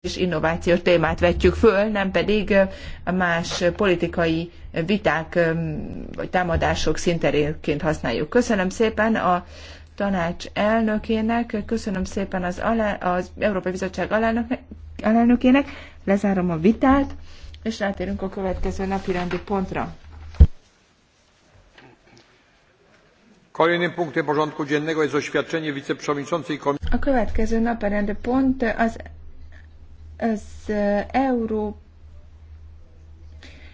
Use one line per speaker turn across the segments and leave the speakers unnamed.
és innováció témát vetjük föl, nem pedig a más politikai viták vagy támadások szinterénként használjuk. Köszönöm szépen a tanács elnökének, köszönöm szépen az, alá, az Európai Bizottság alelnöknek, alelnökének, lezárom a vitát, és rátérünk a következő napi rendi pontra. A következő napi rendi pont az az Európa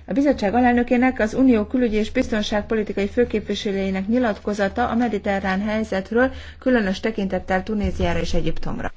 a bizottság alelnökének, az Unió külügyi és biztonságpolitikai főképviselőjének nyilatkozata a mediterrán helyzetről, különös tekintettel Tunéziára és Egyiptomra.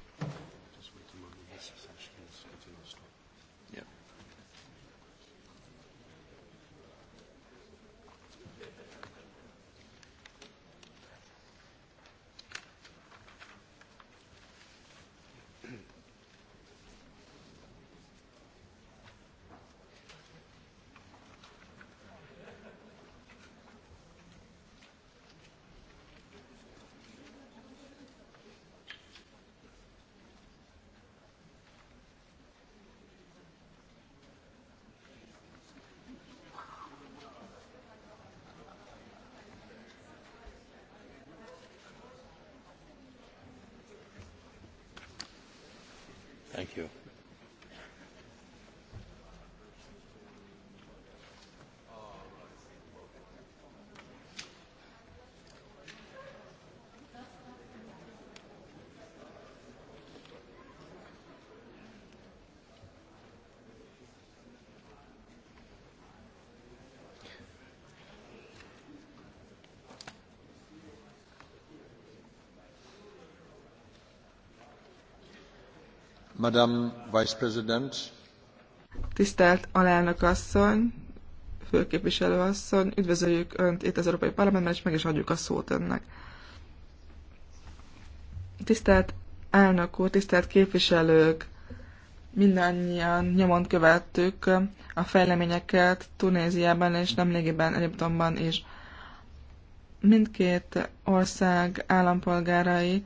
Madam Vice President.
Tisztelt alelnök asszony, főképviselő asszony, üdvözöljük Önt itt az Európai Parlamentben, és meg is adjuk a szót Önnek. Tisztelt elnök úr, tisztelt képviselők, mindannyian nyomon követtük a fejleményeket Tunéziában és nemrégiben Egyiptomban is. Mindkét ország állampolgárai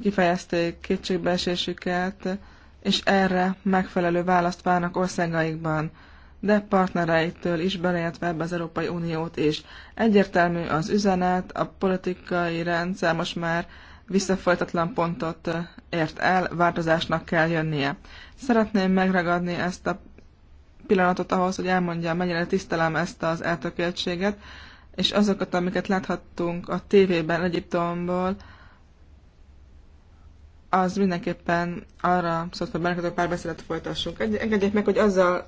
kifejezték kétségbeesésüket, és erre megfelelő választ várnak országaikban, de partnereiktől is, beleértve ebbe az Európai Uniót is. Egyértelmű az üzenet, a politikai rendszer most már visszafolytatlan pontot ért el, változásnak kell jönnie. Szeretném megragadni ezt a pillanatot ahhoz, hogy elmondja, mennyire tisztelem ezt az eltökéltséget, és azokat, amiket láthattunk a tévében Egyiptomból, az mindenképpen arra szólt, hogy bennünket a párbeszédet folytassunk. Engedjék meg, hogy azzal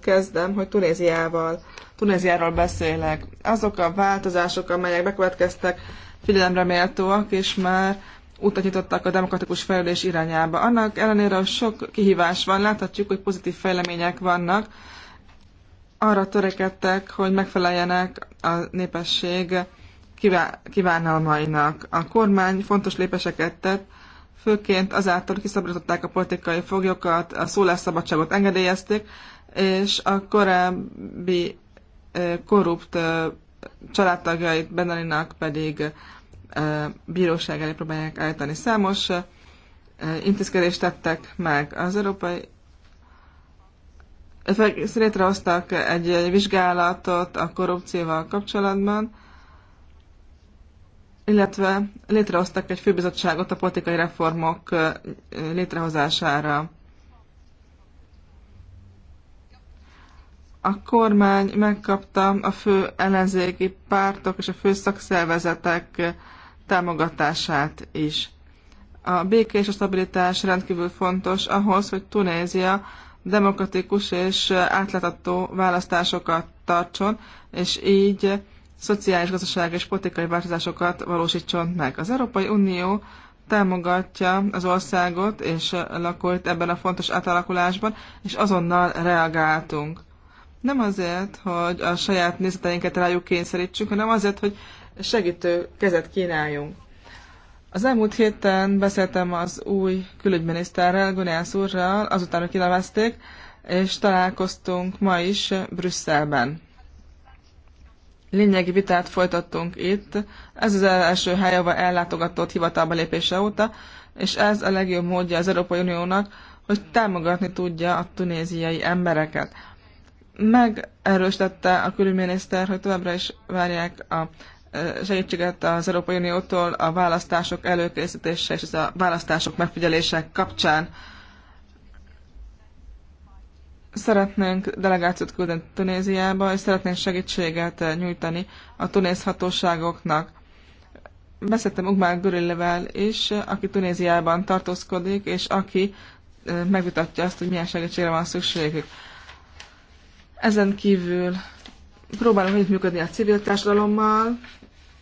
kezdem, hogy Tunéziával, Tunéziáról beszélek. Azok a változások, amelyek bekövetkeztek, figyelemre méltóak, és már utat nyitottak a demokratikus fejlődés irányába. Annak ellenére hogy sok kihívás van, láthatjuk, hogy pozitív fejlemények vannak. Arra törekedtek, hogy megfeleljenek a népesség kívánalmainak. A kormány fontos lépéseket tett, főként azáltal kiszabadították a politikai foglyokat, a szólásszabadságot engedélyezték, és a korábbi korrupt családtagjait Benalinak pedig bíróság elé próbálják állítani. Számos intézkedést tettek meg. Az európai létrehoztak egy vizsgálatot a korrupcióval kapcsolatban, illetve létrehoztak egy főbizottságot a politikai reformok létrehozására. A kormány megkapta a fő ellenzéki pártok és a fő szakszervezetek támogatását is. A béke és a stabilitás rendkívül fontos ahhoz, hogy Tunézia demokratikus és átlátható választásokat tartson, és így szociális, gazdasági és politikai változásokat valósítson meg. Az Európai Unió támogatja az országot és lakult ebben a fontos átalakulásban, és azonnal reagáltunk. Nem azért, hogy a saját nézeteinket rájuk kényszerítsünk, hanem azért, hogy segítő kezet kínáljunk. Az elmúlt héten beszéltem az új külügyminiszterrel, Gunász úrral, azután, hogy és találkoztunk ma is Brüsszelben lényegi vitát folytattunk itt. Ez az első hely, ahol ellátogatott hivatalba lépése óta, és ez a legjobb módja az Európai Uniónak, hogy támogatni tudja a tunéziai embereket. Megerősítette a külügyminiszter, hogy továbbra is várják a segítséget az Európai Uniótól a választások előkészítése és a választások megfigyelése kapcsán. Szeretnénk delegációt küldeni Tunéziába, és szeretnénk segítséget eh, nyújtani a tunéz hatóságoknak. Beszéltem Ugmár Gurillevel is, eh, aki Tunéziában tartózkodik, és aki eh, megvitatja azt, hogy milyen segítségre van szükségük. Ezen kívül próbálunk együttműködni a civil társadalommal,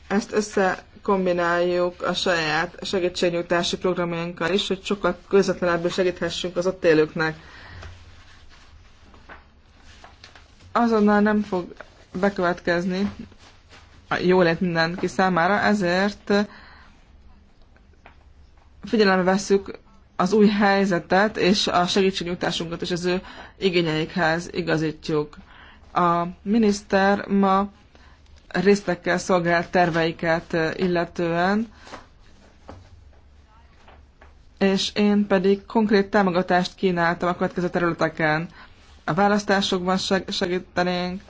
ezt összekombináljuk a saját segítségnyújtási programjainkkal is, hogy sokkal közvetlenebbül segíthessünk az ott élőknek. azonnal nem fog bekövetkezni a jólét mindenki számára, ezért figyelembe veszük az új helyzetet és a segítségnyújtásunkat és az ő igényeikhez igazítjuk. A miniszter ma résztekkel szolgált terveiket eh, illetően, és én pedig konkrét támogatást kínáltam a következő területeken a választásokban segítenénk,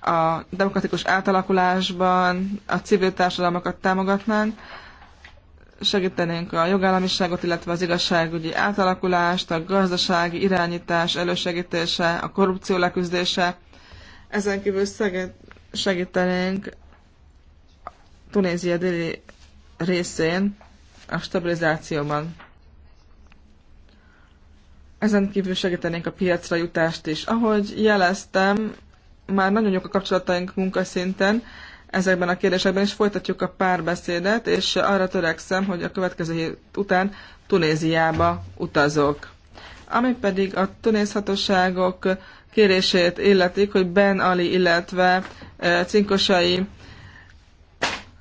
a demokratikus átalakulásban a civil társadalmakat támogatnánk, segítenénk a jogállamiságot, illetve az igazságügyi átalakulást, a gazdasági irányítás elősegítése, a korrupció leküzdése. Ezen kívül segítenénk Tunézia déli részén a stabilizációban. Ezen kívül segítenénk a piacra jutást is. Ahogy jeleztem, már nagyon jók a kapcsolataink munkaszinten, ezekben a kérdésekben, és folytatjuk a párbeszédet, és arra törekszem, hogy a következő hét után Tunéziába utazok. Ami pedig a tunézhatóságok kérését illetik, hogy Ben Ali, illetve eh, cinkosai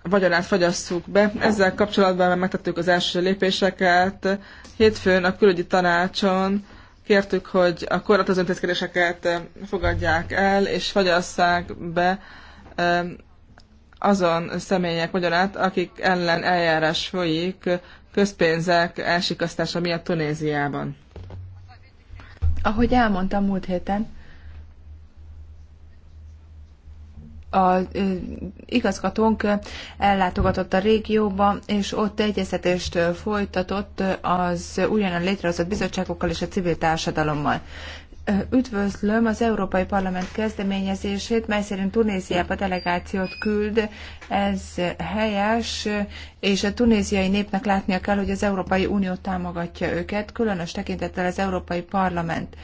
vagyonát fagyasszuk be. Ezzel kapcsolatban már megtettük az első lépéseket. Hétfőn a külügyi tanácson kértük, hogy a korlátozó intézkedéseket fogadják el, és fagyasszák be azon személyek vagyonát, akik ellen eljárás folyik közpénzek elsikasztása miatt Tunéziában.
Ahogy elmondtam múlt héten, a igazgatónk ellátogatott a régióba, és ott egyeztetést folytatott az újonnan létrehozott bizottságokkal és a civil társadalommal. Üdvözlöm az Európai Parlament kezdeményezését, mely szerint Tunéziába delegációt küld. Ez helyes, és a tunéziai népnek látnia kell, hogy az Európai Unió támogatja őket, különös tekintettel az Európai Parlament.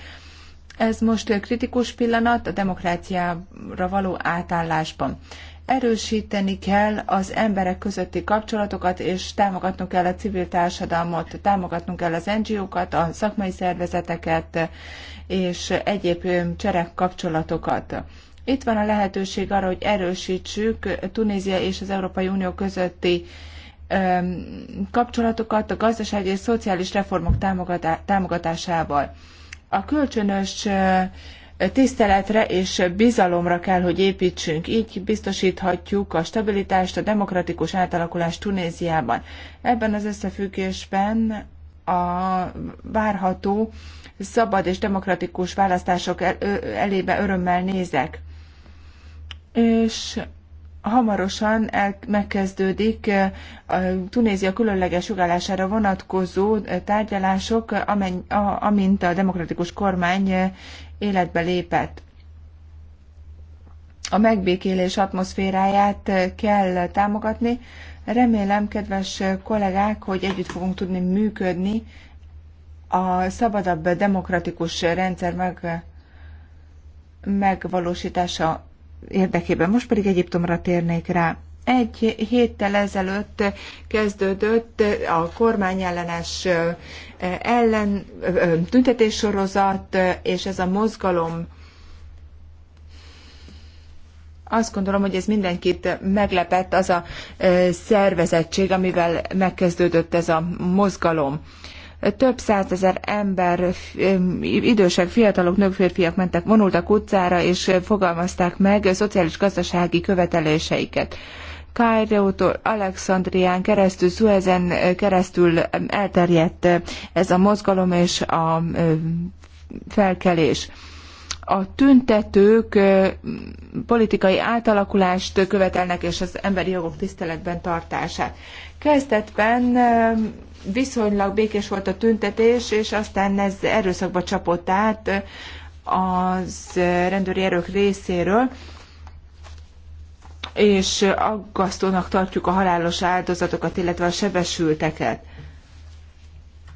Ez most kritikus pillanat a demokráciára való átállásban. Erősíteni kell az emberek közötti kapcsolatokat, és támogatnunk kell a civil társadalmat, támogatnunk kell az NGO-kat, a szakmai szervezeteket, és egyéb cserek kapcsolatokat. Itt van a lehetőség arra, hogy erősítsük Tunézia és az Európai Unió közötti kapcsolatokat a gazdasági és szociális reformok támogatásával a kölcsönös tiszteletre és bizalomra kell, hogy építsünk. Így biztosíthatjuk a stabilitást, a demokratikus átalakulást Tunéziában. Ebben az összefüggésben a várható szabad és demokratikus választások elébe örömmel nézek. És hamarosan el, megkezdődik eh, a Tunézia különleges jogállására vonatkozó eh, tárgyalások, amen, a, amint a demokratikus kormány eh, életbe lépett. A megbékélés atmoszféráját kell támogatni. Remélem, kedves kollégák, hogy együtt fogunk tudni működni a szabadabb demokratikus rendszer meg, megvalósítása érdekében. Most pedig Egyiptomra térnék rá. Egy héttel ezelőtt kezdődött a kormányellenes ellen tüntetéssorozat, és ez a mozgalom azt gondolom, hogy ez mindenkit meglepett az a szervezettség, amivel megkezdődött ez a mozgalom több százezer ember, idősek, fiatalok, nők, férfiak mentek, vonultak utcára, és fogalmazták meg szociális-gazdasági követeléseiket. Kairótól Alexandrián keresztül, Suezen keresztül elterjedt ez a mozgalom és a felkelés. A tüntetők politikai átalakulást követelnek, és az emberi jogok tiszteletben tartását. Kezdetben viszonylag békés volt a tüntetés, és aztán ez erőszakba csapott át az rendőri erők részéről, és aggasztónak tartjuk a halálos áldozatokat, illetve a sebesülteket.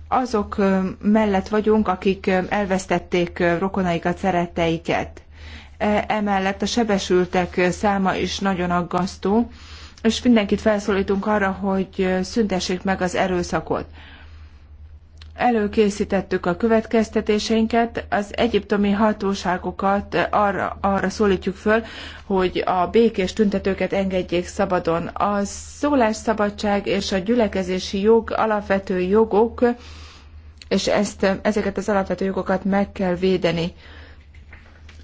Azok mellett vagyunk, akik elvesztették rokonaikat, szeretteiket. E- emellett a sebesültek száma is nagyon aggasztó és mindenkit felszólítunk arra, hogy szüntessék meg az erőszakot. Előkészítettük a következtetéseinket, az egyiptomi hatóságokat arra, arra szólítjuk föl, hogy a békés tüntetőket engedjék szabadon. A szólásszabadság és a gyülekezési jog alapvető jogok, és ezt, ezeket az alapvető jogokat meg kell védeni.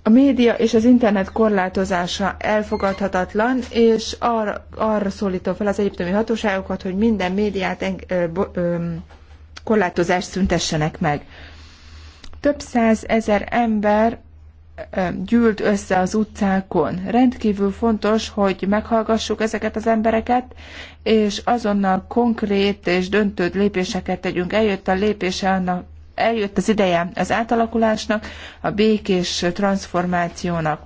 A média és az internet korlátozása elfogadhatatlan, és arra, arra szólítom fel az egyiptomi hatóságokat, hogy minden médiát en, ö, ö, korlátozást szüntessenek meg. Több százezer ember gyűlt össze az utcákon. Rendkívül fontos, hogy meghallgassuk ezeket az embereket, és azonnal konkrét és döntő lépéseket tegyünk. Eljött a lépése annak, eljött az ideje az átalakulásnak, a békés transformációnak.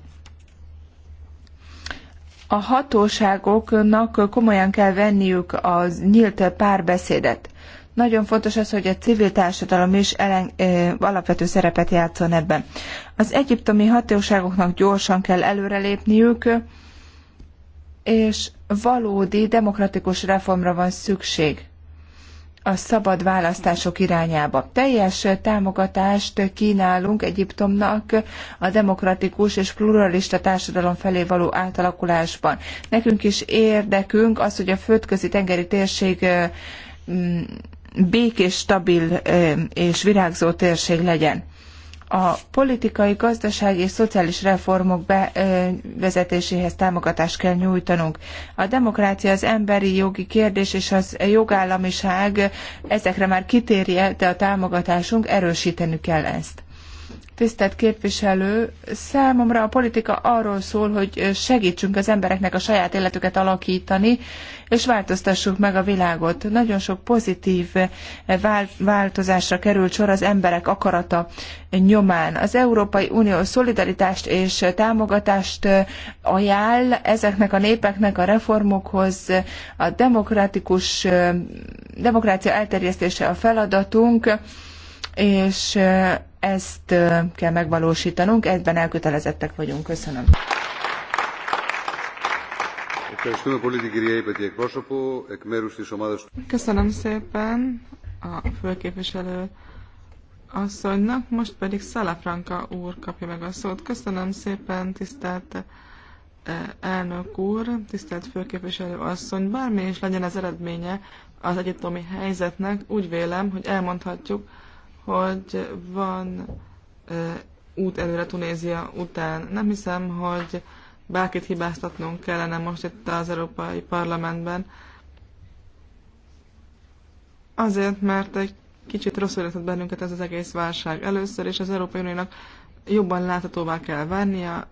A hatóságoknak komolyan kell venniük az nyílt párbeszédet. Nagyon fontos az, hogy a civil társadalom is ellen, ö, alapvető szerepet játszon ebben. Az egyiptomi hatóságoknak gyorsan kell előrelépniük, és valódi demokratikus reformra van szükség a szabad választások irányába. Teljes támogatást kínálunk Egyiptomnak a demokratikus és pluralista társadalom felé való átalakulásban. Nekünk is érdekünk az, hogy a földközi tengeri térség békés, stabil és virágzó térség legyen a politikai, gazdasági és szociális reformok bevezetéséhez támogatást kell nyújtanunk. A demokrácia, az emberi jogi kérdés és az jogállamiság, ezekre már kitérje, de a támogatásunk erősíteni kell ezt. Tisztelt képviselő, számomra a politika arról szól, hogy segítsünk az embereknek a saját életüket alakítani, és változtassuk meg a világot. Nagyon sok pozitív változásra került sor az emberek akarata nyomán. Az Európai Unió szolidaritást és támogatást ajánl ezeknek a népeknek a reformokhoz, a demokratikus demokrácia elterjesztése a feladatunk és ezt kell megvalósítanunk, ebben elkötelezettek vagyunk. Köszönöm. Köszönöm
szépen a főképviselő asszonynak, most pedig Szalafranka úr kapja meg a szót. Köszönöm szépen, tisztelt elnök úr, tisztelt főképviselő asszony, bármi is legyen az eredménye az egyetomi helyzetnek, úgy vélem, hogy elmondhatjuk, hogy van út előre Tunézia után. Nem hiszem, hogy bárkit hibáztatnunk kellene most itt az Európai Parlamentben. Azért, mert egy kicsit rosszul értett bennünket ez az egész válság először, és az Európai Uniónak jobban láthatóvá kell várnia,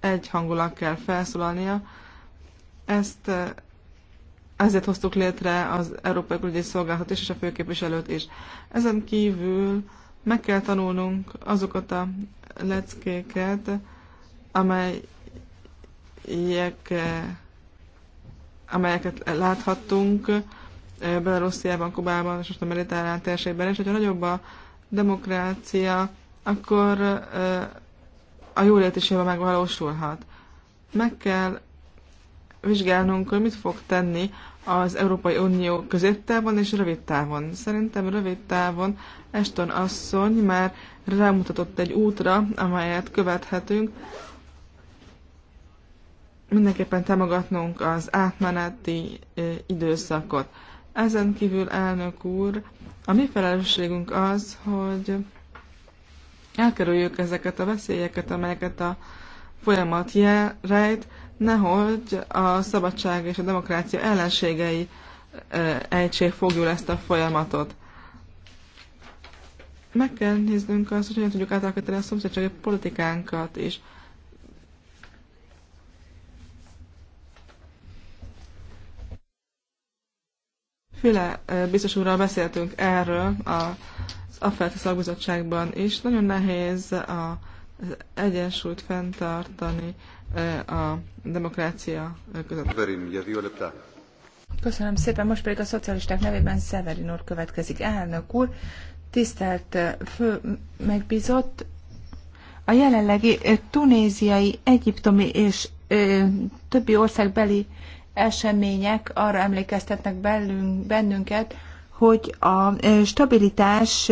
egy hangulat kell felszólalnia. Ezt ezért hoztuk létre az Európai Külügyi Szolgálatot és a főképviselőt is. Ezen kívül meg kell tanulnunk azokat a leckéket, amelyek, amelyeket láthattunk eh, Belarusziában, Kubában és most a mediterrán térségben, és hogyha nagyobb a demokrácia, akkor eh, a jólét is megvalósulhat. Meg kell vizsgálnunk, hogy mit fog tenni az Európai Unió középtávon és rövid távon. Szerintem rövid távon Eston asszony már rámutatott egy útra, amelyet követhetünk. Mindenképpen támogatnunk az átmeneti időszakot. Ezen kívül, elnök úr, a mi felelősségünk az, hogy elkerüljük ezeket a veszélyeket, amelyeket a folyamat jel, rejt, nehogy a szabadság és a demokrácia ellenségei egység fogjul ezt a folyamatot. Meg kell néznünk azt, hogy hogyan tudjuk átalakítani a szomszédsági politikánkat is. Füle biztos úrral beszéltünk erről az AFET szakbizottságban is. Nagyon nehéz az egyensúlyt fenntartani a demokrácia
között.
Köszönöm szépen, most pedig a szocialisták nevében Severin úr következik. Elnök úr, tisztelt fő megbízott, a jelenlegi tunéziai, egyiptomi és ö, többi országbeli események arra emlékeztetnek bennünket, hogy a stabilitás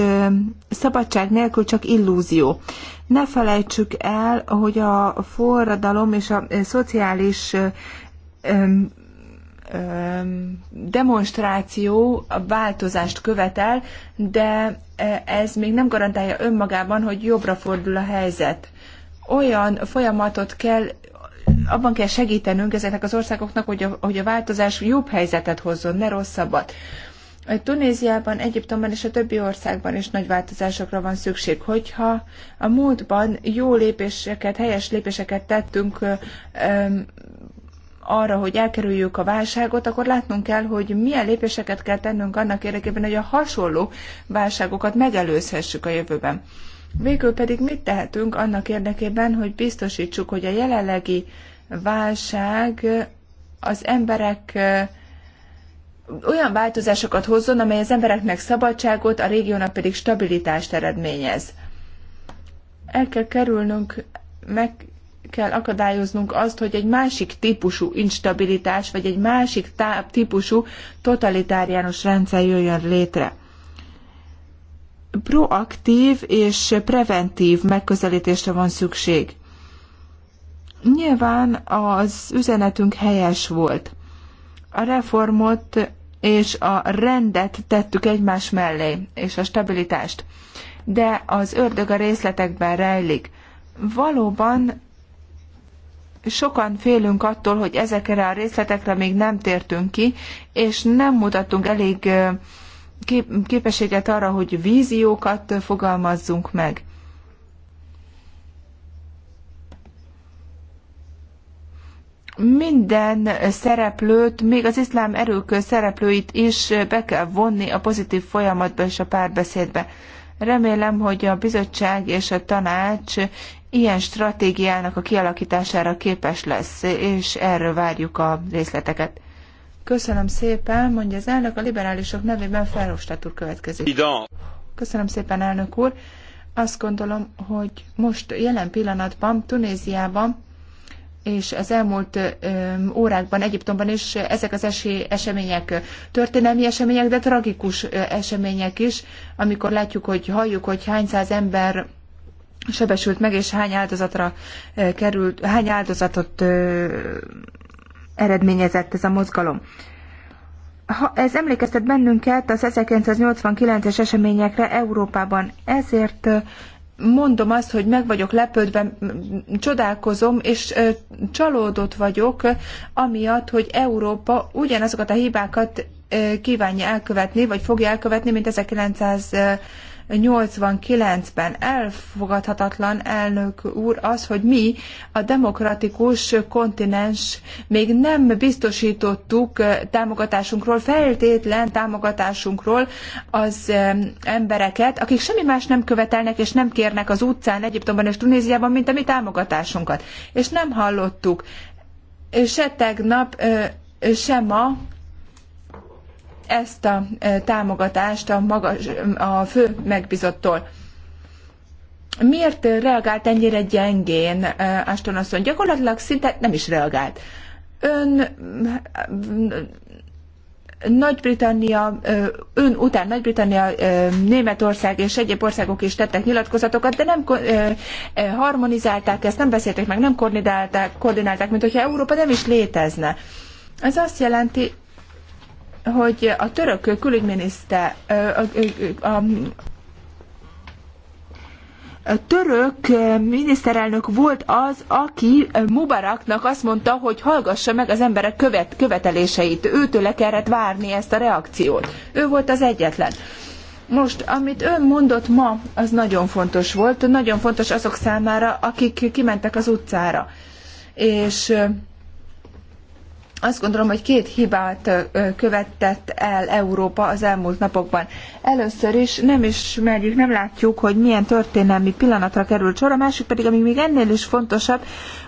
szabadság nélkül csak illúzió. Ne felejtsük el, hogy a forradalom és a szociális demonstráció a változást követel, de ez még nem garantálja önmagában, hogy jobbra fordul a helyzet. Olyan folyamatot kell, abban kell segítenünk ezeknek az országoknak, hogy a, hogy a változás jobb helyzetet hozzon, ne rosszabbat. Tunéziában, Egyiptomban és a többi országban is nagy változásokra van szükség. Hogyha a múltban jó lépéseket, helyes lépéseket tettünk arra, hogy elkerüljük a válságot, akkor látnunk kell, hogy milyen lépéseket kell tennünk annak érdekében, hogy a hasonló válságokat megelőzhessük a jövőben. Végül pedig mit tehetünk annak érdekében, hogy biztosítsuk, hogy a jelenlegi válság az emberek olyan változásokat hozzon, amely az embereknek szabadságot, a régiónak pedig stabilitást eredményez. El kell kerülnünk, meg kell akadályoznunk azt, hogy egy másik típusú instabilitás, vagy egy másik típusú totalitáriánus rendszer jöjjön létre. Proaktív és preventív megközelítésre van szükség. Nyilván az üzenetünk helyes volt a reformot és a rendet tettük egymás mellé, és a stabilitást. De az ördög a részletekben rejlik. Valóban sokan félünk attól, hogy ezekre a részletekre még nem tértünk ki, és nem mutattunk elég képességet arra, hogy víziókat fogalmazzunk meg. minden szereplőt, még az iszlám erők szereplőit is be kell vonni a pozitív folyamatba és a párbeszédbe. Remélem, hogy a bizottság és a tanács ilyen stratégiának a kialakítására képes lesz, és erről várjuk a részleteket. Köszönöm szépen, mondja az elnök, a liberálisok nevében Ferhofstadt úr következik. Köszönöm szépen, elnök úr. Azt gondolom, hogy most jelen pillanatban Tunéziában és az elmúlt órákban Egyiptomban is ezek az esély, események történelmi események, de tragikus események is, amikor látjuk, hogy halljuk, hogy hány száz ember sebesült meg, és hány áldozatra került, hány áldozatot eredményezett ez a mozgalom. Ha ez emlékeztet bennünket az 1989-es eseményekre Európában, ezért mondom azt, hogy meg vagyok lepődve, csodálkozom, és csalódott vagyok, amiatt, hogy Európa ugyanazokat a hibákat kívánja elkövetni, vagy fogja elkövetni, mint 1900 89-ben. Elfogadhatatlan, elnök úr, az, hogy mi a demokratikus kontinens még nem biztosítottuk eh, támogatásunkról, feltétlen támogatásunkról az eh, embereket, akik semmi más nem követelnek és nem kérnek az utcán, Egyiptomban és Tunéziában, mint a mi támogatásunkat. És nem hallottuk eh, se tegnap, se ma ezt a e, támogatást a, magas, a fő megbizottól. Miért reagált ennyire gyengén e, Aston asszony? Gyakorlatilag szinte nem is reagált. Ön nagy-Britannia, e, ön után Nagy-Britannia, Németország és egyéb országok is tettek nyilatkozatokat, de nem harmonizálták ezt, nem beszélték meg, nem koordinálták, koordinálták mint hogyha Európa nem is létezne. Ez azt jelenti, hogy a török külügyminiszter, a, a, a török miniszterelnök volt az, aki Mubaraknak azt mondta, hogy hallgassa meg az emberek követ, követeléseit. le kellett várni ezt a reakciót. Ő volt az egyetlen. Most, amit ön mondott ma, az nagyon fontos volt, nagyon fontos azok számára, akik kimentek az utcára. És azt gondolom, hogy két hibát követett el Európa az elmúlt napokban. Először is nem ismerjük, nem látjuk, hogy milyen történelmi pillanatra került sor, a másik pedig, ami még ennél is fontosabb,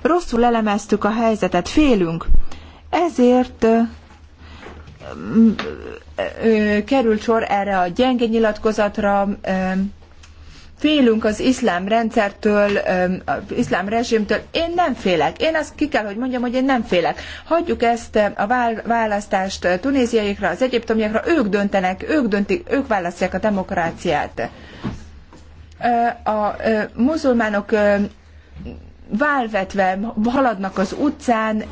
rosszul elemeztük a helyzetet, félünk. Ezért került sor erre a gyenge nyilatkozatra, félünk az iszlám rendszertől, az iszlám rezsimtől. Én nem félek. Én azt ki kell, hogy mondjam, hogy én nem félek. Hagyjuk ezt a választást tunéziaikra, az egyiptomiakra, ők döntenek, ők döntik, ők választják a demokráciát. A muzulmánok válvetve haladnak az utcán,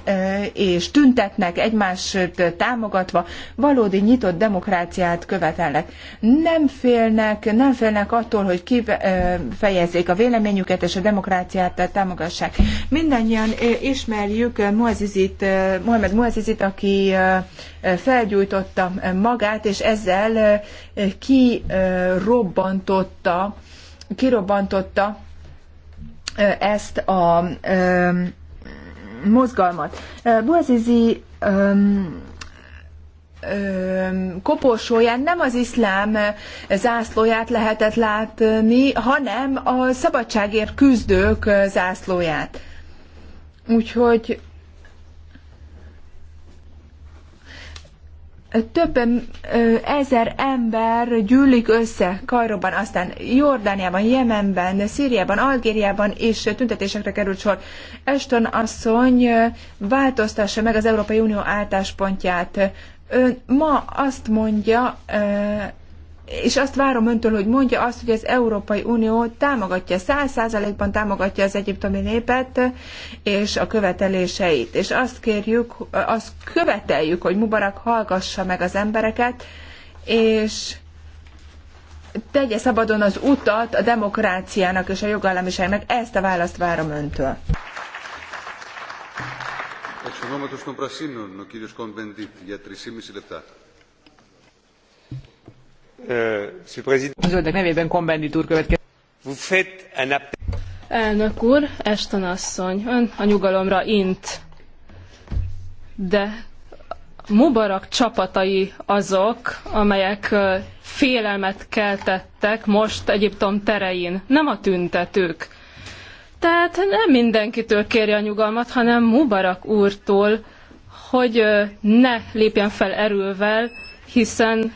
és tüntetnek egymást támogatva, valódi nyitott demokráciát követelnek. Nem félnek, nem félnek attól, hogy kifejezzék a véleményüket, és a demokráciát támogassák. Mindannyian ismerjük Muazizit, Mohamed Muazizit, aki felgyújtotta magát, és ezzel kirobbantotta, kirobbantotta ezt a mozgalmat. Buazizi koporsóján nem az iszlám zászlóját lehetett látni, hanem a szabadságért küzdők zászlóját. Úgyhogy több ezer ember gyűlik össze Kajroban, aztán Jordániában, Jemenben, Szíriában, Algériában is tüntetésekre került sor. Eston asszony változtassa meg az Európai Unió álltáspontját. Ön ma azt mondja és azt várom öntől, hogy mondja azt, hogy az Európai Unió támogatja, száz százalékban támogatja az egyiptomi népet és a követeléseit. És azt kérjük, azt követeljük, hogy Mubarak hallgassa meg az embereket, és tegye szabadon az utat a demokráciának és a jogállamiságnak. Ezt a választ várom öntől.
Εξ ονόματος των Πρασίνων, για 3,5 λεπτά. Euh,
nevében
Elnök úr, ashton asszony, ön a nyugalomra int, de Mubarak csapatai azok, amelyek félelmet keltettek most Egyiptom terein, nem a tüntetők. Tehát nem mindenkitől kérje a nyugalmat, hanem Mubarak úrtól, hogy ne lépjen fel erővel, hiszen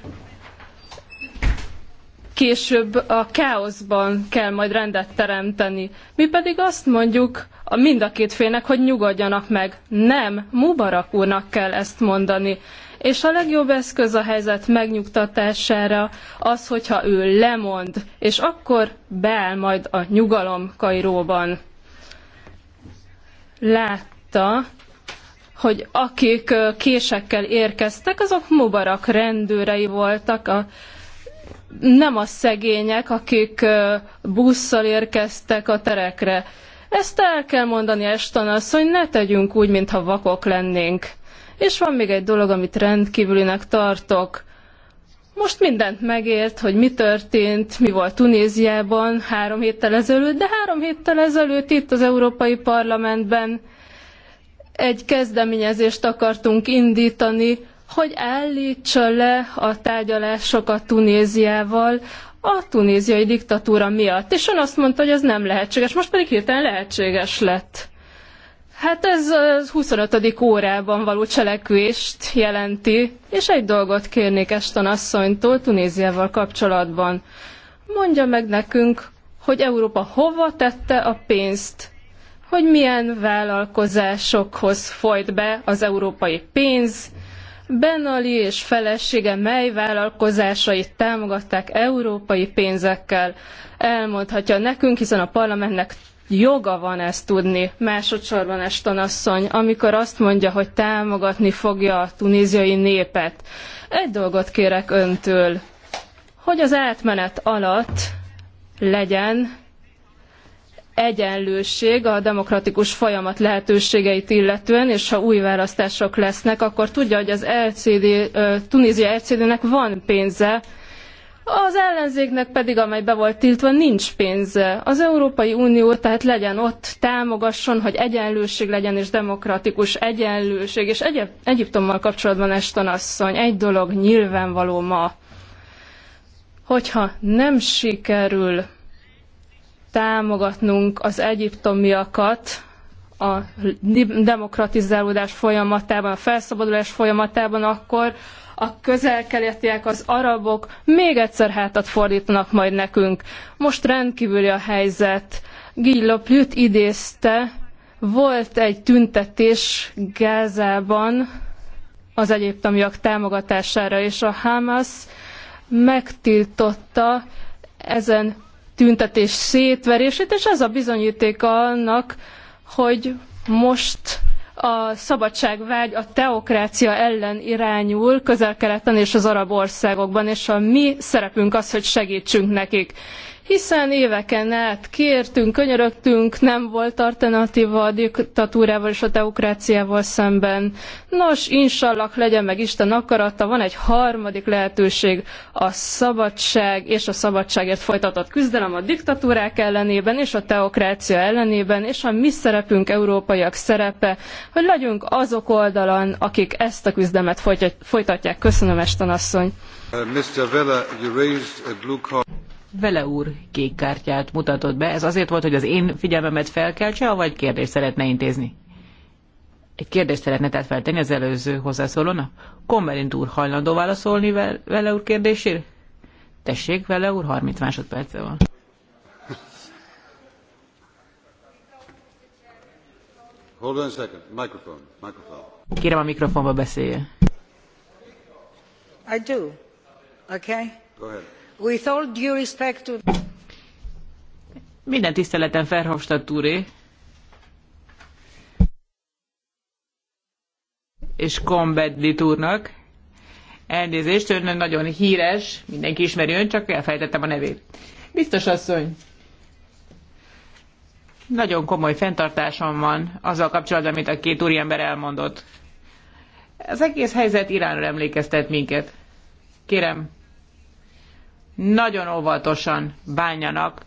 később a káoszban kell majd rendet teremteni. Mi pedig azt mondjuk a mind a két félnek, hogy nyugodjanak meg. Nem, Mubarak úrnak kell ezt mondani. És a legjobb eszköz a helyzet megnyugtatására az, hogyha ő lemond, és akkor beáll majd a nyugalom Kairóban. Látta, hogy akik késekkel érkeztek, azok Mubarak rendőrei voltak, a nem a szegények, akik busszal érkeztek a terekre. Ezt el kell mondani Eston azt, hogy ne tegyünk úgy, mintha vakok lennénk. És van még egy dolog, amit rendkívülinek tartok. Most mindent megért, hogy mi történt, mi volt Tunéziában három héttel ezelőtt, de három héttel ezelőtt itt az Európai Parlamentben egy kezdeményezést akartunk indítani, hogy állítsa le a tárgyalásokat Tunéziával a tunéziai diktatúra miatt. És ön azt mondta, hogy ez nem lehetséges, most pedig hirtelen lehetséges lett. Hát ez az 25. órában való cselekvést jelenti, és egy dolgot kérnék Eston asszonytól Tunéziával kapcsolatban. Mondja meg nekünk, hogy Európa hova tette a pénzt, hogy milyen vállalkozásokhoz folyt be az európai pénz, Ben Ali és felesége mely vállalkozásait támogatták európai pénzekkel. Elmondhatja nekünk, hiszen a parlamentnek joga van ezt tudni. Másodszorban Eston asszony, amikor azt mondja, hogy támogatni fogja a tunéziai népet. Egy dolgot kérek öntől, hogy az átmenet alatt legyen egyenlőség a demokratikus folyamat lehetőségeit illetően, és ha új választások lesznek, akkor tudja, hogy az LCD, Tunézia LCD-nek van pénze, az ellenzéknek pedig, amely be volt tiltva, nincs pénze. Az Európai Unió tehát legyen ott, támogasson, hogy egyenlőség legyen, és demokratikus egyenlőség. És Egy Egyiptommal kapcsolatban, Eston asszony, egy dolog nyilvánvaló ma. Hogyha nem sikerül támogatnunk az egyiptomiakat a demokratizálódás folyamatában, a felszabadulás folyamatában, akkor a közel-keletiek, az arabok még egyszer hátat fordítanak majd nekünk. Most rendkívüli a helyzet. Guy Loplüt idézte, volt egy tüntetés Gázában az egyiptomiak támogatására, és a Hamas megtiltotta ezen tüntetés szétverését, és ez a bizonyíték annak, hogy most a szabadságvágy a teokrácia ellen irányul közel-keleten és az arab országokban, és a mi szerepünk az, hogy segítsünk nekik hiszen éveken át kértünk, könyörögtünk, nem volt alternatíva a diktatúrával és a teokráciával szemben. Nos, insallak legyen meg Isten akarata, van egy harmadik lehetőség, a szabadság és a szabadságért folytatott küzdelem a diktatúrák ellenében és a teokrácia ellenében, és a mi szerepünk, európaiak szerepe, hogy legyünk azok oldalán, akik ezt a küzdelmet folytatják. Köszönöm, Esten asszony! Uh, vele úr kék kártyát mutatott be. Ez azért volt, hogy az én
figyelmemet felkeltse, vagy kérdést szeretne intézni? Egy kérdést szeretne tehát feltenni az előző hozzászólónak? Kommerint úr hajlandó válaszolni vele úr kérdésére? Tessék, vele úr, 30 másodperce van.
Hold on a second. Microphone. Microphone.
Kérem a mikrofonba beszélje.
I do. Okay? Go ahead.
Minden tiszteletem verhofstadt úré. És bendit úrnak. Elnézést, ön nagyon híres, mindenki ismeri ön, csak elfelejtettem a nevét. Biztos asszony, nagyon komoly fenntartásom van azzal kapcsolatban, amit a két úriember elmondott. Az egész helyzet Iránra emlékeztet minket. Kérem, nagyon óvatosan bánjanak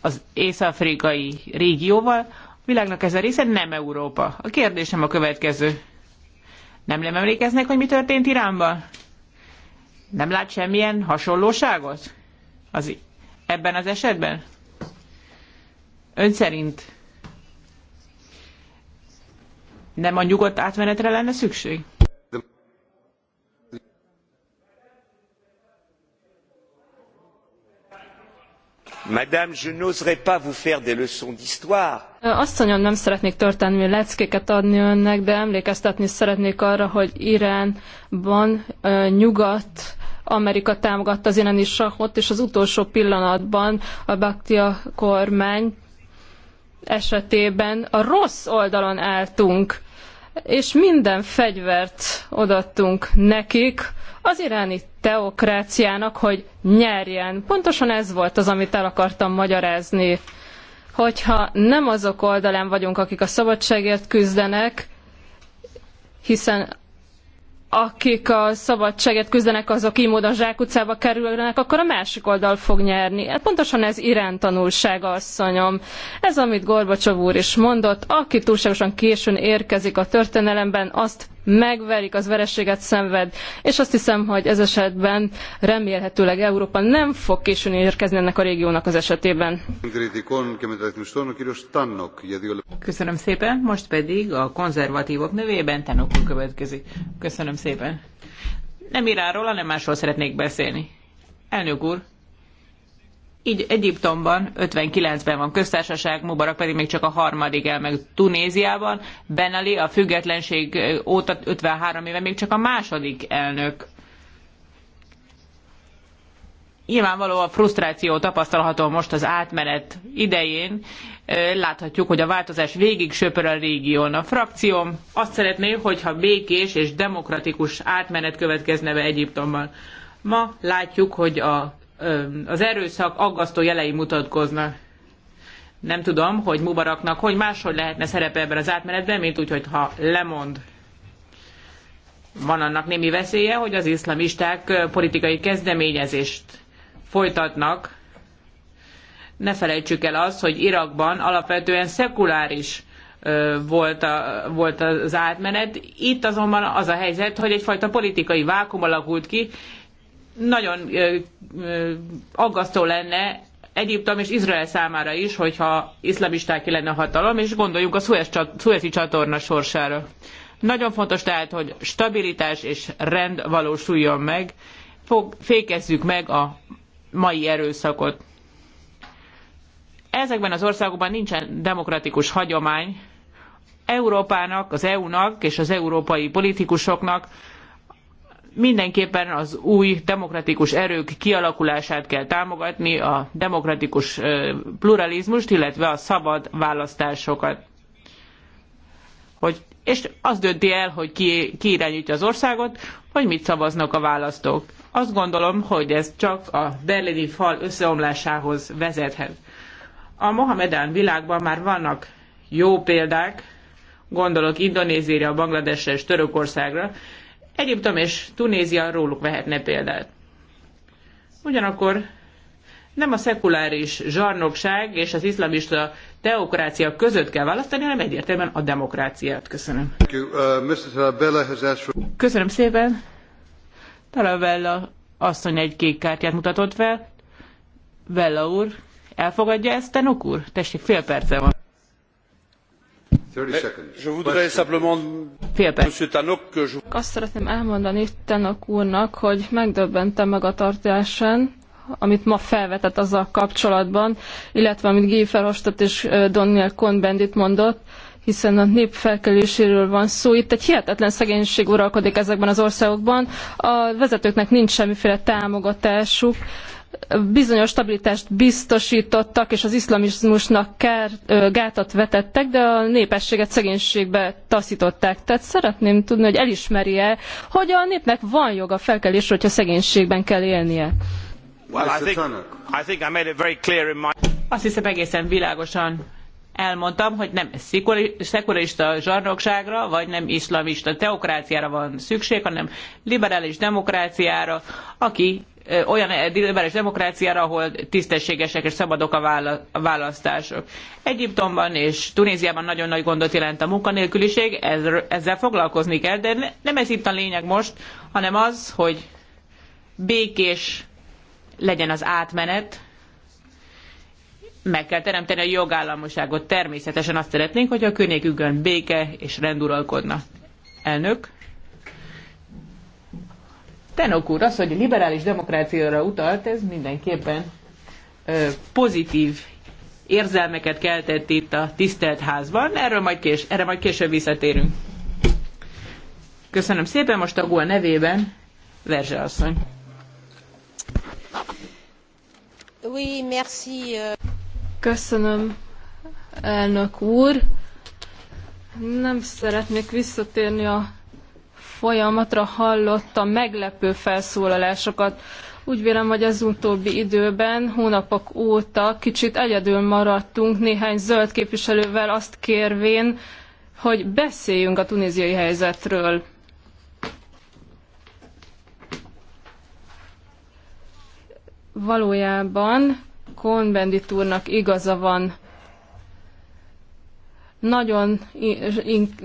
az észafrikai régióval. A világnak ez a része nem Európa. A kérdésem a következő. Nem nem emlékeznek, hogy mi történt Iránban? Nem lát semmilyen hasonlóságot? Az, ebben az esetben? Ön szerint nem a nyugodt átmenetre lenne szükség?
Madame, je n'oserais pas vous faire des leçons
d'histoire.
nem szeretnék történelmi leckéket adni önnek, de emlékeztetni szeretnék arra, hogy Iránban nyugat Amerika támogatta az iráni sahot, és az utolsó pillanatban a Baktia kormány esetében a rossz oldalon álltunk, és minden fegyvert odaadtunk nekik, az iráni teokráciának, hogy nyerjen. Pontosan ez volt az, amit el akartam magyarázni. Hogyha nem azok oldalán vagyunk, akik a szabadságért küzdenek, hiszen akik a szabadságért küzdenek, azok így módon zsákutcába kerülnek, akkor a másik oldal fog nyerni. Hát pontosan ez Irán tanulsága, asszonyom. Ez, amit Gorbacsov úr is mondott, aki túlságosan későn érkezik a történelemben, azt megverik, az vereséget szenved. És azt hiszem, hogy ez esetben remélhetőleg Európa nem fog későn érkezni ennek a régiónak az esetében.
Köszönöm szépen, most pedig a konzervatívok nevében Tanok következik. Köszönöm szépen. Nem Iránról, hanem másról szeretnék beszélni. Elnök úr, így Egyiptomban 59-ben van köztársaság, Mubarak pedig még csak a harmadik el, meg Tunéziában. Ben Ali a függetlenség óta 53 éve még csak a második elnök. Nyilvánvaló a frusztráció tapasztalható most az átmenet idején. Láthatjuk, hogy a változás végig söpör a régión. A frakcióm azt szeretné, hogyha békés és demokratikus átmenet következne be Egyiptomban. Ma látjuk, hogy a az erőszak aggasztó jelei mutatkoznak. Nem tudom, hogy Mubaraknak hogy máshogy lehetne szerepe ebben az átmenetben, mint úgy, hogy ha lemond. Van annak némi veszélye, hogy az iszlamisták politikai kezdeményezést folytatnak. Ne felejtsük el azt, hogy Irakban alapvetően szekuláris volt, a, volt az átmenet. Itt azonban az a helyzet, hogy egyfajta politikai vákum alakult ki, nagyon aggasztó lenne Egyiptom és Izrael számára is, hogyha iszlamisták ki lenne a hatalom, és gondoljunk a Suezi csatorna sorsára. Nagyon fontos tehát, hogy stabilitás és rend valósuljon meg, Fog fékezzük meg a mai erőszakot. Ezekben az országokban nincsen demokratikus hagyomány. Európának, az EU-nak és az európai politikusoknak mindenképpen az új demokratikus erők kialakulását kell támogatni, a demokratikus pluralizmust, illetve a szabad választásokat. Hogy, és az dönti el, hogy ki, ki irányítja az országot, hogy mit szavaznak a választók. Azt gondolom, hogy ez csak a berlini fal összeomlásához vezethet. A Mohamedán világban már vannak jó példák, gondolok Indonéziára, Bangladesre és Törökországra, Egyiptom és Tunézia róluk vehetne példát. Ugyanakkor nem a szekuláris zsarnokság és az iszlamista teokrácia között kell választani, hanem egyértelműen a demokráciát.
Köszönöm. Uh,
Köszönöm szépen. Talavella asszony egy kék kártyát mutatott fel. Vella úr, elfogadja ezt, Tenok úr? Tessék, fél perce
van.
Azt szeretném elmondani Tannock úrnak, hogy megdöbbentem magatartásán, amit ma felvetett azzal kapcsolatban, illetve amit Guy Verhofstadt és Daniel Cohn-Bendit mondott, hiszen a nép felkeléséről van szó. Itt egy hihetetlen szegénység uralkodik ezekben az országokban. A vezetőknek nincs semmiféle támogatásuk, bizonyos stabilitást biztosítottak, és az iszlamizmusnak kár, gátat vetettek, de a népességet szegénységbe taszították. Tehát szeretném tudni, hogy elismeri-e, hogy a népnek van joga felkelésre, hogyha szegénységben kell élnie.
Azt hiszem egészen világosan elmondtam, hogy nem szekurista zsarnokságra, vagy nem iszlamista teokráciára van szükség, hanem liberális demokráciára, aki olyan liberális demokráciára, ahol tisztességesek és szabadok a választások. Egyiptomban és Tunéziában nagyon nagy gondot jelent a munkanélküliség, ezzel foglalkozni kell, de nem ez itt a lényeg most, hanem az, hogy békés legyen az átmenet, meg kell teremteni a jogállamoságot. Természetesen azt szeretnénk, hogy a környékükön béke és rend uralkodna. Elnök. Tenok úr, az, hogy liberális demokráciára utalt, ez mindenképpen ö, pozitív érzelmeket keltett itt a tisztelt házban. Erről majd kés, erre majd később visszatérünk. Köszönöm szépen, most a GUA nevében Verzse asszony.
Oui, merci. Euh.
Köszönöm, elnök úr. Nem szeretnék visszatérni a folyamatra hallottam meglepő felszólalásokat. Úgy vélem, hogy az utóbbi időben, hónapok óta kicsit egyedül maradtunk néhány zöld képviselővel azt kérvén, hogy beszéljünk a tunéziai helyzetről. Valójában Kohn-Bendit úrnak igaza van nagyon,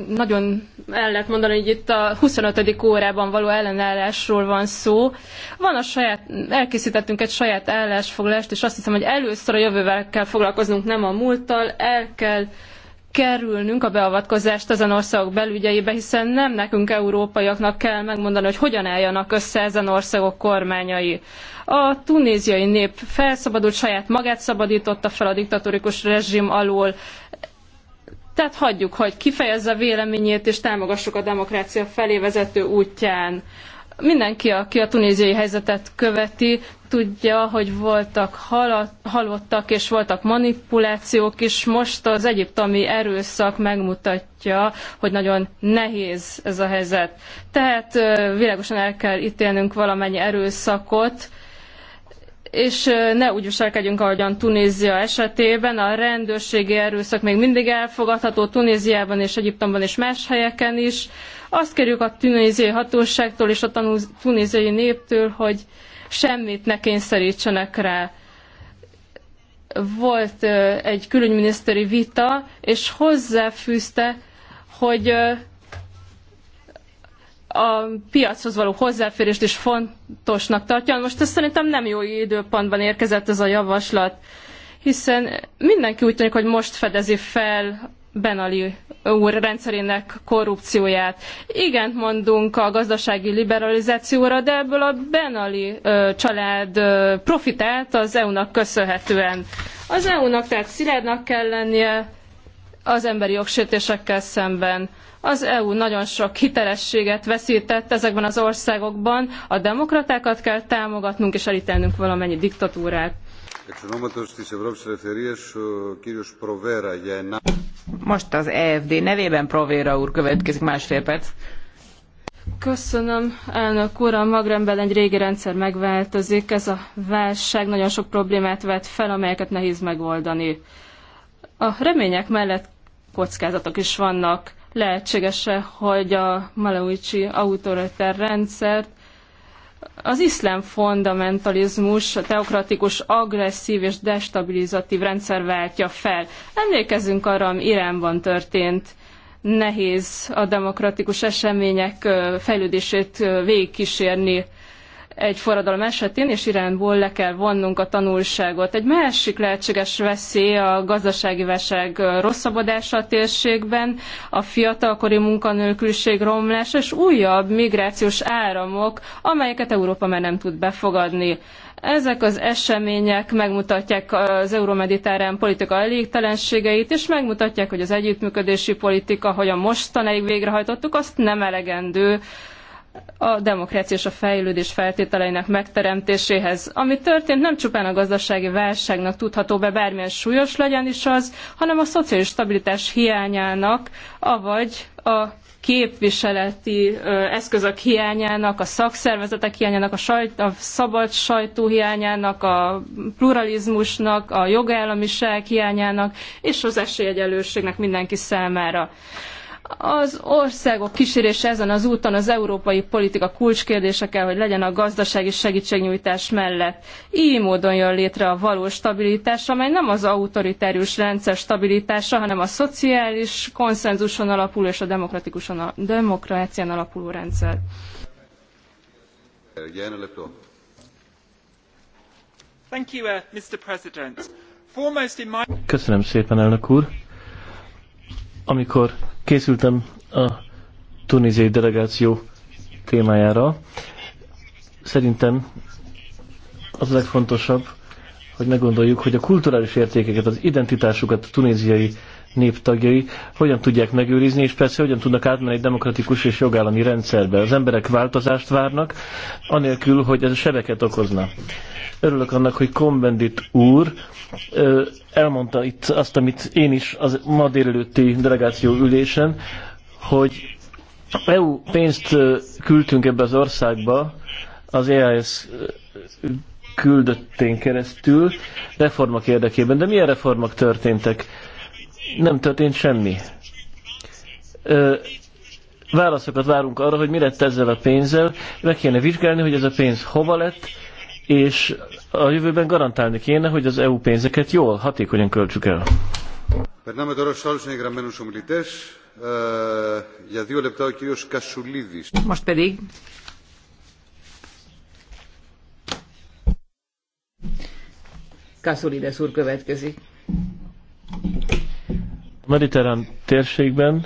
nagyon el lehet mondani, hogy itt a 25. órában való ellenállásról van szó. Van a saját, elkészítettünk egy saját állásfoglalást, és azt hiszem, hogy először a jövővel kell foglalkoznunk, nem a múlttal, el kell kerülnünk a beavatkozást ezen országok belügyeibe, hiszen nem nekünk európaiaknak kell megmondani, hogy hogyan álljanak össze ezen országok kormányai. A tunéziai nép felszabadult, saját magát szabadította fel a diktatórikus rezsim alól, tehát hagyjuk, hogy kifejezze véleményét, és támogassuk a demokrácia felé vezető útján. Mindenki, aki a tunéziai helyzetet követi, tudja, hogy voltak halottak és voltak manipulációk is. Most az egyiptomi erőszak megmutatja, hogy nagyon nehéz ez a helyzet. Tehát világosan el kell ítélnünk valamennyi erőszakot, és ne úgy viselkedjünk, ahogyan Tunézia esetében. A rendőrségi erőszak még mindig elfogadható Tunéziában és Egyiptomban és más helyeken is. Azt kérjük a tunéziai hatóságtól és a tunéziai néptől, hogy semmit ne kényszerítsenek rá. Volt egy külügyminiszteri vita, és hozzáfűzte, hogy a piachoz való hozzáférést is fontosnak tartja. Most ez szerintem nem jó időpontban érkezett ez a javaslat, hiszen mindenki úgy tűnik, hogy most fedezi fel Benali úr rendszerének korrupcióját. Igen, mondunk a gazdasági liberalizációra, de ebből a Benali ö, család ö, profitált az EU-nak köszönhetően. Az EU-nak tehát szilárdnak kell lennie, az emberi jogsértésekkel szemben. Az EU nagyon sok hitelességet veszített ezekben az országokban, a demokratákat kell támogatnunk és elítelnünk valamennyi diktatúrát.
Most az EFD nevében Provera úr következik másfél perc.
Köszönöm, elnök úr. A Magremben egy régi rendszer megváltozik. Ez a válság nagyon sok problémát vet fel, amelyeket nehéz megoldani. A remények mellett kockázatok is vannak. lehetséges -e, hogy a malauicsi autoriter rendszert az iszlám fundamentalizmus, a teokratikus, agresszív és destabilizatív rendszer váltja fel. Emlékezzünk arra, ami Iránban történt. Nehéz a demokratikus események fejlődését végigkísérni egy forradalom esetén, és Iránból le kell vonnunk a tanulságot. Egy másik lehetséges veszély a gazdasági veság rosszabbodása a térségben, a fiatalkori munkanélküliség romlása és újabb migrációs áramok, amelyeket Európa már nem tud befogadni. Ezek az események megmutatják az euromediterrán politika elégtelenségeit, és megmutatják, hogy az együttműködési politika, hogy a mostanáig végrehajtottuk, azt nem elegendő a demokrácia és a fejlődés feltételeinek megteremtéséhez. Ami történt, nem csupán a gazdasági válságnak tudható be bármilyen súlyos legyen is az, hanem a szociális stabilitás hiányának, avagy a képviseleti eszközök hiányának, a szakszervezetek hiányának, a, sajt, a szabad sajtó hiányának, a pluralizmusnak, a jogállamiság hiányának és az esélyegyelőségnek mindenki számára. Az országok kísérése ezen az úton az európai politika kulcskérdése kell, hogy legyen a gazdasági segítségnyújtás mellett. Így módon jön létre a valós stabilitás, amely nem az autoritárius rendszer stabilitása, hanem a szociális konszenzuson alapuló és a demokratikuson, demokrácián alapuló rendszer.
Uh,
Köszönöm szépen, elnök úr. Amikor készültem a tunéziai delegáció témájára. Szerintem az a legfontosabb, hogy meggondoljuk, hogy a kulturális értékeket, az identitásukat a tunéziai néptagjai hogyan tudják megőrizni, és persze hogyan tudnak átmenni egy demokratikus és jogállami rendszerbe. Az emberek változást várnak, anélkül, hogy ez a sebeket okozna. Örülök annak, hogy Kombendit úr elmondta itt azt, amit én is az ma délelőtti delegáció ülésen, hogy EU pénzt küldtünk ebbe az országba, az EAS küldöttén keresztül reformak érdekében. De milyen reformak történtek? Nem történt semmi. Ö, válaszokat várunk arra, hogy mi lett ezzel a pénzzel. Meg kéne vizsgálni, hogy ez a pénz hova lett, és a jövőben garantálni kéne, hogy az EU pénzeket jól, hatékonyan költsük el.
Most pedig Kasulides úr következik.
A mediterrán térségben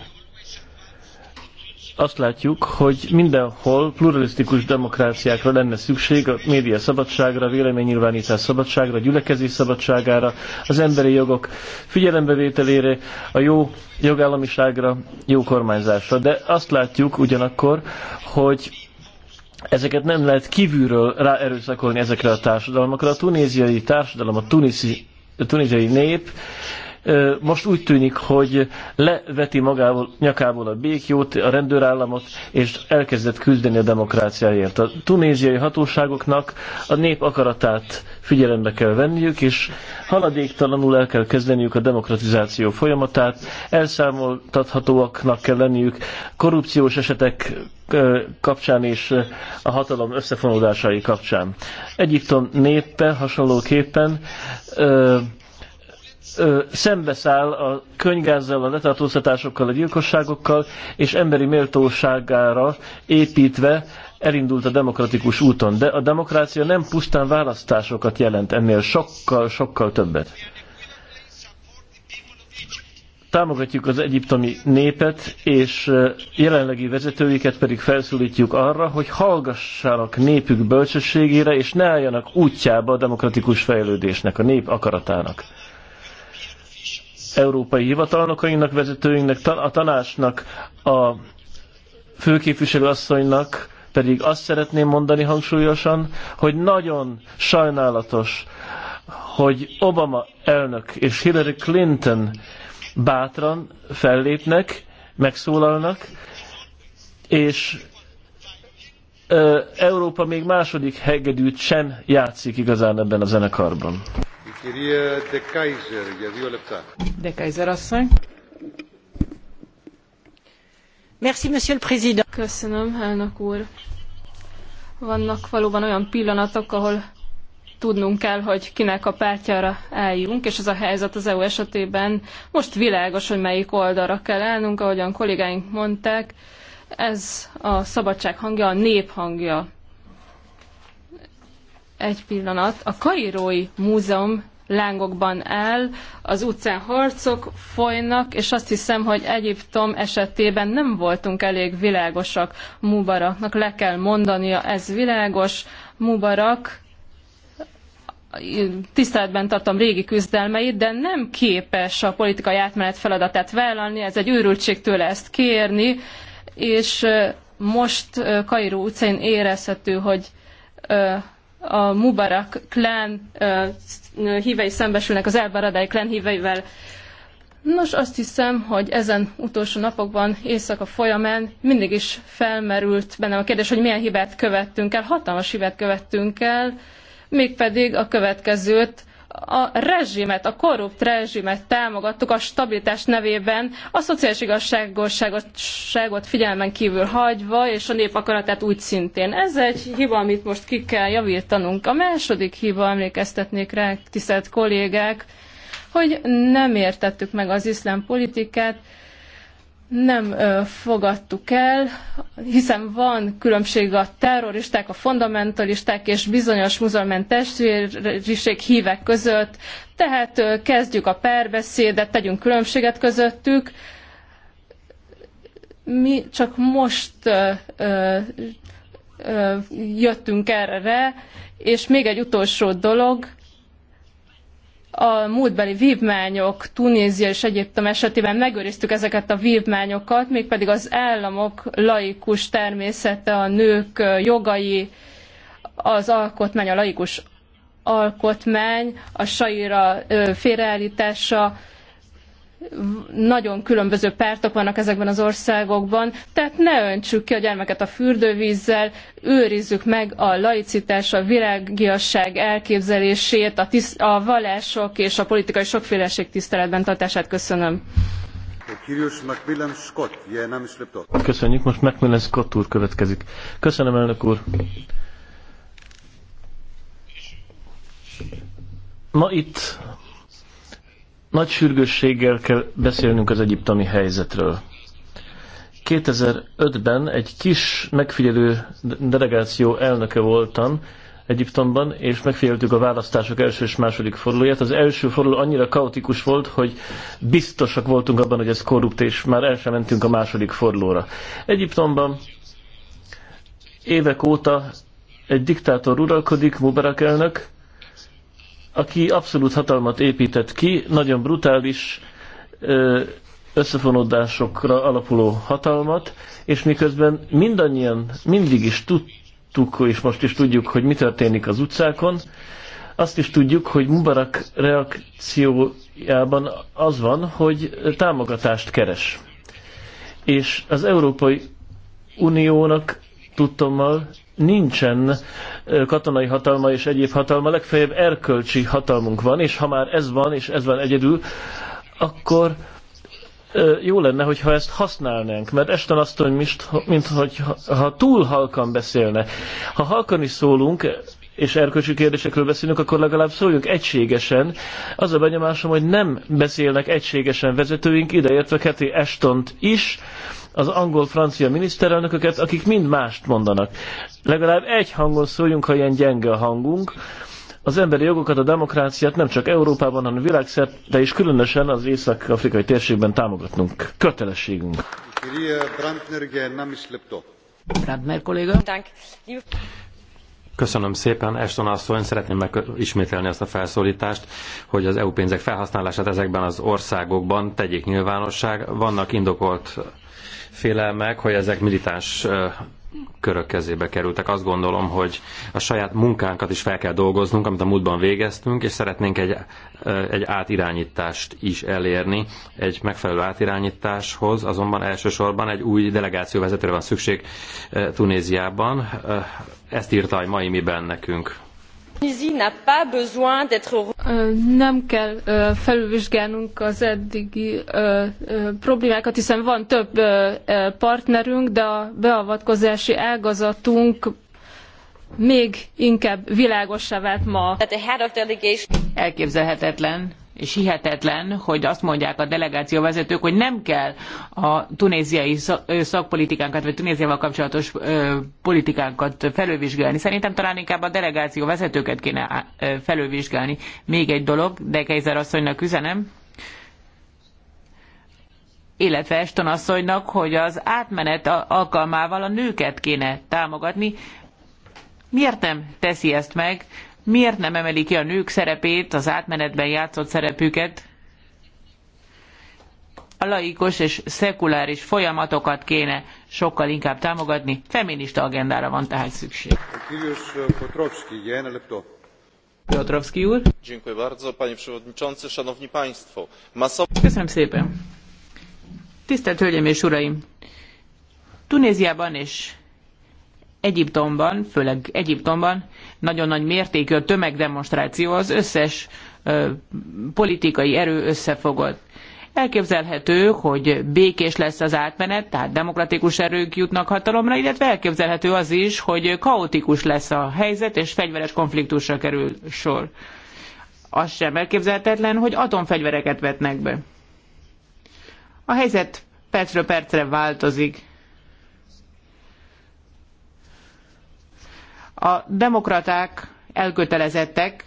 azt látjuk, hogy mindenhol pluralisztikus demokráciákra lenne szükség, a média szabadságra, véleménynyilvánítás szabadságra, a gyülekezés szabadságára, az emberi jogok figyelembevételére, a jó jogállamiságra, jó kormányzásra. De azt látjuk ugyanakkor, hogy ezeket nem lehet kívülről ráerőszakolni ezekre a társadalmakra. A tunéziai társadalom, a tuniszi, a tunéziai nép most úgy tűnik, hogy leveti magából, nyakából a békjót, a rendőrállamot, és elkezdett küzdeni a demokráciáért. A tunéziai hatóságoknak a nép akaratát figyelembe kell venniük, és haladéktalanul el kell kezdeniük a demokratizáció folyamatát, elszámoltathatóaknak kell lenniük korrupciós esetek kapcsán és a hatalom összefonódásai kapcsán. Egyiptom népe hasonlóképpen szembeszáll a könygázzal, a letartóztatásokkal, a gyilkosságokkal, és emberi méltóságára építve elindult a demokratikus úton. De a demokrácia nem pusztán választásokat jelent, ennél sokkal, sokkal többet. Támogatjuk az egyiptomi népet, és jelenlegi vezetőiket pedig felszólítjuk arra, hogy hallgassanak népük bölcsességére, és ne álljanak útjába a demokratikus fejlődésnek, a nép akaratának európai hivatalnokainak, vezetőinknek, a tanácsnak, a főképviselő asszonynak pedig azt szeretném mondani hangsúlyosan, hogy nagyon sajnálatos, hogy Obama elnök és Hillary Clinton bátran fellépnek, megszólalnak, és Európa még második hegedűt sem játszik igazán ebben a zenekarban.
De Kaiser, για δύο λεπτά.
asszony.
Merci, Monsieur le Président. Köszönöm, elnök úr. Vannak valóban olyan pillanatok, ahol tudnunk kell, hogy kinek a pártjára álljunk, és ez a helyzet az EU esetében most világos, hogy melyik oldalra kell állnunk, ahogyan kollégáink mondták, ez a szabadság hangja, a nép hangja egy pillanat. A Kairói Múzeum lángokban áll, az utcán harcok folynak, és azt hiszem, hogy Egyiptom esetében nem voltunk elég világosak Mubaraknak. Le kell mondania, ez világos. Mubarak tiszteletben tartom régi küzdelmeit, de nem képes a politikai átmenet feladatát vállalni, ez egy őrültség tőle ezt kérni, és most Kairó utcán érezhető, hogy a Mubarak klán hívei szembesülnek az Elbaradai klán híveivel. Nos, azt hiszem, hogy ezen utolsó napokban, éjszaka folyamán mindig is felmerült bennem a kérdés, hogy milyen hibát követtünk el. Hatalmas hibát követtünk el, mégpedig a következőt, a rezsimet, a korrupt rezsimet támogattuk a stabilitás nevében, a szociális igazságosságot figyelmen kívül hagyva, és a nép akaratát úgy szintén. Ez egy hiba, amit most ki kell javítanunk. A második hiba, emlékeztetnék rá, tisztelt kollégák, hogy nem értettük meg az iszlám politikát, nem fogadtuk el, hiszen van különbség a terroristák, a fundamentalisták és bizonyos muzulmán testvériség hívek között, tehát kezdjük a párbeszédet, tegyünk különbséget közöttük. Mi csak most jöttünk erre, és még egy utolsó dolog, a múltbeli vívmányok, Tunézia és Egyiptom esetében megőriztük ezeket a vívmányokat, mégpedig az államok laikus természete, a nők jogai, az alkotmány, a laikus alkotmány, a saira félreállítása, nagyon különböző pártok vannak ezekben az országokban, tehát ne öntsük ki a gyermeket a fürdővízzel, őrizzük meg a laicitás, a virágiasság elképzelését, a, tiszt, a vallások és a politikai sokféleség tiszteletben tartását. Köszönöm.
Köszönjük, most Macmillan Scott úr következik. Köszönöm, elnök úr. Ma itt nagy sürgősséggel kell beszélnünk az egyiptomi helyzetről. 2005-ben egy kis megfigyelő delegáció elnöke voltam Egyiptomban, és megfigyeltük a választások első és második fordulóját. Az első forduló annyira kaotikus volt, hogy biztosak voltunk abban, hogy ez korrupt, és már el sem mentünk a második fordulóra. Egyiptomban évek óta egy diktátor uralkodik, Mubarak elnök, aki abszolút hatalmat épített ki, nagyon brutális összefonódásokra alapuló hatalmat, és miközben mindannyian mindig is tudtuk, és most is tudjuk, hogy mi történik az utcákon, azt is tudjuk, hogy Mubarak reakciójában az van, hogy támogatást keres. És az Európai Uniónak tudtommal nincsen katonai hatalma és egyéb hatalma, legfeljebb erkölcsi hatalmunk van, és ha már ez van, és ez van egyedül, akkor jó lenne, hogyha ezt használnánk, mert azt asszony, mint hogy ha túl halkan beszélne, ha halkan is szólunk, és erkölcsi kérdésekről beszélünk, akkor legalább szóljunk egységesen. Az a benyomásom, hogy nem beszélnek egységesen vezetőink, ideértve Keti Estont is, az angol-francia miniszterelnököket, akik mind mást mondanak. Legalább egy hangon szóljunk, ha ilyen gyenge a hangunk. Az emberi jogokat, a demokráciát nem csak Európában, hanem világszerte is különösen az észak-afrikai térségben támogatnunk. Kötelességünk.
Brandner kolléga.
Köszönöm szépen, Eston asszony. Szeretném megismételni azt a felszólítást, hogy az EU pénzek felhasználását ezekben az országokban tegyék nyilvánosság. Vannak indokolt félelmek, hogy ezek militáns körök kezébe kerültek. Azt gondolom, hogy a saját munkánkat is fel kell dolgoznunk, amit a múltban végeztünk, és szeretnénk egy, egy átirányítást is elérni. Egy megfelelő átirányításhoz azonban elsősorban egy új delegáció vezetőre van szükség Tunéziában. Ezt írta a mai miben nekünk.
Nem kell felülvizsgálnunk az eddigi problémákat, hiszen van több partnerünk, de a beavatkozási ágazatunk még inkább világossá vált ma.
Elképzelhetetlen, és hihetetlen, hogy azt mondják a delegációvezetők, hogy nem kell a tunéziai szakpolitikánkat, vagy Tunéziával kapcsolatos politikánkat felülvizsgálni. Szerintem talán inkább a delegációvezetőket kéne felülvizsgálni. Még egy dolog, de Kejzer asszonynak üzenem, illetve Eston asszonynak, hogy az átmenet alkalmával a nőket kéne támogatni. Miért nem teszi ezt meg? Miért nem emeli ki a nők szerepét, az átmenetben játszott szerepüket? A laikus és szekuláris folyamatokat kéne sokkal inkább támogatni. Feminista agendára van tehát szükség.
Piotrowski úr. Dziękuję bardzo, panie przewodniczący, szanowni państwo. Köszönöm szépen.
Tisztelt Hölgyeim és Uraim! Tunéziában és Egyiptomban, főleg Egyiptomban nagyon nagy mértékű a tömegdemonstráció, az összes ö, politikai erő összefogott. Elképzelhető, hogy békés lesz az átmenet, tehát demokratikus erők jutnak hatalomra, illetve elképzelhető az is, hogy kaotikus lesz a helyzet, és fegyveres konfliktusra kerül sor. Az sem elképzelhetetlen, hogy atomfegyvereket vetnek be. A helyzet percről percre változik. A demokraták elkötelezettek,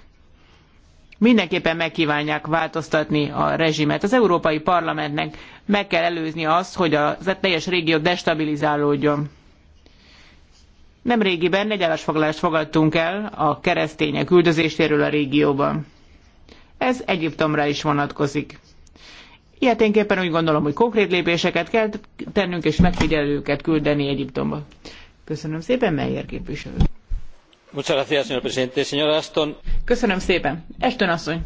mindenképpen megkívánják változtatni a rezsimet. Az Európai Parlamentnek meg kell előzni azt, hogy a teljes régió destabilizálódjon. Nemrégiben egy állásfoglalást fogadtunk el a keresztények üldözéséről a régióban. Ez Egyiptomra is vonatkozik. Ilyeténképpen úgy gondolom, hogy konkrét lépéseket kell tennünk és megfigyelőket küldeni Egyiptomba. Köszönöm szépen, Meyer képviselő. Köszönöm szépen. Ashton asszony,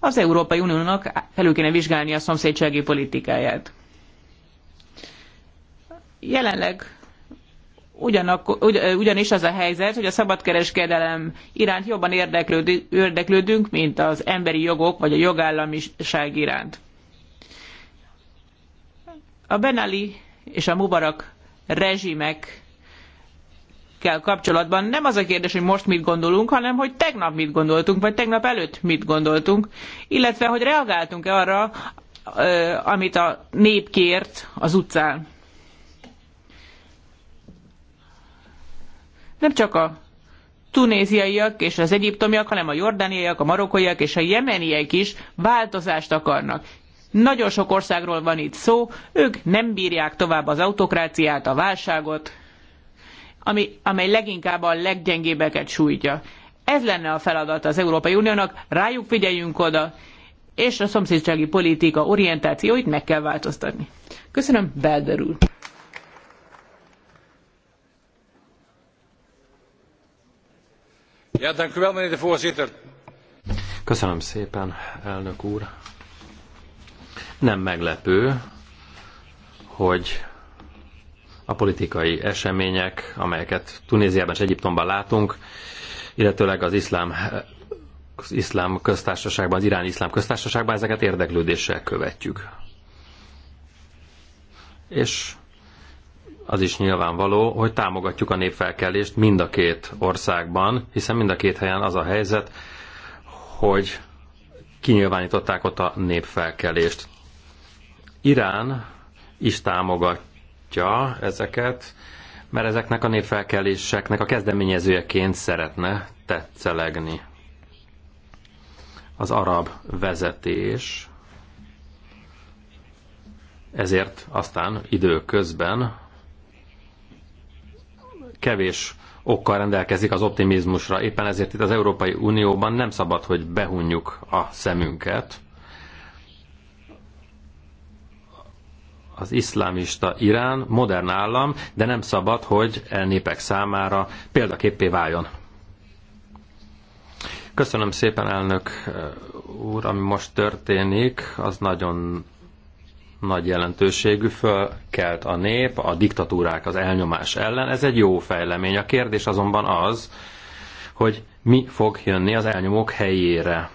az Európai Uniónak felül kéne vizsgálnia a szomszédsági politikáját. Jelenleg ugyanak, ugyanis az a helyzet, hogy a szabadkereskedelem iránt jobban érdeklődünk, mint az emberi jogok vagy a jogállamiság iránt. A Benali és a Mubarak rezsimek kell kapcsolatban nem az a kérdés, hogy most mit gondolunk, hanem hogy tegnap mit gondoltunk, vagy tegnap előtt mit gondoltunk, illetve hogy reagáltunk-e arra, amit a nép kért az utcán. Nem csak a tunéziaiak és az egyiptomiak, hanem a jordániaiak, a marokkóiak és a jemeniek is változást akarnak. Nagyon sok országról van itt szó, ők nem bírják tovább az autokráciát, a válságot, ami, amely leginkább a leggyengébbeket sújtja. Ez lenne a feladata az Európai Uniónak, rájuk figyeljünk oda, és a szomszédsági politika orientációit meg kell változtatni. Köszönöm, Belder úr!
Köszönöm szépen, elnök úr. Nem meglepő, hogy a politikai események, amelyeket Tunéziában és Egyiptomban látunk, illetőleg az iszlám az iszlám köztársaságban, az iráni iszlám köztársaságban, ezeket érdeklődéssel követjük. És az is nyilvánvaló, hogy támogatjuk a népfelkelést mind a két országban, hiszen mind a két helyen az a helyzet, hogy kinyilvánították ott a népfelkelést. Irán is támogat támogatja ezeket, mert ezeknek a népfelkeléseknek a kezdeményezőjeként szeretne tetszelegni. Az arab vezetés ezért aztán időközben kevés okkal rendelkezik az optimizmusra. Éppen ezért itt az Európai Unióban nem szabad, hogy behunjuk a szemünket, az iszlámista Irán modern állam, de nem szabad, hogy e népek számára példaképpé váljon. Köszönöm szépen, elnök eh, úr, ami most történik, az nagyon nagy jelentőségű fölkelt a nép, a diktatúrák az elnyomás ellen. Ez egy jó fejlemény. A kérdés azonban az, hogy mi fog jönni az elnyomók helyére.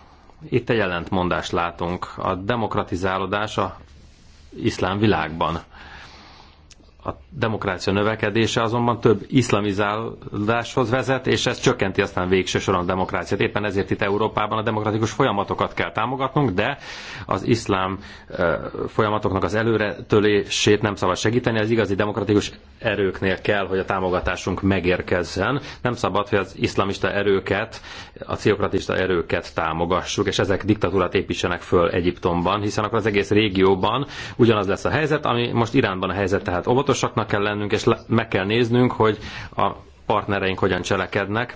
Itt egy jelentmondást látunk. A demokratizálódás a iszlám világban. A demokrácia növekedése azonban több iszlamizáláshoz vezet, és ez csökkenti aztán végső soron a demokráciát. Éppen ezért itt Európában a demokratikus folyamatokat kell támogatnunk, de az iszlám folyamatoknak az előretölését nem szabad segíteni, az igazi demokratikus erőknél kell, hogy a támogatásunk megérkezzen. Nem szabad, hogy az iszlamista erőket, a ciokratista erőket támogassuk, és ezek diktatúrát építsenek föl Egyiptomban, hiszen akkor az egész régióban ugyanaz lesz a helyzet, ami most Iránban a helyzet, tehát óvatos óvatosaknak kell lennünk, és meg kell néznünk, hogy a partnereink hogyan cselekednek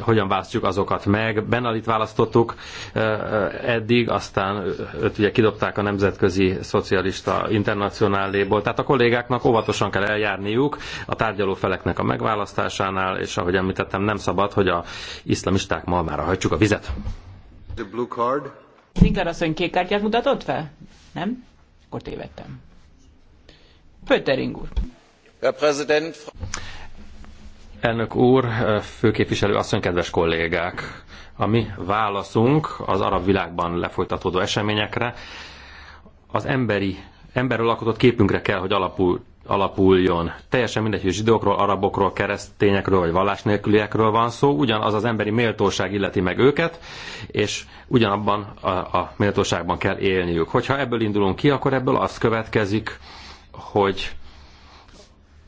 hogyan választjuk azokat meg. Benalit választottuk e, e, eddig, aztán őt ugye kidobták a Nemzetközi Szocialista Internacionáléból. Tehát a kollégáknak óvatosan kell eljárniuk a tárgyaló feleknek a megválasztásánál, és ahogy említettem, nem szabad, hogy a iszlamisták malmára hagyjuk a vizet.
The blue card.
Sinclair asszony kék kártyát mutatott fel? Nem? Akkor tévedtem. Pöttering úr.
Elnök úr, főképviselő asszony, kedves kollégák! A mi válaszunk az arab világban lefolytatódó eseményekre az emberi, emberről alkotott képünkre kell, hogy alapul, alapuljon. Teljesen mindegy, hogy zsidókról, arabokról, keresztényekről vagy vallás nélküliekről van szó, ugyanaz az emberi méltóság illeti meg őket, és ugyanabban a, a méltóságban kell élniük. Hogyha ebből indulunk ki, akkor ebből az következik, hogy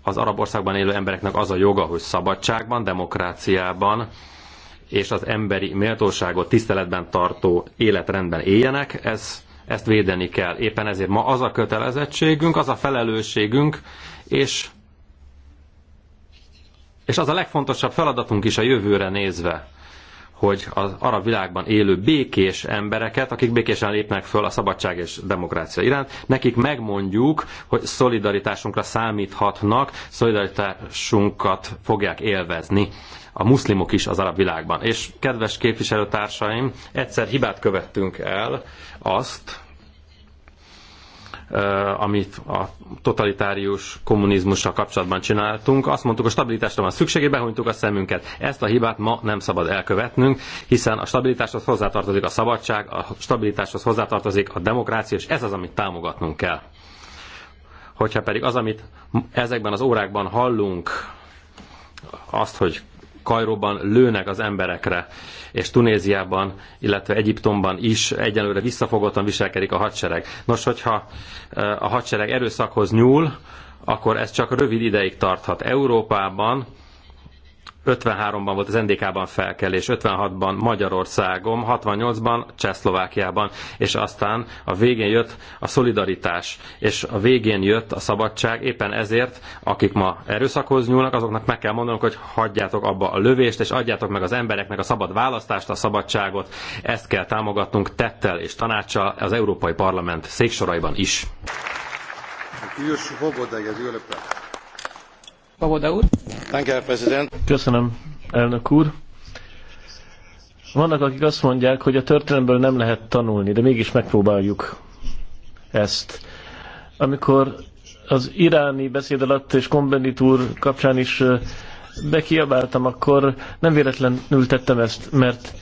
az arab országban élő embereknek az a joga, hogy szabadságban, demokráciában és az emberi méltóságot tiszteletben tartó életrendben éljenek, ez, ezt védeni kell. Éppen ezért ma az a kötelezettségünk, az a felelősségünk, és, és az a legfontosabb feladatunk is a jövőre nézve, hogy az arab világban élő békés embereket, akik békésen lépnek föl a szabadság és demokrácia iránt, nekik megmondjuk, hogy szolidaritásunkra számíthatnak, szolidaritásunkat fogják élvezni a muszlimok is az arab világban. És kedves képviselőtársaim, egyszer hibát követtünk el azt, Eh, amit a totalitárius kommunizmussal kapcsolatban csináltunk. Azt mondtuk, a stabilitásra van szüksége, behunytuk a szemünket. Ezt a hibát ma nem szabad elkövetnünk, hiszen a stabilitáshoz hozzátartozik a szabadság, a stabilitáshoz hozzátartozik a demokrácia, és ez az, amit támogatnunk kell. Hogyha pedig az, amit ezekben az órákban hallunk, azt, hogy Kajróban lőnek az emberekre, és Tunéziában, illetve Egyiptomban is egyelőre visszafogottan viselkedik a hadsereg. Nos, hogyha a hadsereg erőszakhoz nyúl, akkor ez csak rövid ideig tarthat. Európában 53-ban volt az NDK-ban felkelés, 56-ban Magyarországon, 68-ban Csehszlovákiában, és aztán a végén jött a szolidaritás, és a végén jött a szabadság. Éppen ezért, akik ma erőszakhoz nyúlnak, azoknak meg kell mondanunk, hogy hagyjátok abba a lövést, és adjátok meg az embereknek a szabad választást, a szabadságot. Ezt kell támogatnunk tettel és tanácsal, az Európai Parlament széksoraiban is.
Köszönöm.
Köszönöm, elnök úr. Vannak, akik azt mondják, hogy a történelemből nem lehet tanulni, de mégis megpróbáljuk ezt. Amikor az iráni beszéd alatt és Kombendit úr kapcsán is bekiabáltam, akkor nem véletlenül tettem ezt, mert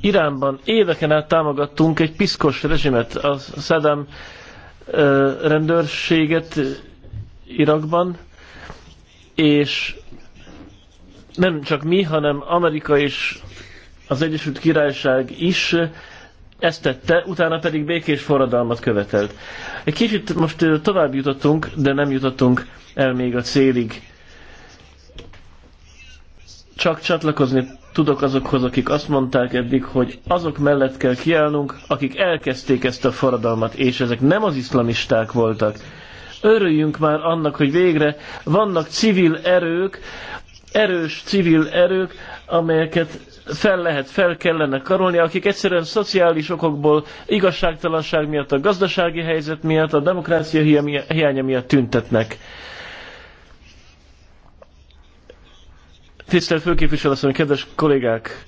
Iránban éveken át támogattunk egy piszkos rezsimet, a Saddam rendőrséget Irakban, és nem csak mi, hanem Amerika és az Egyesült Királyság is ezt tette, utána pedig békés forradalmat követelt. Egy kicsit most tovább jutottunk, de nem jutottunk el még a célig. Csak csatlakozni tudok azokhoz, akik azt mondták eddig, hogy azok mellett kell kiállnunk, akik elkezdték ezt a forradalmat, és ezek nem az iszlamisták voltak, örüljünk már annak, hogy végre vannak civil erők, erős civil erők, amelyeket fel lehet, fel kellene karolni, akik egyszerűen szociális okokból, igazságtalanság miatt, a gazdasági helyzet miatt, a demokrácia hiánya miatt tüntetnek. Tisztelt főképviselő kedves kollégák!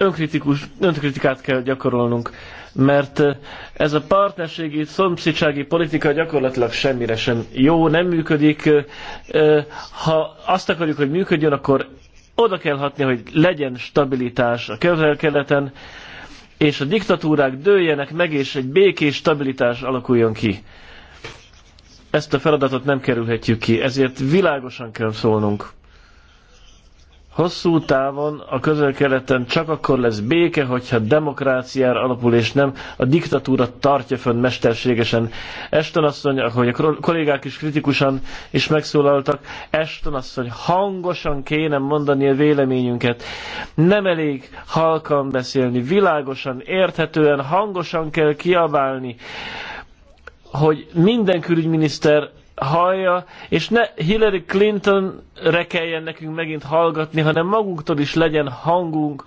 önkritikus, önkritikát kell gyakorolnunk, mert eh, ez a partnerségi, szomszédsági politika gyakorlatilag semmire sem jó, nem működik. Eh, eh, ha azt akarjuk, hogy működjön, akkor oda kell hatni, hogy legyen stabilitás a közel-keleten, és a diktatúrák dőljenek meg, és egy békés stabilitás alakuljon ki. Ezt a feladatot nem kerülhetjük ki, ezért világosan kell szólnunk Hosszú távon a közel-keleten csak akkor lesz béke, hogyha demokráciára alapul, és nem a diktatúra tartja fönn mesterségesen. Eston asszony, ahogy a kollégák is kritikusan is megszólaltak, Eston asszony, hangosan kéne mondani a véleményünket. Nem elég halkan beszélni, világosan, érthetően, hangosan kell kiabálni, hogy minden külügyminiszter hallja, és ne Hillary Clinton rekeljen nekünk megint hallgatni, hanem magunktól is legyen hangunk.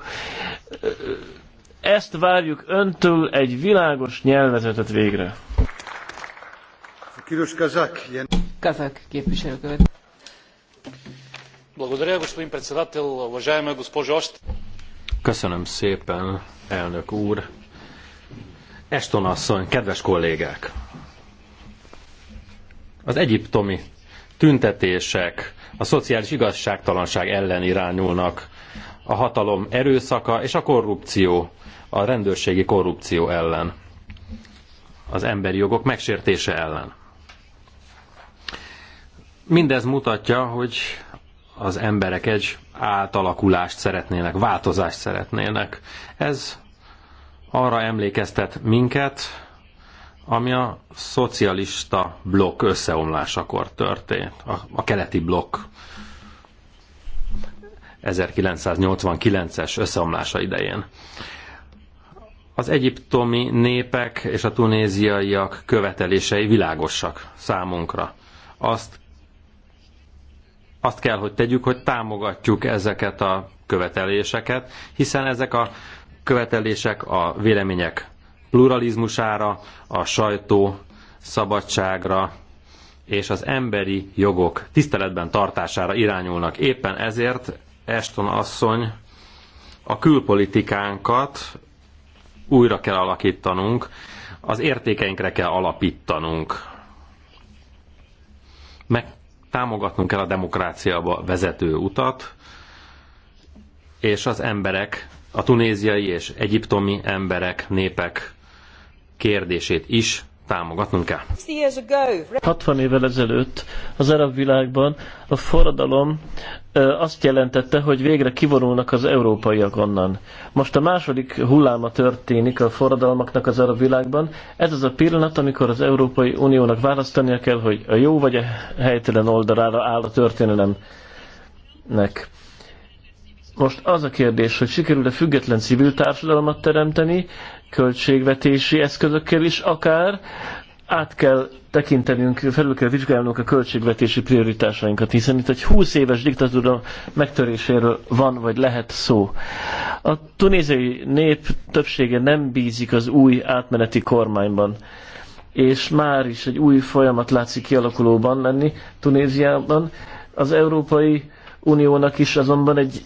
Ezt várjuk öntől egy világos nyelvezetet végre. Kíros Kazak. Kazak képviselő követ.
Köszönöm szépen, elnök úr. Eston asszony, kedves kollégák! Az egyiptomi tüntetések a szociális igazságtalanság ellen irányulnak, a hatalom erőszaka és a korrupció, a rendőrségi korrupció ellen, az emberi jogok megsértése ellen. Mindez mutatja, hogy az emberek egy átalakulást szeretnének, változást szeretnének. Ez arra emlékeztet minket, ami a szocialista blokk összeomlásakor történt, a, a keleti blokk 1989-es összeomlása idején. Az egyiptomi népek és a tunéziaiak követelései világosak számunkra. Azt, azt kell, hogy tegyük, hogy támogatjuk ezeket a követeléseket, hiszen ezek a követelések a vélemények pluralizmusára, a sajtó szabadságra és az emberi jogok tiszteletben tartására irányulnak. Éppen ezért Eston asszony a külpolitikánkat újra kell alakítanunk, az értékeinkre kell alapítanunk. Meg támogatnunk kell a demokráciába vezető utat, és az emberek, a tunéziai és egyiptomi emberek, népek kérdését is támogatnunk kell.
60 évvel ezelőtt az arab világban a forradalom azt jelentette, hogy végre kivonulnak az európaiak onnan. Most a második hulláma történik a forradalmaknak az arab világban. Ez az a pillanat, amikor az Európai Uniónak választania kell, hogy a jó vagy a helytelen oldalára áll a történelemnek. Most az a kérdés, hogy sikerül-e független civil társadalmat teremteni, költségvetési eszközökkel is akár, át kell tekintenünk, felül kell vizsgálnunk a költségvetési prioritásainkat, hiszen itt egy 20 éves diktatúra megtöréséről van vagy lehet szó. A tunéziai nép többsége nem bízik az új átmeneti kormányban, és már is egy új folyamat látszik kialakulóban lenni Tunéziában. Az Európai Uniónak is azonban egy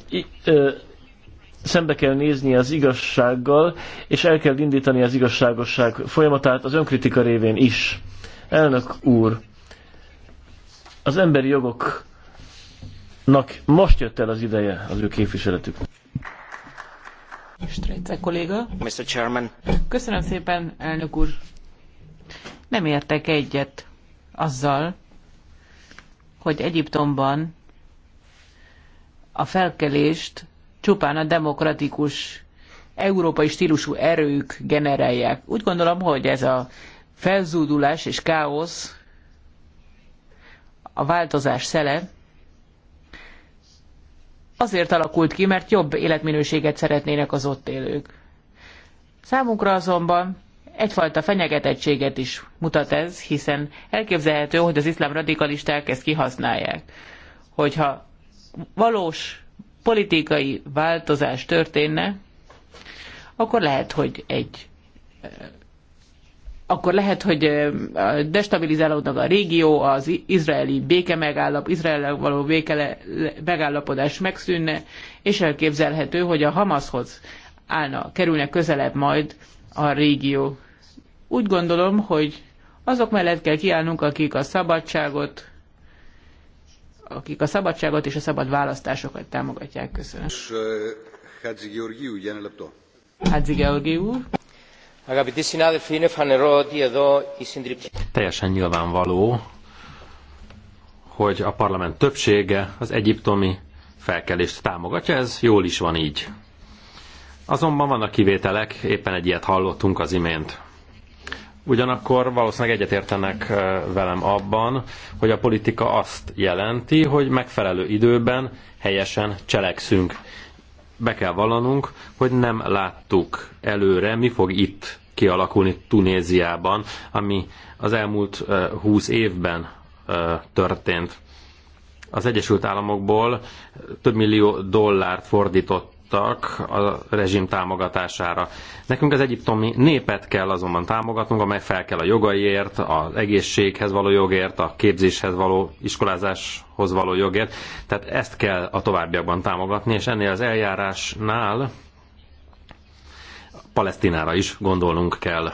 szembe kell nézni az igazsággal, és el kell indítani az igazságosság folyamatát az önkritika révén is. Elnök úr, az emberi jogoknak most jött el az ideje az ő képviseletük.
Strejce kolléga.
Mr. Chairman.
Köszönöm szépen, elnök úr. Nem értek egyet azzal, hogy Egyiptomban a felkelést csupán a demokratikus, európai stílusú erők generálják. Úgy gondolom, hogy ez a felzúdulás és káosz, a változás szele, azért alakult ki, mert jobb életminőséget szeretnének az ott élők. Számunkra azonban egyfajta fenyegetettséget is mutat ez, hiszen elképzelhető, hogy az iszlám radikalisták ezt kihasználják. Hogyha valós politikai változás történne, akkor lehet, hogy egy eh, akkor lehet, hogy eh, destabilizálódnak a régió, az izraeli béke megállap, izrael való béke megállapodás megszűnne, és elképzelhető, hogy a Hamaszhoz állna, kerülne közelebb majd a régió. Úgy gondolom, hogy azok mellett kell kiállnunk, akik a szabadságot, akik a szabadságot és a szabad választásokat támogatják. Köszönöm.
Hadzi Georgiou, Hadzi Georgiou.
Teljesen nyilvánvaló, hogy a parlament többsége az egyiptomi felkelést támogatja, ez jól is van így. Azonban vannak kivételek, éppen egy ilyet hallottunk az imént. Ugyanakkor valószínűleg egyetértenek eh, velem abban, hogy a politika azt jelenti, hogy megfelelő időben helyesen cselekszünk. Be kell vallanunk, hogy nem láttuk előre, mi fog itt kialakulni Tunéziában, ami az elmúlt eh, húsz évben eh, történt. Az Egyesült Államokból több millió dollárt fordított szorultak a rezsim támogatására. Nekünk az egyiptomi népet kell azonban támogatnunk, amely fel kell a jogaiért, az egészséghez való jogért, a képzéshez való iskolázáshoz való jogért. Tehát ezt kell a továbbiakban támogatni, és ennél az eljárásnál Palesztinára is gondolnunk kell.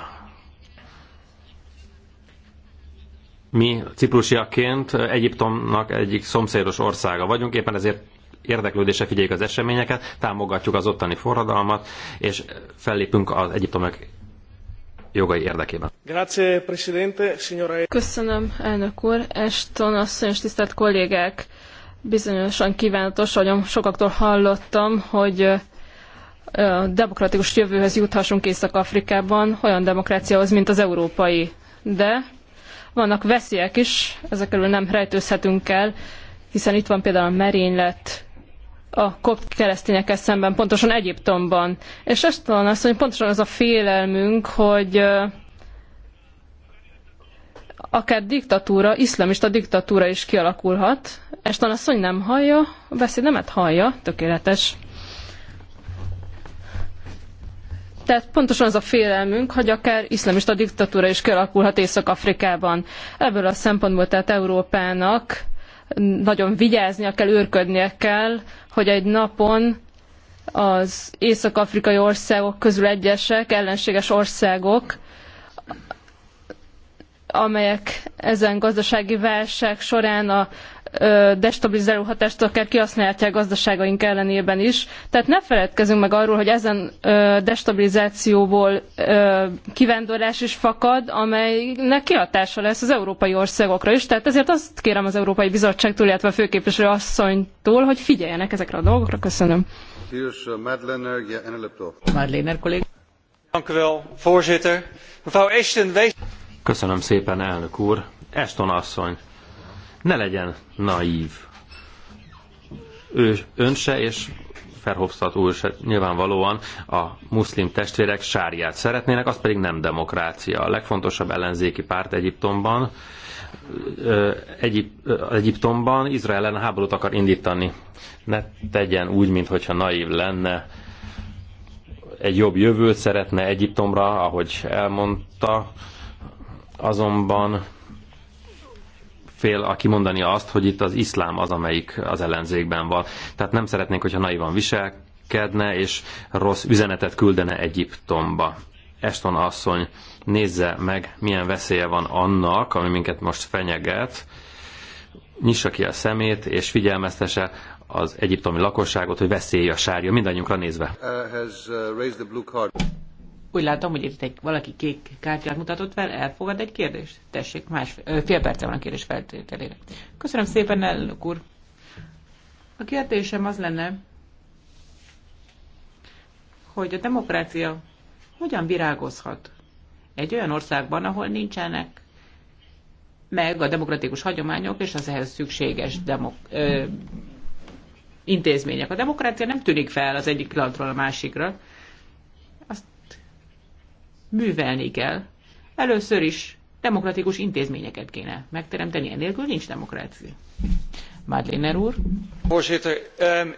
Mi ciprusiaként Egyiptomnak egyik szomszédos országa vagyunk, éppen ezért érdeklődése figyeljük az eseményeket, támogatjuk az ottani forradalmat, és fellépünk az egyiptomok jogai érdekében.
Köszönöm, elnök úr, Eston asszony és tisztelt kollégák! Bizonyosan kívánatos, ahogy sokaktól hallottam, hogy demokratikus jövőhöz juthassunk Észak-Afrikában, olyan demokráciához, mint az európai. De vannak veszélyek is, ezekről nem rejtőzhetünk el, hiszen itt van például a merénylet, a kopt keresztényekkel szemben, pontosan Egyiptomban. És ezt talán azt hogy pontosan az a félelmünk, hogy akár diktatúra, iszlamista diktatúra is kialakulhat. Estan hogy nem hallja, a beszédemet hallja, tökéletes. Tehát pontosan az a félelmünk, hogy akár iszlamista diktatúra is kialakulhat Észak-Afrikában. Ebből a szempontból tehát Európának nagyon vigyáznia kell, őrködnie kell, hogy egy napon az észak-afrikai országok közül egyesek, ellenséges országok, amelyek ezen gazdasági válság során a destabilizáló hatást akár kihasználhatják gazdaságaink ellenében is. Tehát ne feledkezzünk meg arról, hogy ezen destabilizációból kivándorlás is fakad, amelynek kihatása lesz az európai országokra is. Tehát ezért azt kérem az Európai Bizottságtól, illetve a főképviselő asszonytól, hogy figyeljenek ezekre a dolgokra. Köszönöm.
Eh, eh, eh,
Köszönöm szépen, elnök úr. Ashton asszony, ne legyen naív. Ő, ön se, és Ferhofstadt úr se, nyilvánvalóan a muszlim testvérek sáriát szeretnének, az pedig nem demokrácia. A legfontosabb ellenzéki párt Egyiptomban, Egyip, Egyiptomban Izrael ellen háborút akar indítani. Ne tegyen úgy, mintha naív lenne. Egy jobb jövőt szeretne Egyiptomra, ahogy elmondta, azonban fél, aki mondani azt, hogy itt az iszlám az, amelyik az ellenzékben van. Tehát nem szeretnénk, hogyha naivan viselkedne, és rossz üzenetet küldene Egyiptomba. Eston asszony, nézze meg, milyen veszélye van annak, ami minket most fenyeget, nyissa ki a szemét, és figyelmeztese az egyiptomi lakosságot, hogy veszély a sárja mindannyiunkra nézve.
Uh, has, uh,
úgy látom, hogy itt egy, valaki kék kártyát mutatott fel, elfogad egy kérdést? Tessék, más, fél perce van a kérdés feltételére. Köszönöm szépen, elnök úr. A kérdésem az lenne, hogy a demokrácia hogyan virágozhat egy olyan országban, ahol nincsenek meg a demokratikus hagyományok és az ehhez szükséges demok- ö, intézmények. A demokrácia nem tűnik fel az egyik pillanatról a másikra művelni kell. Először is demokratikus intézményeket kéne megteremteni, enélkül nincs demokrácia. Madlener úr.
Ehm,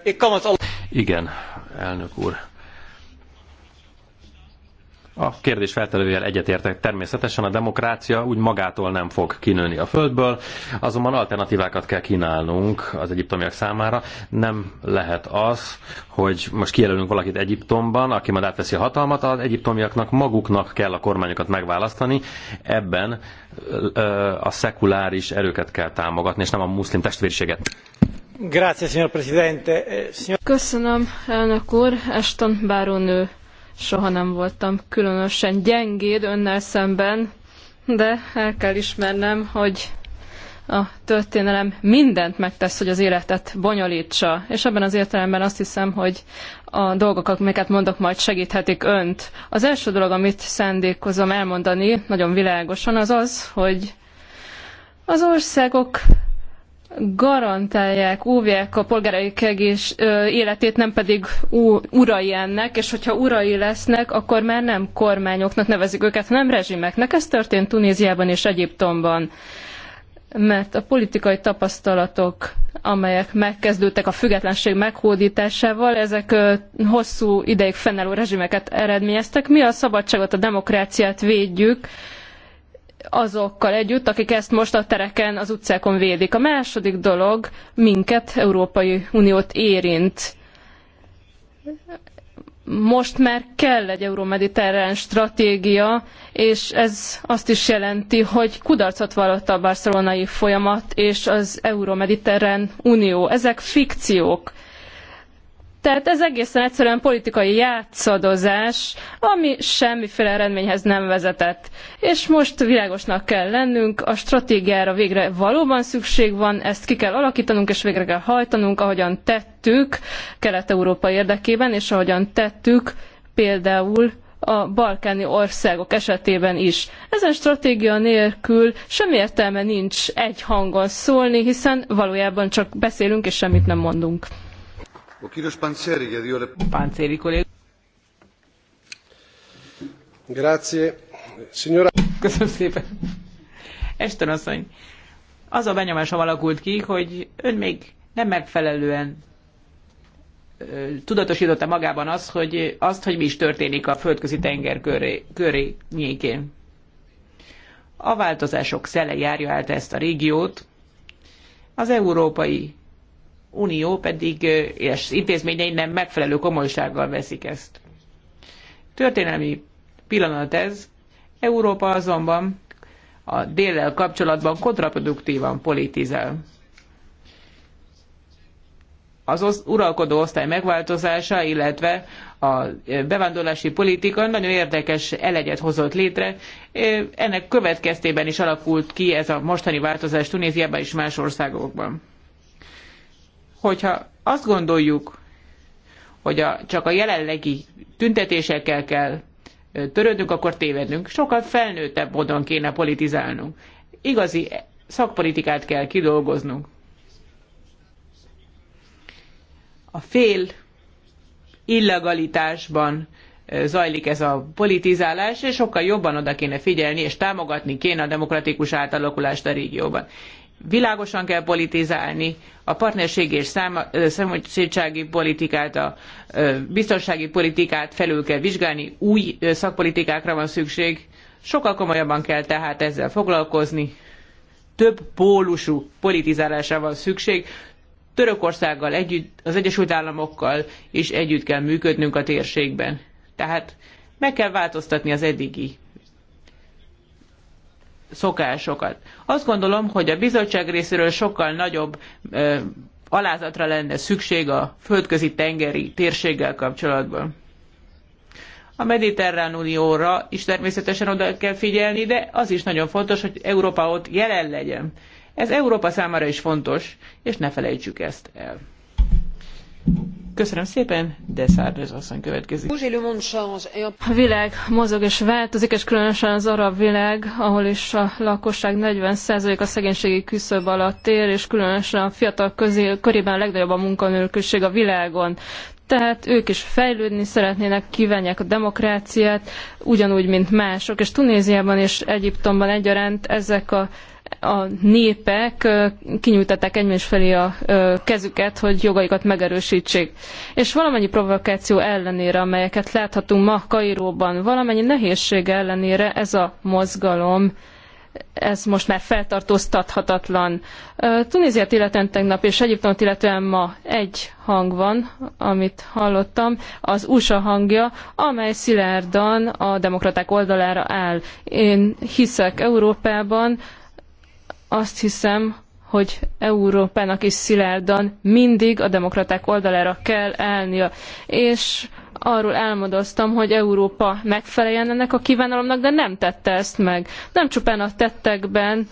Igen, elnök úr a kérdés feltelőjel egyetértek. Természetesen a demokrácia úgy magától nem fog kinőni a földből, azonban alternatívákat kell kínálnunk az egyiptomiak számára. Nem lehet az, hogy most kijelölünk valakit Egyiptomban, aki majd átveszi a hatalmat, az egyiptomiaknak maguknak kell a kormányokat megválasztani. Ebben a szekuláris erőket kell támogatni, és nem a muszlim testvérséget.
Eh,
Köszönöm, elnök úr, Eston Báronő Soha nem voltam különösen gyengéd önnel szemben, de el kell ismernem, hogy a történelem mindent megtesz, hogy az életet bonyolítsa. És ebben az értelemben azt hiszem, hogy a dolgok, amiket mondok, majd segíthetik önt. Az első dolog, amit szándékozom elmondani nagyon világosan, az az, hogy az országok garantálják, óvják a polgáraik egész életét, nem pedig urai ennek, és hogyha urai lesznek, akkor már nem kormányoknak nevezik őket, hanem rezsimeknek. Ez történt Tunéziában és Egyiptomban mert a politikai tapasztalatok, amelyek megkezdődtek a függetlenség meghódításával, ezek hosszú ideig fennálló rezsimeket eredményeztek. Mi a szabadságot, a demokráciát védjük, azokkal együtt, akik ezt most a tereken, az utcákon védik. A második dolog minket, Európai Uniót érint. Most már kell egy euromediterrán stratégia, és ez azt is jelenti, hogy kudarcot vallott a barcelonai folyamat és az euromediterrán unió. Ezek fikciók tehát ez egészen egyszerűen politikai játszadozás, ami semmiféle eredményhez nem vezetett. És most világosnak kell lennünk, a stratégiára végre valóban szükség van, ezt ki kell alakítanunk és végre kell hajtanunk, ahogyan tettük Kelet-Európa érdekében, és ahogyan tettük például a balkáni országok esetében is. Ezen stratégia nélkül semmi értelme nincs egy hangon szólni, hiszen valójában csak beszélünk és semmit nem mondunk
ashton Köszönöm
asszony, az a benyomásom alakult ki, hogy ön még nem megfelelően tudatosította magában azt, hogy, azt, hogy mi is történik a földközi tenger köré, környékén. A változások szele járja át ezt a régiót. Az európai Unió pedig és intézményei nem megfelelő komolysággal veszik ezt. Történelmi pillanat ez, Európa azonban a déllel kapcsolatban kontraproduktívan politizál. Az uralkodó osztály megváltozása, illetve a bevándorlási politika nagyon érdekes elegyet hozott létre. Ennek következtében is alakult ki ez a mostani változás Tunéziában és más országokban. Hogyha azt gondoljuk, hogy a, csak a jelenlegi tüntetésekkel kell törődnünk, akkor tévednünk. Sokkal felnőttebb módon kéne politizálnunk. Igazi szakpolitikát kell kidolgoznunk. A fél illegalitásban zajlik ez a politizálás, és sokkal jobban oda kéne figyelni, és támogatni kéne a demokratikus átalakulást a régióban világosan kell politizálni a partnerségi és szomszédsági politikát, a biztonsági politikát felül kell vizsgálni, új szakpolitikákra van szükség. Sokkal komolyabban kell tehát ezzel foglalkozni. Több pólusú politizálásra van szükség. Törökországgal együtt, az Egyesült Államokkal is együtt kell működnünk a térségben. Tehát meg kell változtatni az eddigi szokásokat. Azt gondolom, hogy a bizottság részéről sokkal nagyobb ö, alázatra lenne szükség a földközi tengeri térséggel kapcsolatban. A Mediterrán Unióra is természetesen oda kell figyelni, de az is nagyon fontos, hogy Európa ott jelen legyen. Ez Európa számára is fontos, és ne felejtsük ezt el. Köszönöm szépen, de Szárdez asszony következik.
A világ mozog és változik, és különösen az arab világ, ahol is a lakosság 40%-a szegénységi küszöb alatt él, és különösen a fiatal közé, körében a legnagyobb a munkanélküliség a világon tehát ők is fejlődni szeretnének, kívánják a demokráciát, ugyanúgy, mint mások. És Tunéziában és Egyiptomban egyaránt ezek a a népek kinyújtották egymás felé a kezüket, hogy jogaikat megerősítsék. És valamennyi provokáció ellenére, amelyeket láthatunk ma Kairóban, valamennyi nehézség ellenére ez a mozgalom ez most már feltartóztathatatlan. Tunéziát illetően tegnap és Egyiptomot illetően ma egy hang van, amit hallottam, az USA hangja, amely szilárdan a demokraták oldalára áll. Én hiszek Európában, azt hiszem, hogy Európának is szilárdan mindig a demokraták oldalára kell állnia. És arról álmodoztam, hogy Európa megfeleljen ennek a kívánalomnak, de nem tette ezt meg. Nem csupán a tettekben,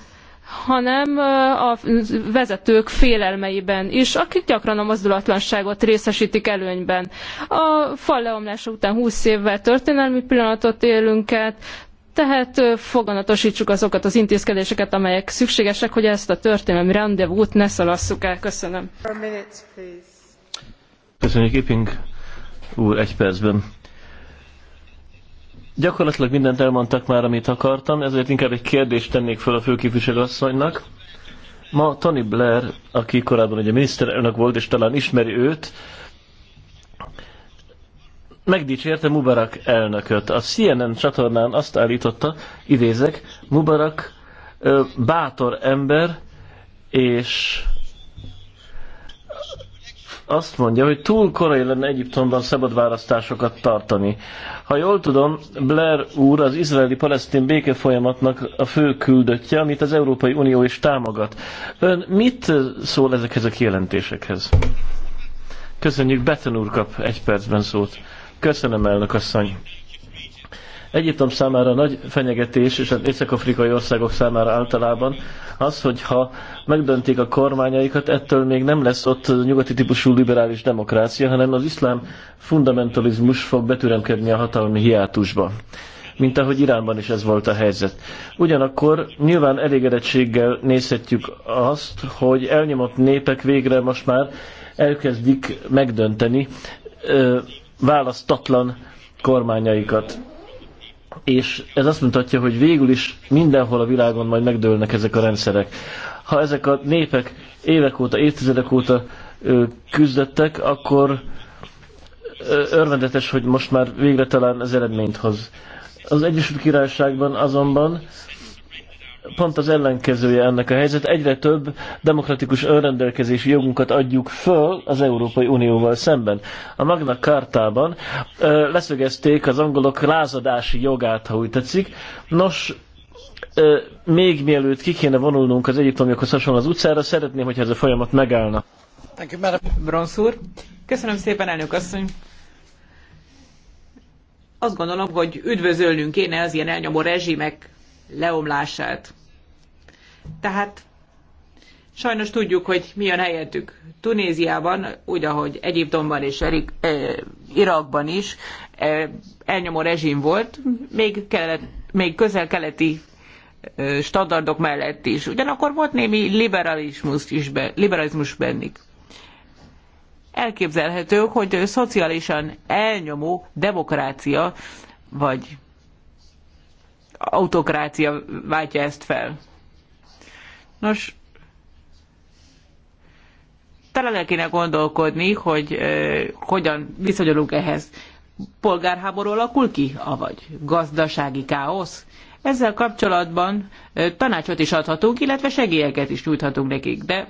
hanem a vezetők félelmeiben is, akik gyakran a mozdulatlanságot részesítik előnyben. A fal leomlása után 20 évvel történelmi pillanatot élünk át, tehát foganatosítsuk azokat az intézkedéseket, amelyek szükségesek, hogy ezt a történelmi rendezvút ne szalasszuk el. Köszönöm.
Köszönjük, Iping úr, egy percben. Gyakorlatilag mindent elmondtak már, amit akartam, ezért inkább egy kérdést tennék fel a főképviselő asszonynak. Ma Tony Blair, aki korábban ugye miniszterelnök volt, és talán ismeri őt, megdicsérte Mubarak elnököt. A CNN csatornán azt állította, idézek, Mubarak ö, bátor ember, és azt mondja, hogy túl korai lenne Egyiptomban szabad választásokat tartani. Ha jól tudom, Blair úr az izraeli-palesztin béke folyamatnak a fő küldöttje, amit az Európai Unió is támogat. Ön mit szól ezekhez a kijelentésekhez? Köszönjük, Beten úr kap egy percben szót. Köszönöm, elnök asszony. Egyiptom számára nagy fenyegetés, és az észak-afrikai országok számára általában az, hogyha megdöntik a kormányaikat, ettől még nem lesz ott nyugati típusú liberális demokrácia, hanem az iszlám fundamentalizmus fog betüremkedni a hatalmi hiátusba mint ahogy Iránban is ez volt a helyzet. Ugyanakkor nyilván elégedettséggel nézhetjük azt, hogy elnyomott népek végre most már elkezdik megdönteni választatlan kormányaikat. És ez azt mutatja, hogy végül is mindenhol a világon majd megdőlnek ezek a rendszerek. Ha ezek a népek évek óta, évtizedek óta ö, küzdöttek, akkor ö, örvendetes, hogy most már végre talán az eredményt hoz. Az Egyesült Királyságban azonban pont az ellenkezője ennek a helyzet. Egyre több demokratikus önrendelkezési jogunkat adjuk föl az Európai Unióval szemben. A Magna Kartában leszögezték az angolok lázadási jogát, ha úgy tetszik. Nos, ö, még mielőtt ki kéne vonulnunk az egyiptomiakhoz hasonló az utcára, szeretném, hogyha ez a folyamat megállna.
Bronsz úr. Köszönöm szépen, elnök asszony. Azt gondolom, hogy üdvözölnünk kéne az ilyen elnyomó rezsimek leomlását. Tehát sajnos tudjuk, hogy mi a helyettük. Tunéziában, úgy ahogy Egyiptomban és Erik, eh, Irakban is eh, elnyomó rezsim volt, még, kelet, még közel-keleti eh, standardok mellett is. Ugyanakkor volt némi liberalizmus, is be, liberalizmus bennük. Elképzelhető, hogy szociálisan elnyomó demokrácia vagy autokrácia váltja ezt fel Nos, talán el kéne gondolkodni, hogy eh, hogyan viszonyulunk ehhez. Polgárháború alakul ki, avagy gazdasági káosz? Ezzel kapcsolatban eh, tanácsot is adhatunk, illetve segélyeket is nyújthatunk nekik, de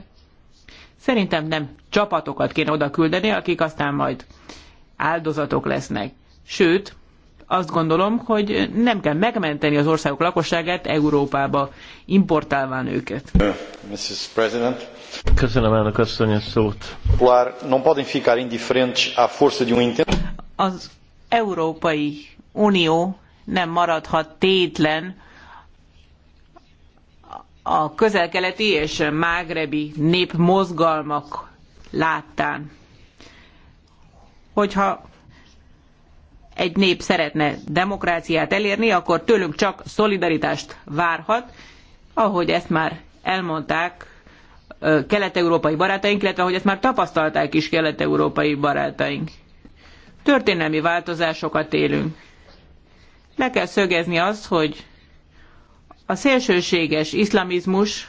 szerintem nem csapatokat kéne oda küldeni, akik aztán majd áldozatok lesznek. Sőt, azt gondolom, hogy nem kell megmenteni az országok lakosságát Európába importálván őket.
Mrs. President. Köszönöm elnök asszony a szót.
Non podem ficar indiferentes à força de um intento.
Az Európai Unió nem maradhat tétlen a közelkeleti és mágrebi népmozgalmak láttán. Hogyha egy nép szeretne demokráciát elérni, akkor tőlünk csak szolidaritást várhat, ahogy ezt már elmondták kelet-európai barátaink, illetve ahogy ezt már tapasztalták is kelet-európai barátaink. Történelmi változásokat élünk. Le kell szögezni azt, hogy a szélsőséges iszlamizmus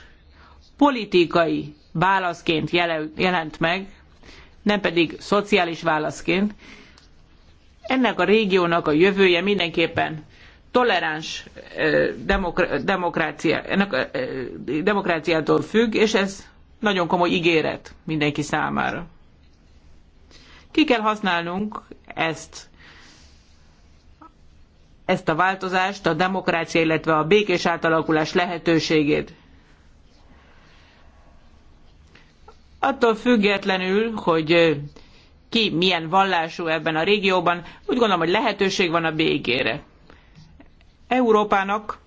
politikai válaszként jelent meg, nem pedig szociális válaszként, ennek a régiónak a jövője mindenképpen toleráns demokrácia, ennek, demokráciától függ, és ez nagyon komoly ígéret mindenki számára. Ki kell használnunk ezt, ezt a változást, a demokrácia, illetve a békés átalakulás lehetőségét. Attól függetlenül, hogy ki milyen vallású ebben a régióban. Úgy gondolom, hogy lehetőség van a végére. Európának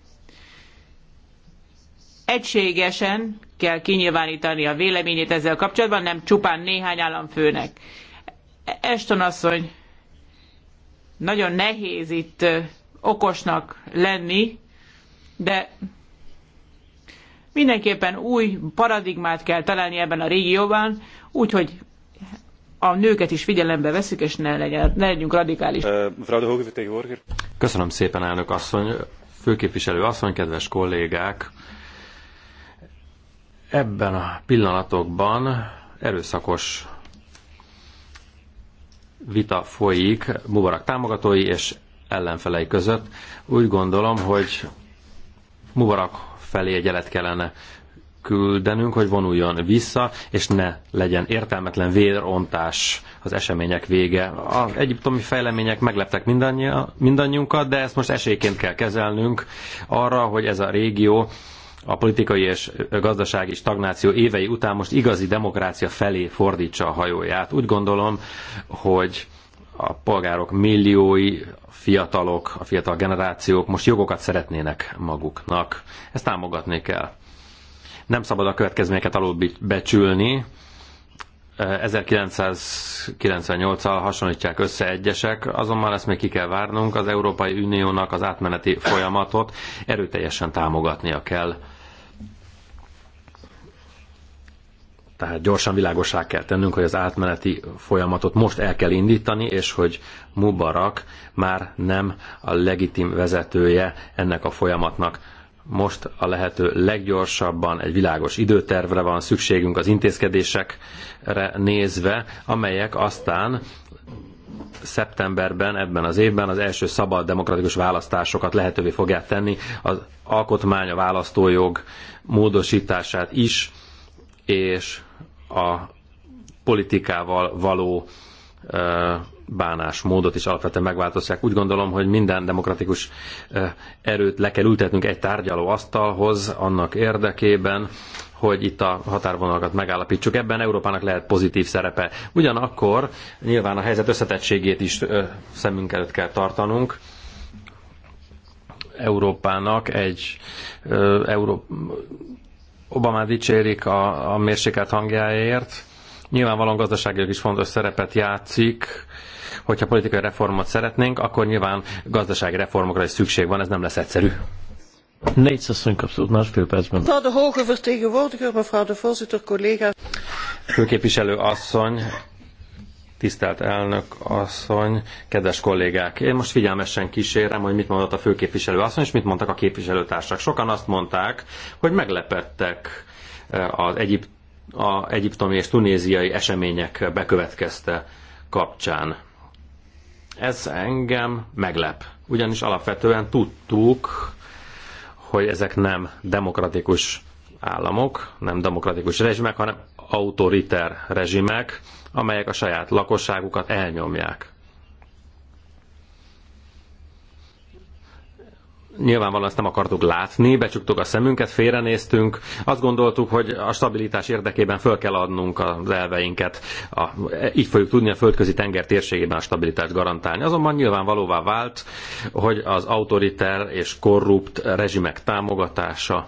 egységesen kell kinyilvánítani a véleményét ezzel kapcsolatban, nem csupán néhány államfőnek. Eston asszony, nagyon nehéz itt okosnak lenni, de mindenképpen új paradigmát kell találni ebben a régióban, úgyhogy a nőket is figyelembe veszük, és ne, legyen, ne legyünk radikális.
Köszönöm szépen, elnök asszony, főképviselő asszony, kedves kollégák. Ebben a pillanatokban erőszakos vita folyik Mubarak támogatói és ellenfelei között. Úgy gondolom, hogy Mubarak felé egyelet kellene küldenünk, hogy vonuljon vissza, és ne legyen értelmetlen vérontás az események vége. Az egyiptomi fejlemények megleptek mindannyiunkat, de ezt most esélyként kell kezelnünk arra, hogy ez a régió a politikai és gazdasági stagnáció évei után most igazi demokrácia felé fordítsa a hajóját. Úgy gondolom, hogy a polgárok milliói, fiatalok, a fiatal generációk most jogokat szeretnének maguknak. Ezt támogatni kell. Nem szabad a következményeket becsülni. 1998-al hasonlítják össze egyesek, azonban ezt még ki kell várnunk, az Európai Uniónak az átmeneti folyamatot erőteljesen támogatnia kell. Tehát gyorsan világosá kell tennünk, hogy az átmeneti folyamatot most el kell indítani, és hogy Mubarak már nem a legitim vezetője ennek a folyamatnak. Most a lehető leggyorsabban egy világos időtervre van szükségünk az intézkedésekre nézve, amelyek aztán szeptemberben, ebben az évben az első szabad demokratikus választásokat lehetővé fogják tenni, az alkotmány, a választójog módosítását is, és a politikával való bánásmódot is alapvetően megváltoztatják. Úgy gondolom, hogy minden demokratikus erőt le kell ültetnünk egy tárgyaló asztalhoz annak érdekében, hogy itt a határvonalakat megállapítsuk. Ebben Európának lehet pozitív szerepe. Ugyanakkor nyilván a helyzet összetettségét is szemünk előtt kell tartanunk. Európának egy Euró... Obama dicsérik a, a mérsékelt hangjáért. Nyilvánvalóan gazdaságilag is fontos szerepet játszik hogyha politikai reformot szeretnénk, akkor nyilván gazdasági reformokra is szükség van, ez nem lesz egyszerű.
Négy szasszony kapszót másfél percben. de hoge
vertegenwoordiger, mevrouw de voorzitter,
Főképviselő asszony, tisztelt elnök asszony, kedves kollégák! Én most figyelmesen kísérem, hogy mit mondott a főképviselő asszony, és mit mondtak a képviselőtársak. Sokan azt mondták, hogy meglepettek eh, az egyipt, a egyiptomi és tunéziai események bekövetkezte kapcsán. Ez engem meglep, ugyanis alapvetően tudtuk, hogy ezek nem demokratikus államok, nem demokratikus rezsimek, hanem autoriter rezsimek, amelyek a saját lakosságukat elnyomják. nyilvánvalóan ezt nem akartuk látni, becsuktuk a szemünket, félrenéztünk, azt gondoltuk, hogy a stabilitás érdekében föl kell adnunk az elveinket, a, így fogjuk tudni a földközi tenger térségében a stabilitást garantálni. Azonban nyilvánvalóvá vált, hogy az autoriter és korrupt rezsimek támogatása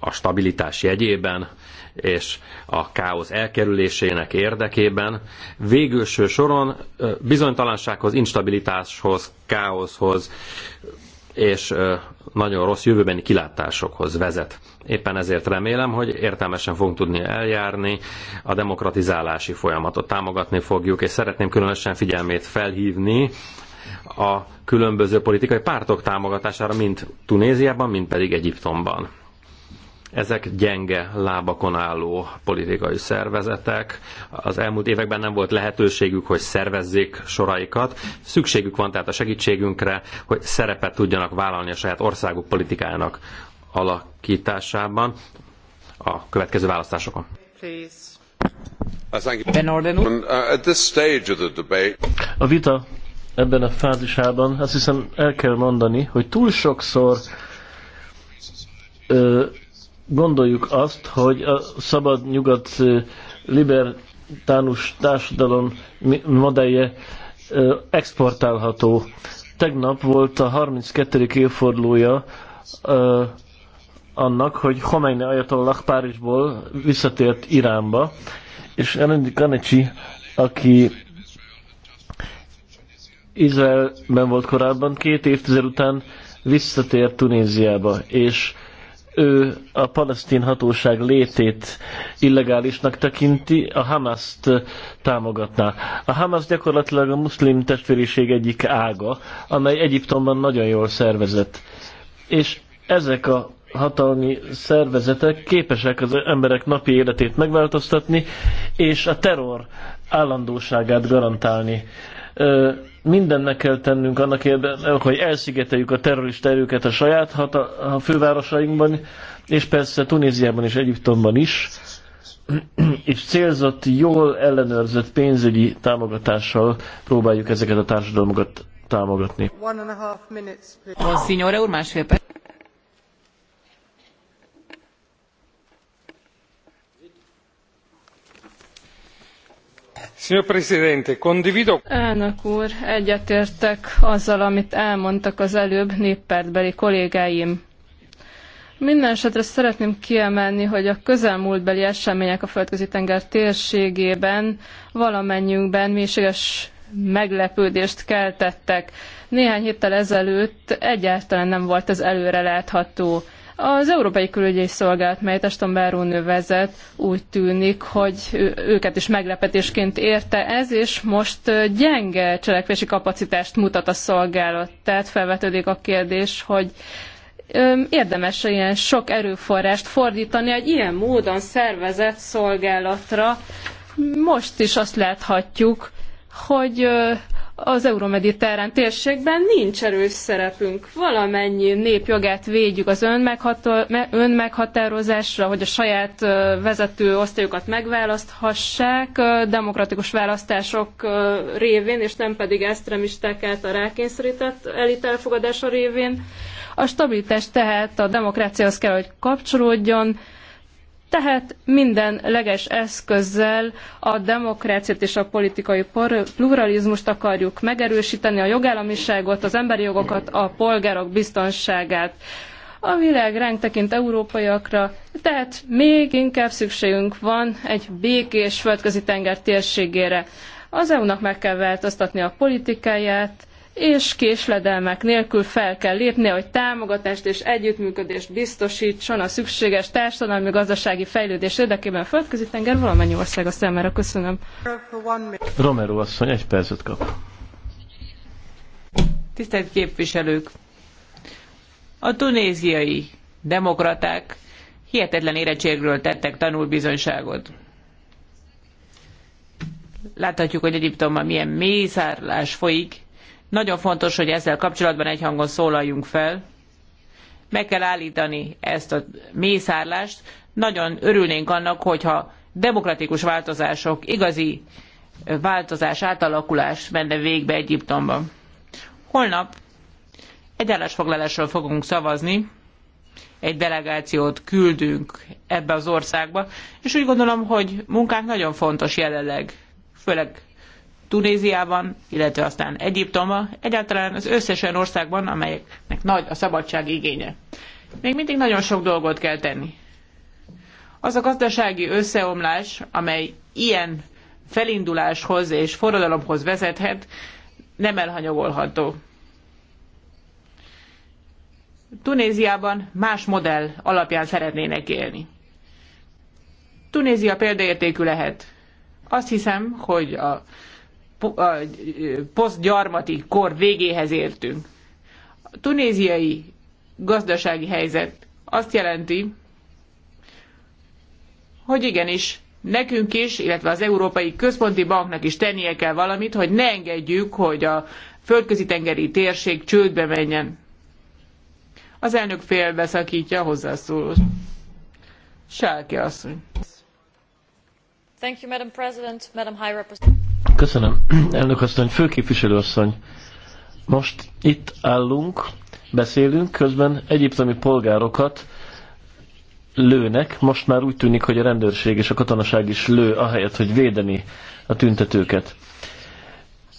a stabilitás jegyében és a káosz elkerülésének érdekében végülső soron bizonytalansághoz, instabilitáshoz, káoszhoz, és nagyon rossz jövőbeni kilátásokhoz vezet. Éppen ezért remélem, hogy értelmesen fogunk tudni eljárni, a demokratizálási folyamatot támogatni fogjuk, és szeretném különösen figyelmét felhívni a különböző politikai pártok támogatására, mint Tunéziában, mint pedig Egyiptomban. Ezek gyenge lábakon álló politikai szervezetek. Az elmúlt években nem volt lehetőségük, hogy szervezzék soraikat. Szükségük van tehát a segítségünkre, hogy szerepet tudjanak vállalni a saját országuk politikájának alakításában a következő választásokon.
A vita ebben a fázisában azt hiszem el kell mondani, hogy túl sokszor ö, gondoljuk azt, hogy a szabad nyugat libertánus társadalom modellje exportálható. Tegnap volt a 32. évfordulója annak, hogy Khomeini Ayatollah Párizsból visszatért Iránba, és Eleni Kanecsi, aki Izraelben volt korábban, két évtized után visszatért Tunéziába, és ő a palesztin hatóság létét illegálisnak tekinti, a Hamaszt támogatná. A Hamas gyakorlatilag a muszlim testvériség egyik ága, amely Egyiptomban nagyon jól szervezett. És ezek a hatalmi szervezetek képesek az emberek napi életét megváltoztatni, és a terror állandóságát garantálni mindent meg kell tennünk annak érdekében, hogy elszigeteljük a terrorista erőket a saját hat a fővárosainkban, és persze Tunéziában és Egyiptomban is, és célzott, jól ellenőrzött pénzügyi támogatással próbáljuk ezeket a társadalmokat támogatni.
and a half minutes,
Elnök úr, egyetértek azzal, amit elmondtak az előbb néppártbeli kollégáim. Mindenesetre szeretném kiemelni, hogy a közelmúltbeli események a földközi tenger térségében valamennyiünkben mélységes meglepődést keltettek. Néhány héttel ezelőtt egyáltalán nem volt ez előre látható. Az Európai Külügyi Szolgálat, melyet Aston Barónő vezet, úgy tűnik, hogy őket is meglepetésként érte ez, és most gyenge cselekvési kapacitást mutat a szolgálat. Tehát felvetődik a kérdés, hogy érdemes -e ilyen sok erőforrást fordítani egy ilyen módon szervezett szolgálatra. Most is azt láthatjuk, hogy az euromediterrán térségben nincs erős szerepünk. Valamennyi népjogát védjük az önmeghatározásra, hogy a saját vezető osztályokat megválaszthassák demokratikus választások révén, és nem pedig extremisták a rákényszerített elit elfogadása révén. A stabilitás tehát a demokráciához kell, hogy kapcsolódjon, tehát minden leges eszközzel a demokráciát és a politikai pluralizmust akarjuk megerősíteni, a jogállamiságot, az emberi jogokat, a polgárok biztonságát. A világ ránk tekint európaiakra, tehát még inkább szükségünk van egy békés földközi tenger térségére. Az EU-nak meg kell változtatni a politikáját, és késledelmek nélkül fel kell lépni, hogy támogatást és együttműködést biztosítson a szükséges társadalmi gazdasági fejlődés érdekében földközi tenger valamennyi országa számára. Köszönöm.
Romero asszony, egy percet kap.
Tisztelt képviselők! A tunéziai demokraták hihetetlen érettségről tettek tanulbizonyságot. Láthatjuk, hogy Egyiptomban milyen mészárlás folyik, nagyon fontos, hogy ezzel kapcsolatban egy hangon szólaljunk fel. Meg kell állítani ezt a mészárlást. Nagyon örülnénk annak, hogyha demokratikus változások, igazi változás, átalakulás menne végbe Egyiptomban. Holnap egy állásfoglalásról fogunk szavazni, egy delegációt küldünk ebbe az országba, és úgy gondolom, hogy munkánk nagyon fontos jelenleg, főleg Tunéziában, illetve aztán Egyiptomban, egyáltalán az összes olyan országban, amelyeknek nagy a szabadság igénye. Még mindig nagyon sok dolgot kell tenni. Az a gazdasági összeomlás, amely ilyen felinduláshoz és forradalomhoz vezethet, nem elhanyagolható. Tunéziában más modell alapján szeretnének élni. Tunézia példaértékű lehet. Azt hiszem, hogy a posztgyarmati kor végéhez értünk. A tunéziai gazdasági helyzet azt jelenti, hogy igenis nekünk is, illetve az Európai Központi Banknak is tennie kell valamit, hogy ne engedjük, hogy a földközi tengeri térség csődbe menjen. Az elnök félbeszakítja a hozzászólót. Sárki asszony.
Thank you, Madam President, Madam High Representative.
Köszönöm, elnök asszony, főképviselő asszony. Most itt állunk, beszélünk, közben egyiptomi polgárokat lőnek. Most már úgy tűnik, hogy a rendőrség és a katonaság is lő, ahelyett, hogy védeni a tüntetőket.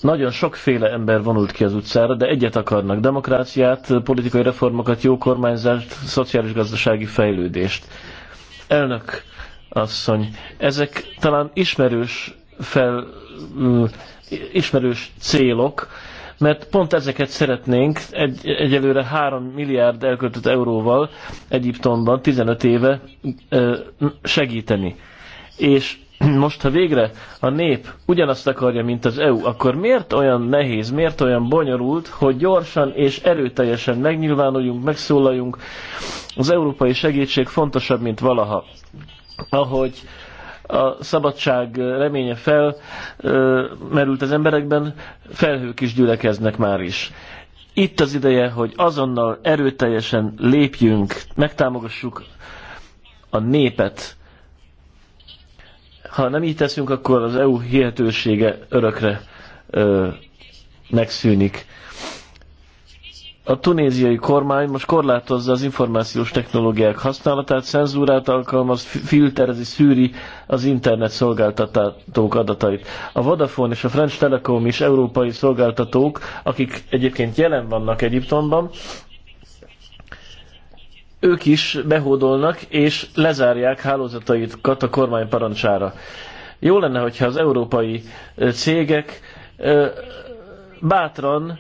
Nagyon sokféle ember vonult ki az utcára, de egyet akarnak. Demokráciát, politikai reformokat, jó kormányzást, szociális-gazdasági fejlődést. Elnök asszony, ezek talán ismerős fel ismerős célok, mert pont ezeket szeretnénk egy, egyelőre 3 milliárd elköltött euróval Egyiptomban 15 éve segíteni. És most, ha végre a nép ugyanazt akarja, mint az EU, akkor miért olyan nehéz, miért olyan bonyolult, hogy gyorsan és erőteljesen megnyilvánuljunk, megszólaljunk? Az európai segítség fontosabb, mint valaha. Ahogy uh, a szabadság reménye fel merült az emberekben, felhők is gyülekeznek már is. Itt az ideje, hogy azonnal erőteljesen lépjünk, megtámogassuk a népet. Ha nem így teszünk, akkor az EU hihetősége örökre ö, megszűnik a tunéziai kormány most korlátozza az információs technológiák használatát, cenzúrát alkalmaz, filterezi, szűri az internet szolgáltatók adatait. A Vodafone és a French Telecom is európai szolgáltatók, akik egyébként jelen vannak Egyiptomban, ők is behódolnak és lezárják hálózataikat a kormány parancsára. Jó lenne, hogyha az európai cégek bátran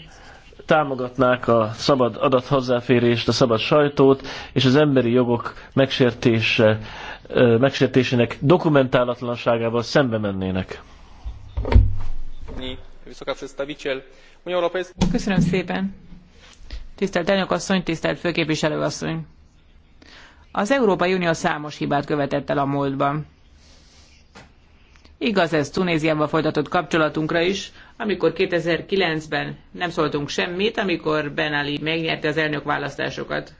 támogatnák a szabad adathozzáférést, a szabad sajtót, és az emberi jogok megsértése, megsértésének dokumentálatlanságával szembe mennének.
Köszönöm szépen. Tisztelt elnök asszony, tisztelt főképviselő asszony. Az Európai Unió számos hibát követett el a múltban. Igaz ez Tunéziával folytatott kapcsolatunkra is, amikor 2009-ben nem szóltunk semmit, amikor Ben Ali megnyerte az választásokat,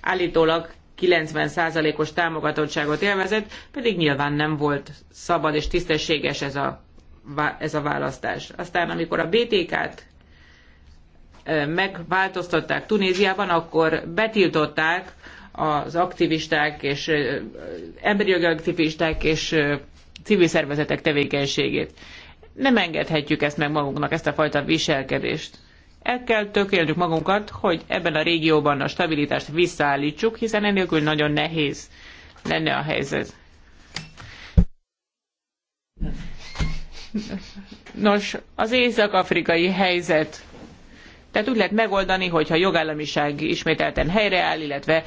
Állítólag 90%-os támogatottságot élvezett, pedig nyilván nem volt szabad és tisztességes ez a, ez a választás. Aztán amikor a BTK-t megváltoztatták Tunéziában, akkor betiltották az aktivisták és emberi jogi aktivisták és civil szervezetek tevékenységét. Nem engedhetjük ezt meg magunknak, ezt a fajta viselkedést. El kell tökélnünk magunkat, hogy ebben a régióban a stabilitást visszaállítsuk, hiszen enélkül nagyon nehéz lenne a helyzet. Nos, az észak-afrikai helyzet tehát úgy lehet megoldani, hogyha a jogállamiság ismételten helyreáll, illetve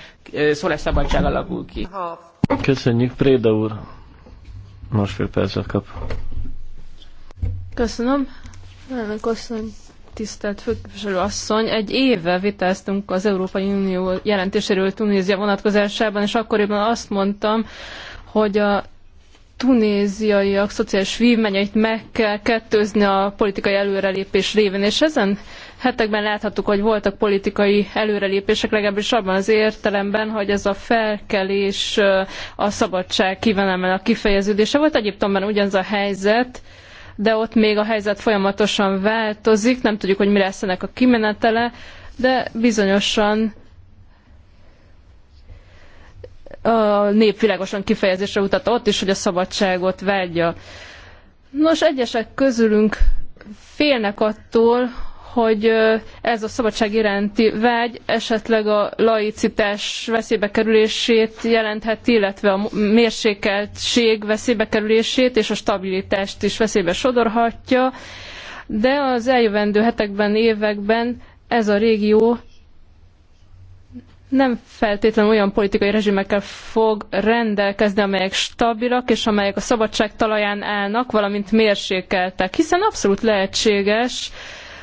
szólásszabadság alakul ki.
Köszönjük, Préda úr! másfél percet kap.
Köszönöm. Nagyon köszönöm, tisztelt főképviselő asszony, egy éve vitáztunk az Európai Unió jelentéséről Tunézia vonatkozásában, és akkoriban azt mondtam, hogy a tunéziaiak szociális vívmenyeit meg kell kettőzni a politikai előrelépés révén, és ezen hetekben láthattuk, hogy voltak politikai előrelépések, legalábbis abban az értelemben, hogy ez a felkelés a szabadság kívánelmen a kifejeződése volt. Egyiptomban ugyanaz a helyzet, de ott még a helyzet folyamatosan változik, nem tudjuk, hogy mi lesz ennek a kimenetele, de bizonyosan a nép világosan kifejezésre utat ott is, hogy a szabadságot vágyja. Nos, egyesek közülünk félnek attól, hogy ez a szabadság iránti vágy esetleg a laicitás veszélybe kerülését jelentheti, illetve a mérsékeltség veszélybe kerülését és a stabilitást is veszélybe sodorhatja, de az eljövendő hetekben, években ez a régió nem feltétlenül olyan politikai rezsimekkel fog rendelkezni, amelyek stabilak, és amelyek a szabadság talaján állnak, valamint mérsékeltek, hiszen abszolút lehetséges,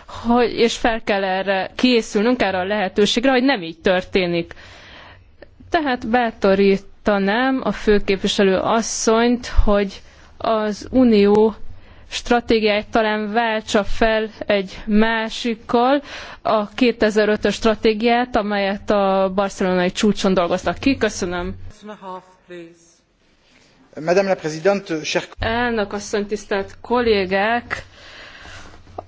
hogy, és fel kell erre készülnünk, erre a lehetőségre, hogy nem így történik. Tehát bátorítanám a főképviselő asszonyt, hogy az Unió stratégiáját talán váltsa fel egy másikkal, a 2005-ös stratégiát, amelyet a barcelonai csúcson dolgoztak ki. Köszönöm.
Madame la Présidente,
Elnök asszony, tisztelt kollégák!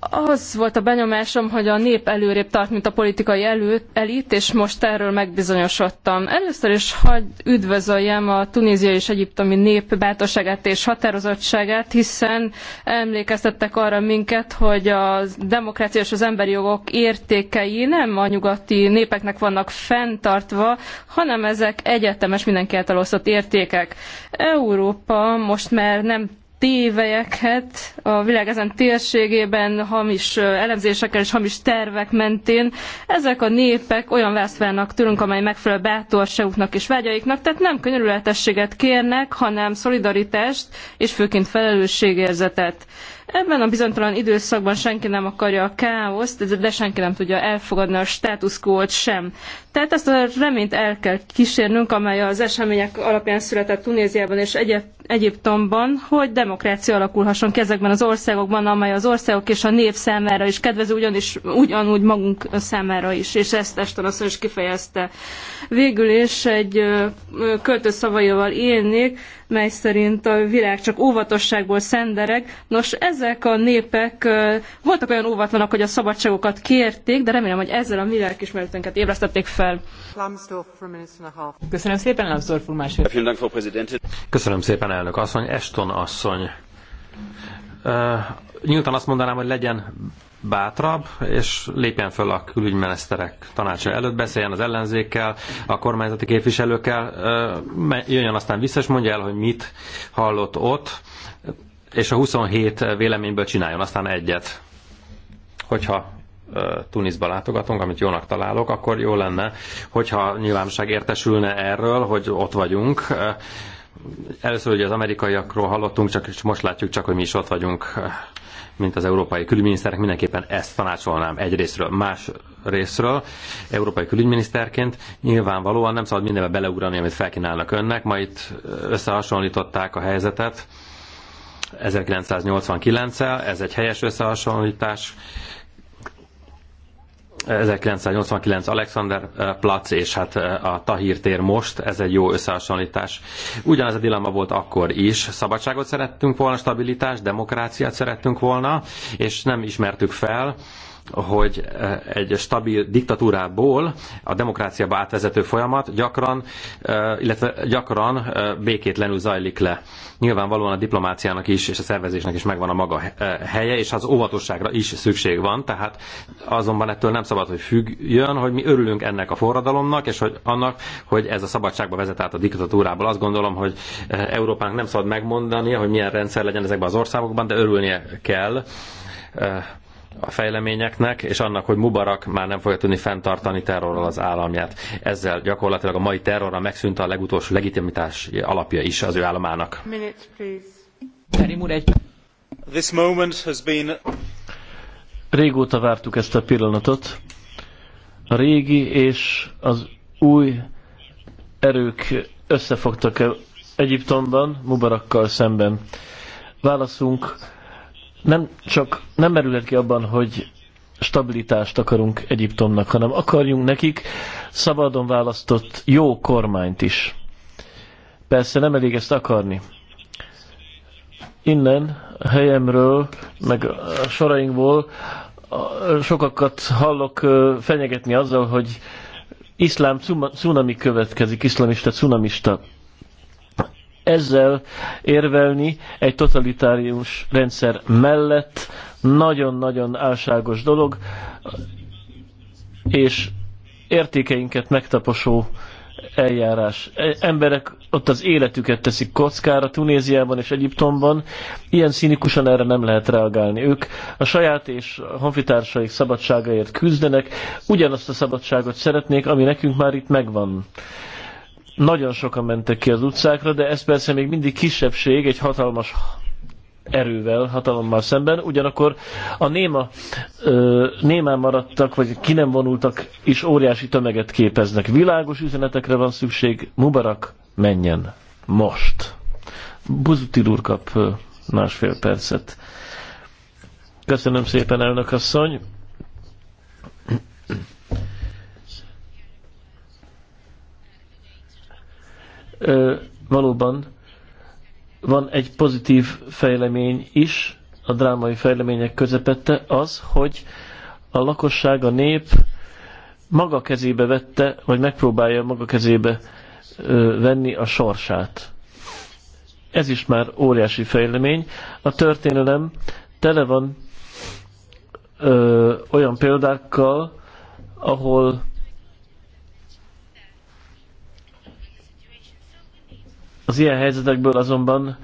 az volt a benyomásom, hogy a nép előrébb tart, mint a politikai elő, elit, és most erről megbizonyosodtam. Először is hagy üdvözöljem a tunéziai és egyiptomi nép bátorságát és határozottságát, hiszen emlékeztettek arra minket, hogy a demokrácia és az emberi jogok értékei nem a nyugati népeknek vannak fenntartva, hanem ezek egyetemes mindenki által osztott értékek. Európa most már nem tévelyeket a világ ezen térségében hamis elemzésekkel és hamis tervek mentén. Ezek a népek olyan választ várnak tőlünk, amely megfelel bátorságuknak és vágyaiknak, tehát nem könyörületességet kérnek, hanem szolidaritást és főként felelősségérzetet. Ebben a bizonytalan időszakban senki nem akarja a káoszt, de senki nem tudja elfogadni a status quo-t sem. Tehát ezt a reményt el kell kísérnünk, amely az események alapján született Tunéziában és Egyiptomban, hogy demokrácia alakulhasson ki ezekben az országokban, amely az országok és a nép számára is kedvező, ugyanis ugyanúgy magunk számára is, és ezt Eston asszony is kifejezte. Végül is egy költő szavaival élnék, mely szerint a világ csak óvatosságból szendereg. Nos, ez ezek a népek voltak olyan óvatlanak, hogy a szabadságokat kérték, de remélem, hogy ezzel a mi lelkismeretünket ébresztették fel.
Köszönöm szépen, Lambsdorff úr Köszönöm szépen, elnök asszony. Eston asszony. Uh, nyíltan azt mondanám, hogy legyen bátrabb, és lépjen föl a külügyminiszterek tanácsa előtt, beszéljen az ellenzékkel, a kormányzati képviselőkkel, jöjjön aztán vissza, és mondja el, hogy mit hallott ott, és a 27 véleményből csináljon aztán egyet. Hogyha Tuniszba látogatunk, amit jónak találok, akkor jó lenne, hogyha nyilvánosság értesülne erről, hogy ott vagyunk. Először ugye az amerikaiakról hallottunk, csak és most látjuk csak, hogy mi is ott vagyunk, mint az európai külügyminiszterek. Mindenképpen ezt tanácsolnám egy részről, más részről. Európai külügyminiszterként nyilvánvalóan nem szabad mindenbe beleugrani, amit felkínálnak önnek. Ma itt összehasonlították a helyzetet 1989-el, ez egy helyes összehasonlítás, 1989 Alexander eh, Platz és hát eh, a Tahir tér most, ez egy jó összehasonlítás. Ugyanez a dilemma volt akkor is. Szabadságot szerettünk volna, stabilitást, demokráciát szerettünk volna, és nem ismertük fel, hogy eh, egy stabil diktatúrából a demokráciába átvezető folyamat gyakran, eh, illetve gyakran eh, békétlenül zajlik le. Nyilvánvalóan a diplomáciának is és a szervezésnek is megvan a maga helye, és az óvatosságra is szükség van, tehát azonban ettől nem szabad, hogy függjön, hogy mi örülünk ennek a forradalomnak, és hogy annak, hogy ez a szabadságba vezet át a diktatúrából. Azt gondolom, hogy Európának nem szabad megmondania, hogy milyen rendszer legyen ezekben az országokban, de örülnie kell a fejleményeknek, és annak, hogy Mubarak már nem fogja tudni fenntartani terrorral az államját. Ezzel gyakorlatilag a mai terrorra megszűnt a legutolsó legitimitás alapja is az ő államának. This moment has been...
Régóta vártuk ezt a pillanatot. A régi és az új erők összefogtak Egyiptomban, Mubarakkal szemben. Válaszunk nem csak nem merülhet ki abban, hogy stabilitást akarunk Egyiptomnak, hanem akarjunk nekik szabadon választott jó kormányt is. Persze nem elég ezt akarni. Innen, a helyemről, meg a sorainkból sokakat hallok fenyegetni azzal, hogy iszlám cunami következik, iszlamista cunamista ezzel érvelni egy totalitárius rendszer mellett nagyon-nagyon álságos dolog, és értékeinket megtaposó eljárás. E, emberek ott az életüket teszik kockára Tunéziában és Egyiptomban. Ilyen színikusan erre nem lehet reagálni. Ők a saját és a honfitársaik szabadságaért küzdenek, ugyanazt a szabadságot szeretnék, ami nekünk már itt megvan. Nagyon sokan mentek ki az utcákra, de ez persze még mindig kisebbség egy hatalmas erővel, hatalommal szemben. Ugyanakkor a néma, ö, némán maradtak, vagy ki nem vonultak is óriási tömeget képeznek. Világos üzenetekre van szükség. Mubarak menjen most. Buzuti úr kap másfél percet. Köszönöm szépen, elnök asszony. valóban van egy pozitív fejlemény is, a drámai fejlemények közepette az, hogy a lakosság, a nép maga kezébe vette, vagy megpróbálja maga kezébe venni a sorsát. Ez is már óriási fejlemény. A történelem tele van ö, olyan példákkal, ahol Az ilyen helyzetekből azonban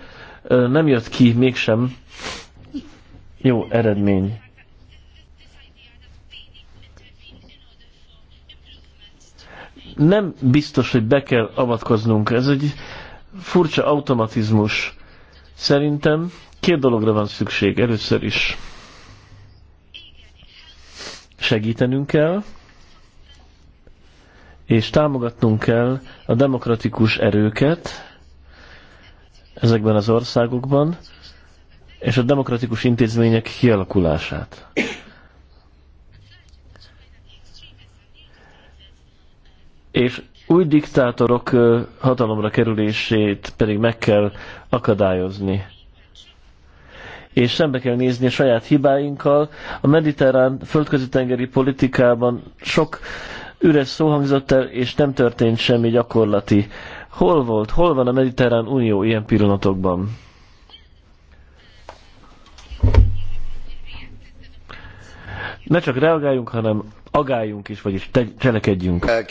nem jött ki mégsem jó eredmény. Nem biztos, hogy be kell avatkoznunk. Ez egy furcsa automatizmus. Szerintem két dologra van szükség. Először is segítenünk kell, és támogatnunk kell a demokratikus erőket, ezekben az országokban, és a demokratikus intézmények kialakulását. És új diktátorok hatalomra kerülését pedig meg kell akadályozni. És szembe kell nézni a saját hibáinkkal. A mediterrán földközi-tengeri politikában sok üres szó hangzott el, és nem történt semmi gyakorlati uh, Hol volt, hol van a Mediterrán Unió ilyen pillanatokban? Ne csak reagáljunk, hanem agáljunk is, vagyis te- cselekedjünk.
Eh,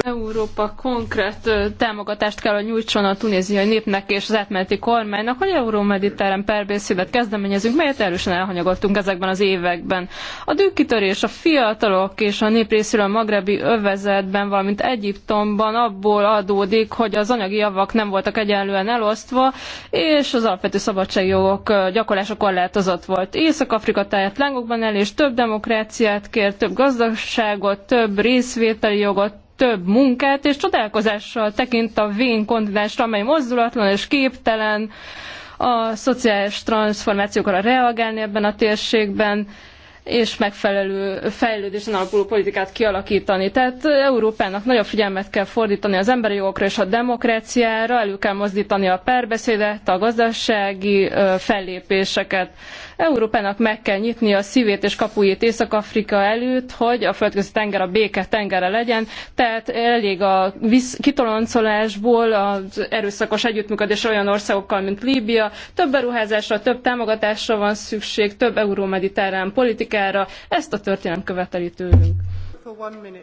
Európa konkrét eh, támogatást kell, hogy nyújtson a tunéziai népnek és az átmeneti kormánynak, hogy euró-mediterrán perbészület kezdeményezünk, melyet erősen elhanyagoltunk ezekben az években. A dűkitörés a fiatalok és a nép részéről a magrebi övezetben, valamint Egyiptomban abból adódik, hogy az anyagi javak nem voltak egyenlően elosztva, és az alapvető szabadságjogok eh, gyakorlása korlátozott volt. Észak-Afrika táját lángokban el és több demokráciát kér, több gazdaságot, több részvételi jogot, több munkát, és csodálkozással tekint a vén kontinensre, amely mozdulatlan és képtelen a szociális transformációkra reagálni ebben a térségben, és megfelelő fejlődésen alapuló politikát kialakítani. Tehát Európának nagyobb figyelmet kell fordítani az emberi jogokra és a demokráciára, elő kell mozdítani a párbeszédet, a gazdasági fellépéseket. Európának meg kell nyitni a szívét és kapujét Észak-Afrika előtt, hogy a földközi tenger a béke tengere legyen, tehát elég a visz, kitoloncolásból, az erőszakos együttműködés olyan országokkal, mint Líbia, több beruházásra, több támogatásra van szükség, több euró mediterrán politikára politikára. Ezt a történelem követeli tőlünk.
pani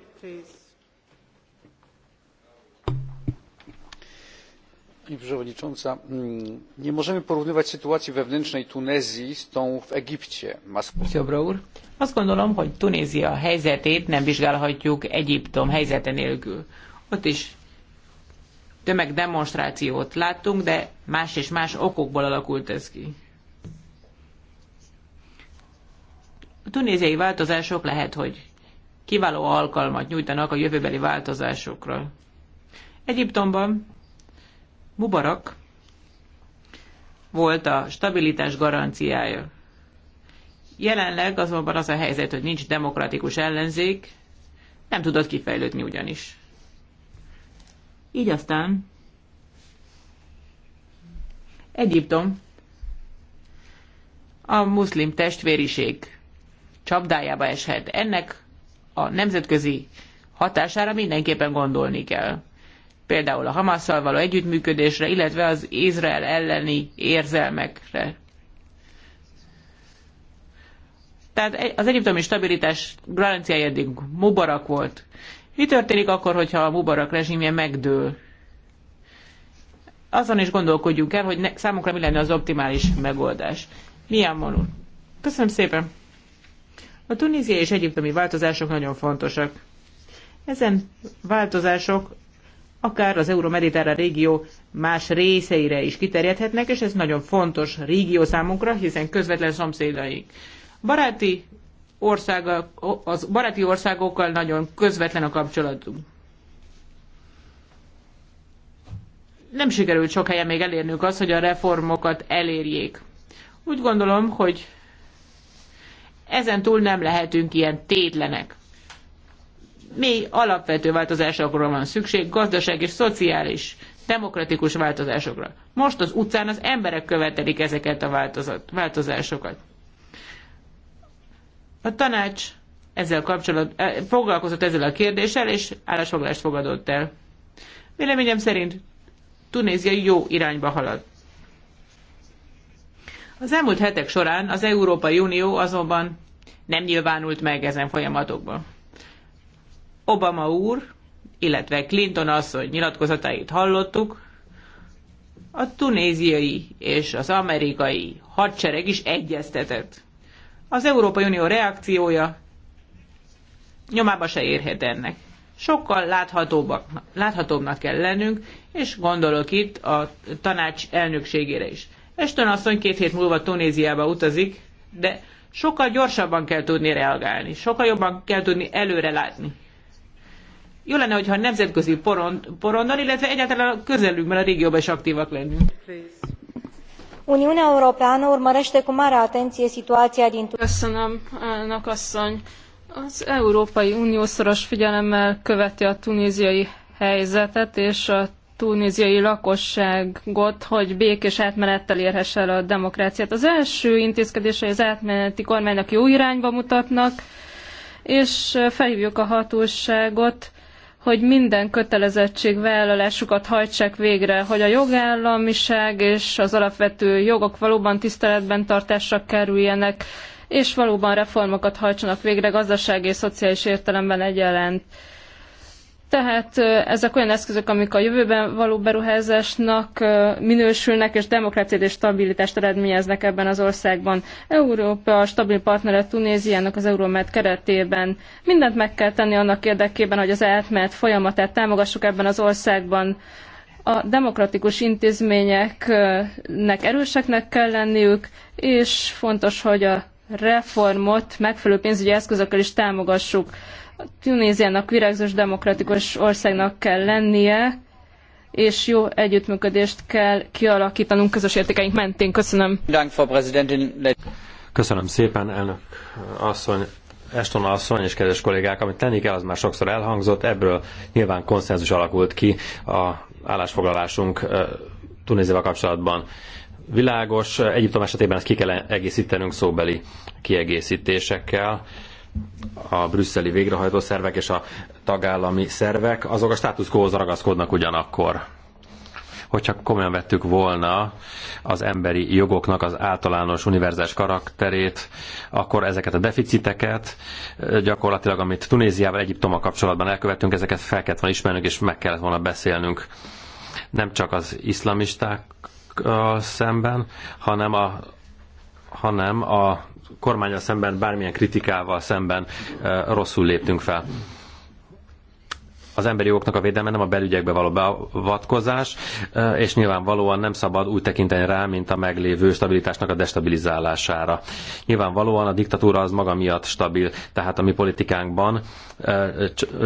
przewodnicząca! Mm, nie możemy porównywać sytuacji wewnętrznej tunezji z tą w egipcie.
azt gondolom hogy tunézia helyzetét nem vizsgálhatjuk egyiptom helyzete nélkül. ott is tömegdemonstrációt láttunk de más és más okokból alakult ez ki. A tunéziai változások lehet, hogy kiváló alkalmat nyújtanak a jövőbeli változásokra. Egyiptomban Mubarak volt a stabilitás garanciája. Jelenleg azonban az a helyzet, hogy nincs demokratikus ellenzék, nem tudott kifejlődni ugyanis. Így aztán Egyiptom a muszlim testvériség csapdájába eshet. Ennek a nemzetközi hatására mindenképpen gondolni kell. Például a Hamasszal való együttműködésre, illetve az Izrael elleni érzelmekre. Tehát az egyiptomi stabilitás garanciája eddig Mubarak volt. Mi történik akkor, hogyha a Mubarak rezsimje megdől? Azon is gondolkodjunk el, hogy ne, számunkra mi lenne az optimális megoldás. Milyen monul? Köszönöm szépen! A tunéziai és egyiptomi változások nagyon fontosak. Ezen változások akár az euromediterrán régió más részeire is kiterjedhetnek, és ez nagyon fontos régió számunkra, hiszen közvetlen szomszédaink. Baráti országa, az baráti országokkal nagyon közvetlen a kapcsolatunk. Nem sikerült sok helyen még elérnünk azt, hogy a reformokat elérjék. Úgy gondolom, hogy ezen túl nem lehetünk ilyen tétlenek. Mi alapvető változásokra van szükség, gazdaság és szociális, demokratikus változásokra. Most az utcán az emberek követelik ezeket a változásokat. A tanács ezzel kapcsolatban e, foglalkozott ezzel a kérdéssel, és állásfoglalást fogadott el. Véleményem szerint Tunézia jó irányba halad. Az elmúlt hetek során az Európai Unió azonban nem nyilvánult meg ezen folyamatokban. Obama úr, illetve Clinton asszony nyilatkozatait hallottuk, a tunéziai és az amerikai hadsereg is egyeztetett. Az Európai Unió reakciója nyomába se érhet ennek. Sokkal láthatóbbnak kell lennünk, és gondolok itt a tanács elnökségére is. Eston asszony két hét múlva Tunéziába utazik, de sokkal gyorsabban kell tudni reagálni, sokkal jobban kell tudni előre látni. Jó lenne, hogyha a nemzetközi porond, porondon, illetve egyáltalán a közelünkben, a régióban is aktívak lennünk.
Uniunea Europeană urmărește cu mare atenție situația din Köszönöm, elnök asszony. Az Európai Unió szoros figyelemmel követi a tunéziai helyzetet, és a tunéziai lakosságot, hogy békés átmenettel érhesse el a demokráciát. Az első intézkedései az átmeneti kormánynak jó irányba mutatnak, és felhívjuk a hatóságot, hogy minden vállalásukat hajtsák végre, hogy a jogállamiság és az alapvető jogok valóban tiszteletben tartásra kerüljenek, és valóban reformokat hajtsanak végre gazdasági és szociális értelemben egyaránt. Tehát ezek olyan eszközök, amik a jövőben való beruházásnak minősülnek, és demokráciát és stabilitást eredményeznek ebben az országban. Európa a stabil partnere Tunéziának az Euromed keretében. Mindent meg kell tenni annak érdekében, hogy az átmenet folyamatát támogassuk ebben az országban. A demokratikus intézményeknek erőseknek kell lenniük, és fontos, hogy a reformot megfelelő pénzügyi eszközökkel is támogassuk. Tunéziának virágzós demokratikus országnak kell lennie, és jó együttműködést kell kialakítanunk közös értékeink mentén. Köszönöm.
Köszönöm szépen, elnök asszony, Eston asszony és kedves kollégák, amit tenni kell, az már sokszor elhangzott, ebből nyilván konszenzus alakult ki a állásfoglalásunk Tunéziával kapcsolatban. Világos, Egyiptom esetében ezt ki kell egészítenünk szóbeli kiegészítésekkel a brüsszeli végrehajtó szervek és a tagállami szervek, azok a státuszkóhoz ragaszkodnak ugyanakkor. Hogyha komolyan vettük volna az emberi jogoknak az általános univerzális karakterét, akkor ezeket a deficiteket, gyakorlatilag amit Tunéziával, Egyiptommal kapcsolatban elkövettünk, ezeket fel kellett volna ismernünk, és meg kellett volna beszélnünk. Nem csak az iszlamisták szemben, hanem a, hanem a kormánya szemben, bármilyen kritikával szemben eh, rosszul léptünk fel az emberi jogoknak a védelme nem a belügyekbe való beavatkozás, eh, és nyilvánvalóan nem szabad úgy tekinteni rá, mint a meglévő stabilitásnak a destabilizálására. Nyilvánvalóan a diktatúra az maga miatt stabil, tehát a mi politikánkban eh,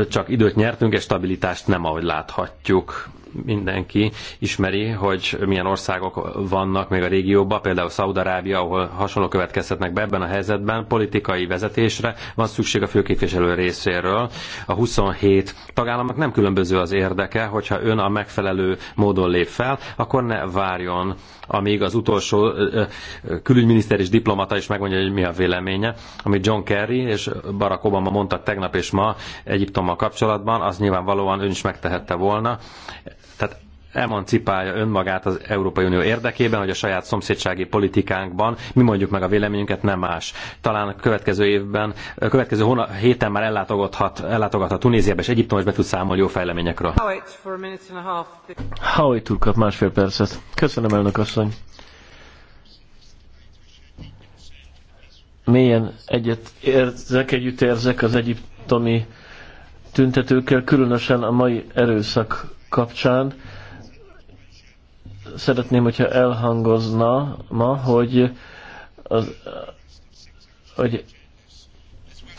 csak időt nyertünk, és stabilitást nem, ahogy láthatjuk mindenki ismeri, hogy milyen országok vannak még a régióban, például Szaudarábia, ahol hasonló következhetnek be ebben a helyzetben, politikai vezetésre van szükség a főképviselő részéről. A 27 tagállamnak nem különböző az érdeke, hogyha ön a megfelelő módon lép fel, akkor ne várjon, amíg az utolsó külügyminiszter és diplomata is megmondja, hogy mi a véleménye. Amit John Kerry és Barack Obama mondtak tegnap és ma Egyiptommal kapcsolatban, az nyilvánvalóan ön is megtehette volna tehát emancipálja önmagát az Európai Unió érdekében, hogy a saját szomszédsági politikánkban mi mondjuk meg a véleményünket, nem más. Talán a következő évben, a következő hónap, héten már ellátogathat, ellátogathat Tunéziába, és Egyiptom és be tud számolni jó fejleményekről.
Howitt úr kap másfél percet. Köszönöm, elnök asszony. Mélyen egyet érzek, együtt érzek az egyiptomi tüntetőkkel, különösen a mai erőszak kapcsán szeretném, hogyha elhangozna ma, hogy az, hogy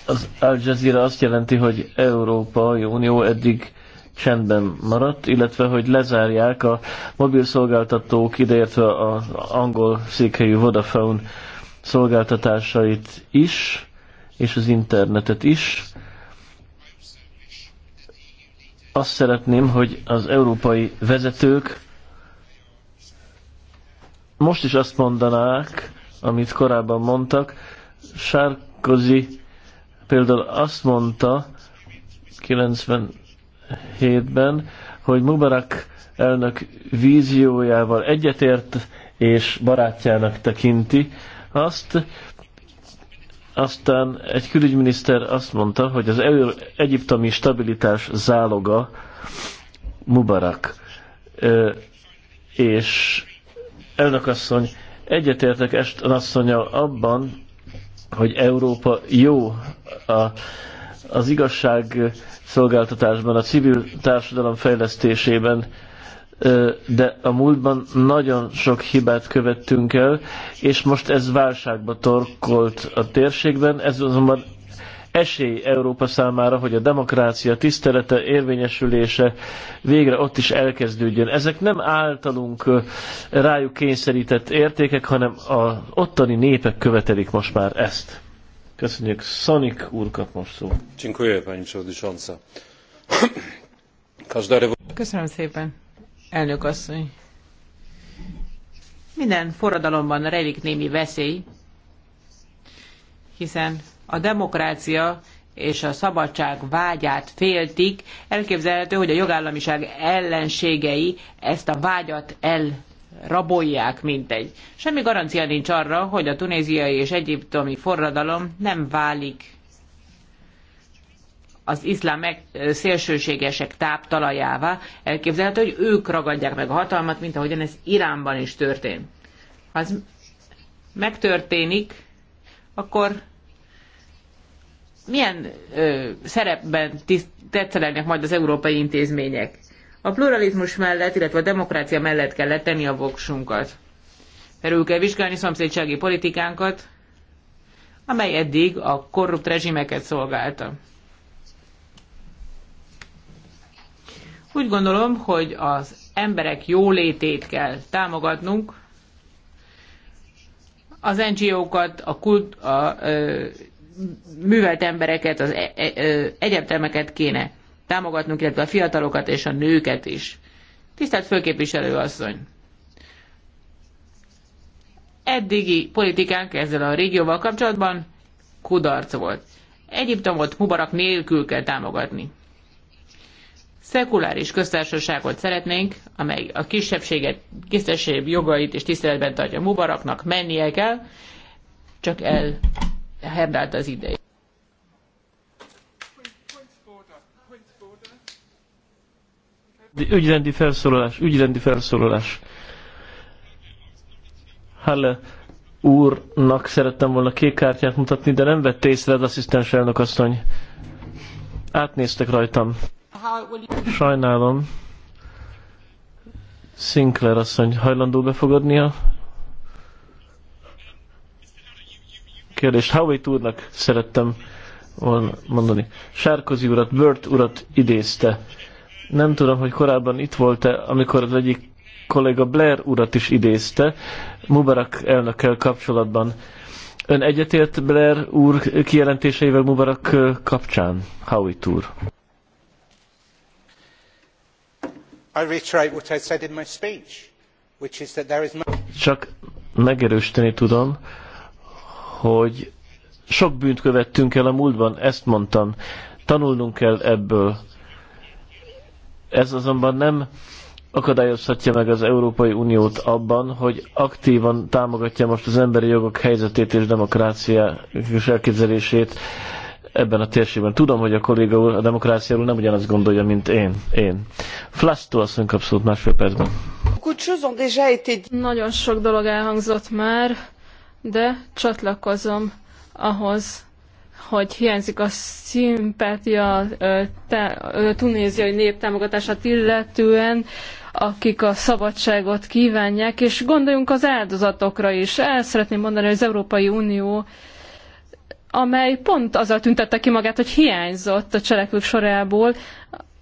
az Al Jazeera azt jelenti, hogy Európai Unió eddig csendben maradt, illetve hogy lezárják a mobil szolgáltatók, ideértve az angol székhelyű Vodafone szolgáltatásait is, és az internetet is azt szeretném, hogy az európai vezetők most is azt mondanák, amit korábban mondtak. Sárkozi például azt mondta 97-ben, hogy Mubarak elnök víziójával egyetért és barátjának tekinti azt, aztán egy külügyminiszter azt mondta, hogy az egyiptomi stabilitás záloga Mubarak. És elnökasszony, egyetértek Eston asszonya abban, hogy Európa jó a, az igazság szolgáltatásban, a civil társadalom fejlesztésében, de a múltban nagyon sok hibát követtünk el, és most ez válságba torkolt a térségben, ez azonban esély Európa számára, hogy a demokrácia tisztelete, érvényesülése végre ott is elkezdődjön. Ezek nem általunk rájuk kényszerített értékek, hanem az ottani népek követelik most már ezt. Köszönjük. Szanik úr kap most szó.
Köszönöm szépen. Elnök asszony. Minden forradalomban rejlik némi veszély, hiszen a demokrácia és a szabadság vágyát féltik, elképzelhető, hogy a jogállamiság ellenségei ezt a vágyat elrabolják, mint egy. Semmi garancia nincs arra, hogy a tunéziai és egyiptomi forradalom nem válik az iszlám szélsőségesek táptalajává, elképzelhető, hogy ők ragadják meg a hatalmat, mint ahogyan ez Iránban is történt. Ha ez megtörténik, akkor milyen ö, szerepben tiszt, majd az európai intézmények? A pluralizmus mellett, illetve a demokrácia mellett kell letenni a voksunkat. Erről kell vizsgálni szomszédsági politikánkat, amely eddig a korrupt rezsimeket szolgálta. Úgy gondolom, hogy az emberek jólétét kell támogatnunk, az NGO-kat, a, kult, a ö, művelt embereket, az e, e, egyetemeket kéne támogatnunk, illetve a fiatalokat és a nőket is. Tisztelt főképviselő asszony! Eddigi politikánk ezzel a régióval kapcsolatban kudarc volt. Egyiptomot Mubarak nélkül kell támogatni. Szekuláris köztársaságot szeretnénk, amely a kisebbséget, kisztesebb jogait és tiszteletben tartja Mubaraknak, mennie kell, csak herdált az ideje.
Ügyrendi felszólalás, ügyrendi felszólalás. Halle úrnak szerettem volna kék kártyát mutatni, de nem vett észre az asszisztens elnök asszony. Átnéztek rajtam. Sajnálom. Sinclair asszony hajlandó befogadni a kérdést. Howitt úrnak szerettem volna mondani. Sárkozi urat, Bört urat idézte. Nem tudom, hogy korábban itt volt-e, amikor az egyik kollega Blair urat is idézte, Mubarak elnökkel kapcsolatban. Ön egyetért Blair úr kijelentéseivel Mubarak kapcsán, Howitt úr? Csak megerősíteni tudom, hogy sok bűnt követtünk el a múltban, ezt mondtam. Tanulnunk kell ebből. Ez azonban nem akadályozhatja meg az Európai Uniót abban, hogy aktívan támogatja most az emberi jogok helyzetét és demokrácia és elképzelését ebben a térségben. Tudom, hogy a kolléga úr a demokráciáról nem ugyanazt gondolja, mint én. én. Flasztó asszony kap abszolút másfél percben.
Nagyon sok dolog elhangzott már, de csatlakozom ahhoz, hogy hiányzik a szimpátia a tunéziai nép támogatását illetően, akik a szabadságot kívánják, és gondoljunk az áldozatokra is. El szeretném mondani, hogy az Európai Unió amely pont azzal tüntette ki magát, hogy hiányzott a cselekvők sorából.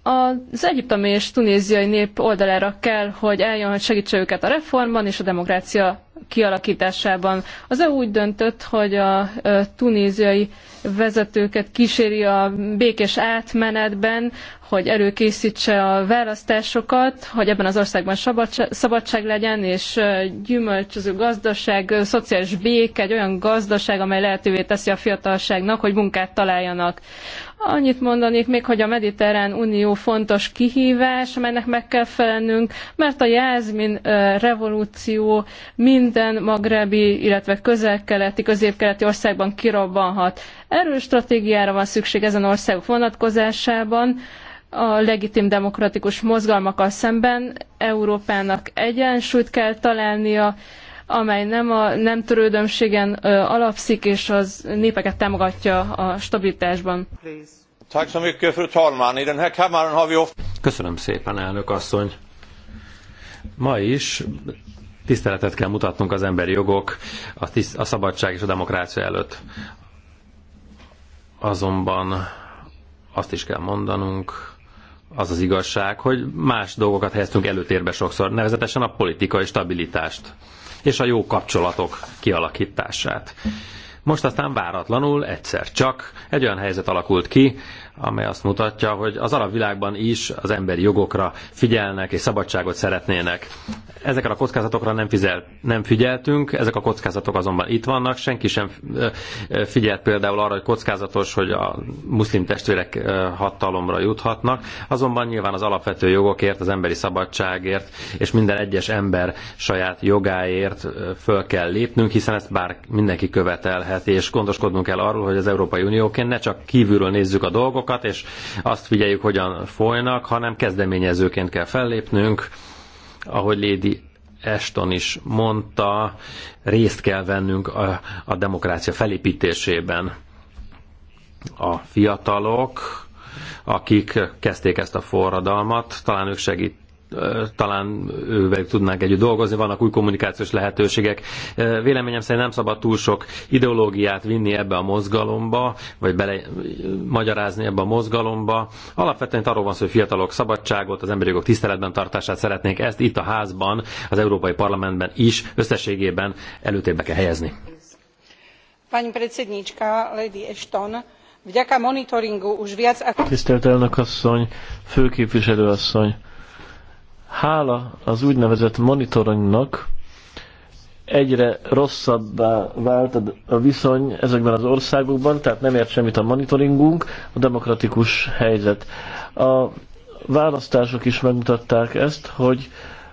Az egyiptomi és tunéziai nép oldalára kell, hogy eljön, hogy segítse őket a reformban és a demokrácia kialakításában. Az EU úgy döntött, hogy a tunéziai vezetőket kíséri a békés átmenetben, hogy előkészítse a választásokat, hogy ebben az országban szabadság, szabadság legyen, és gyümölcsöző gazdaság, szociális béke, egy olyan gazdaság, amely lehetővé teszi a fiatalságnak, hogy munkát találjanak. Annyit mondanék még, hogy a Mediterrán Unió fontos kihívás, amelynek meg kell felelnünk, mert a Jázmin revolúció minden magrebi, illetve közel-keleti, közép-keleti országban kirobbanhat. Erős stratégiára van szükség ezen országok vonatkozásában, a legitim demokratikus mozgalmakkal szemben Európának egyensúlyt kell találnia, amely nem a nem törődömségen alapszik, és az népeket támogatja a stabilitásban.
Köszönöm szépen, elnök asszony. Ma is tiszteletet kell mutatnunk az emberi jogok, a, tiszt, a szabadság és a demokrácia előtt. Azonban azt is kell mondanunk, az az igazság, hogy más dolgokat helyeztünk előtérbe sokszor, nevezetesen a politikai stabilitást és a jó kapcsolatok kialakítását. Most aztán váratlanul egyszer csak egy olyan helyzet alakult ki, amely azt mutatja, hogy az arab világban is az emberi jogokra figyelnek és szabadságot szeretnének. Ezekre a kockázatokra nem, fizel, nem figyeltünk, ezek a kockázatok azonban itt vannak, senki sem figyelt például arra, hogy kockázatos, hogy a muszlim testvérek hatalomra juthatnak, azonban nyilván az alapvető jogokért, az emberi szabadságért és minden egyes ember saját jogáért föl kell lépnünk, hiszen ezt bár mindenki követelhet, és gondoskodnunk kell arról, hogy az Európai Unióként ne csak kívülről nézzük a dolgokat, dolgokat, és azt figyeljük, hogyan folynak, hanem kezdeményezőként kell fellépnünk, ahogy Lady Eston is mondta, részt kell vennünk a, a demokrácia felépítésében. A fiatalok, akik kezdték ezt a forradalmat, talán ők segít talán ővel tudnánk együtt dolgozni, vannak új kommunikációs lehetőségek. Véleményem szerint nem szabad túl sok ideológiát vinni ebbe a mozgalomba, vagy bele magyarázni ebbe a mozgalomba. Alapvetően arról van szó, hogy fiatalok szabadságot, az emberi jogok tiszteletben tartását szeretnék, ezt itt a házban, az Európai Parlamentben is összességében előtérbe kell helyezni.
Pani predsedníčka, Lady Ashton, vďaka monitoringu už viac
ako... Tisztelt elnök asszony, főképviselő asszony, Hála az úgynevezett monitoringnak egyre rosszabbá vált a viszony ezekben az országokban, tehát nem ért semmit a monitoringunk, a demokratikus helyzet. A választások is megmutatták ezt, hogy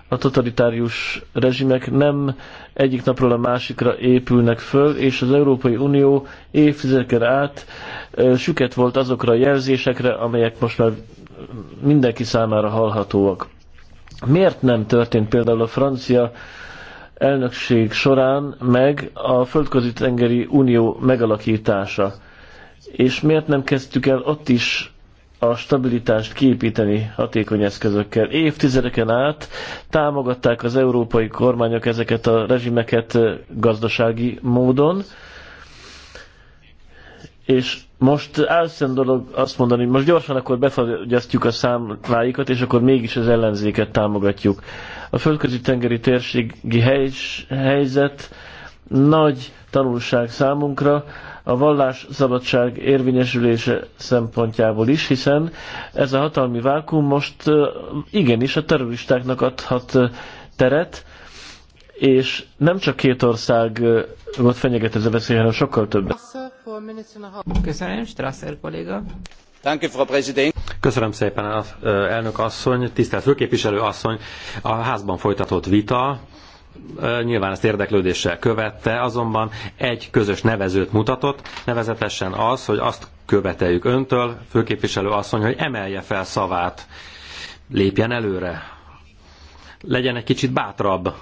a totalitárius rezsimek nem egyik napról a másikra épülnek föl, és az Európai Unió évtizedeken át süket volt azokra a jelzésekre, amelyek most már mindenki számára hallhatóak. Miért nem történt például a francia elnökség során meg a Földközi Tengeri Unió megalakítása? És miért nem kezdtük el ott is a stabilitást kiépíteni hatékony eszközökkel. Évtizedeken át támogatták az európai kormányok ezeket a rezsimeket gazdasági módon, és most álszent dolog azt mondani, hogy most gyorsan akkor befagyasztjuk a számláikat, és akkor mégis az ellenzéket támogatjuk. A földközi tengeri térségi helyzet nagy tanulság számunkra, a vallás szabadság érvényesülése szempontjából is, hiszen ez a hatalmi vákum most igenis a terroristáknak adhat teret, és nem csak két volt fenyeget ez a veszély, hanem sokkal több.
Köszönöm, Strasser kolléga.
Köszönöm szépen, elnök asszony, tisztelt főképviselő asszony. A házban folytatott vita nyilván ezt érdeklődéssel követte, azonban egy közös nevezőt mutatott, nevezetesen az, hogy azt követeljük öntől, főképviselő asszony, hogy emelje fel szavát, lépjen előre, legyen egy kicsit bátrabb,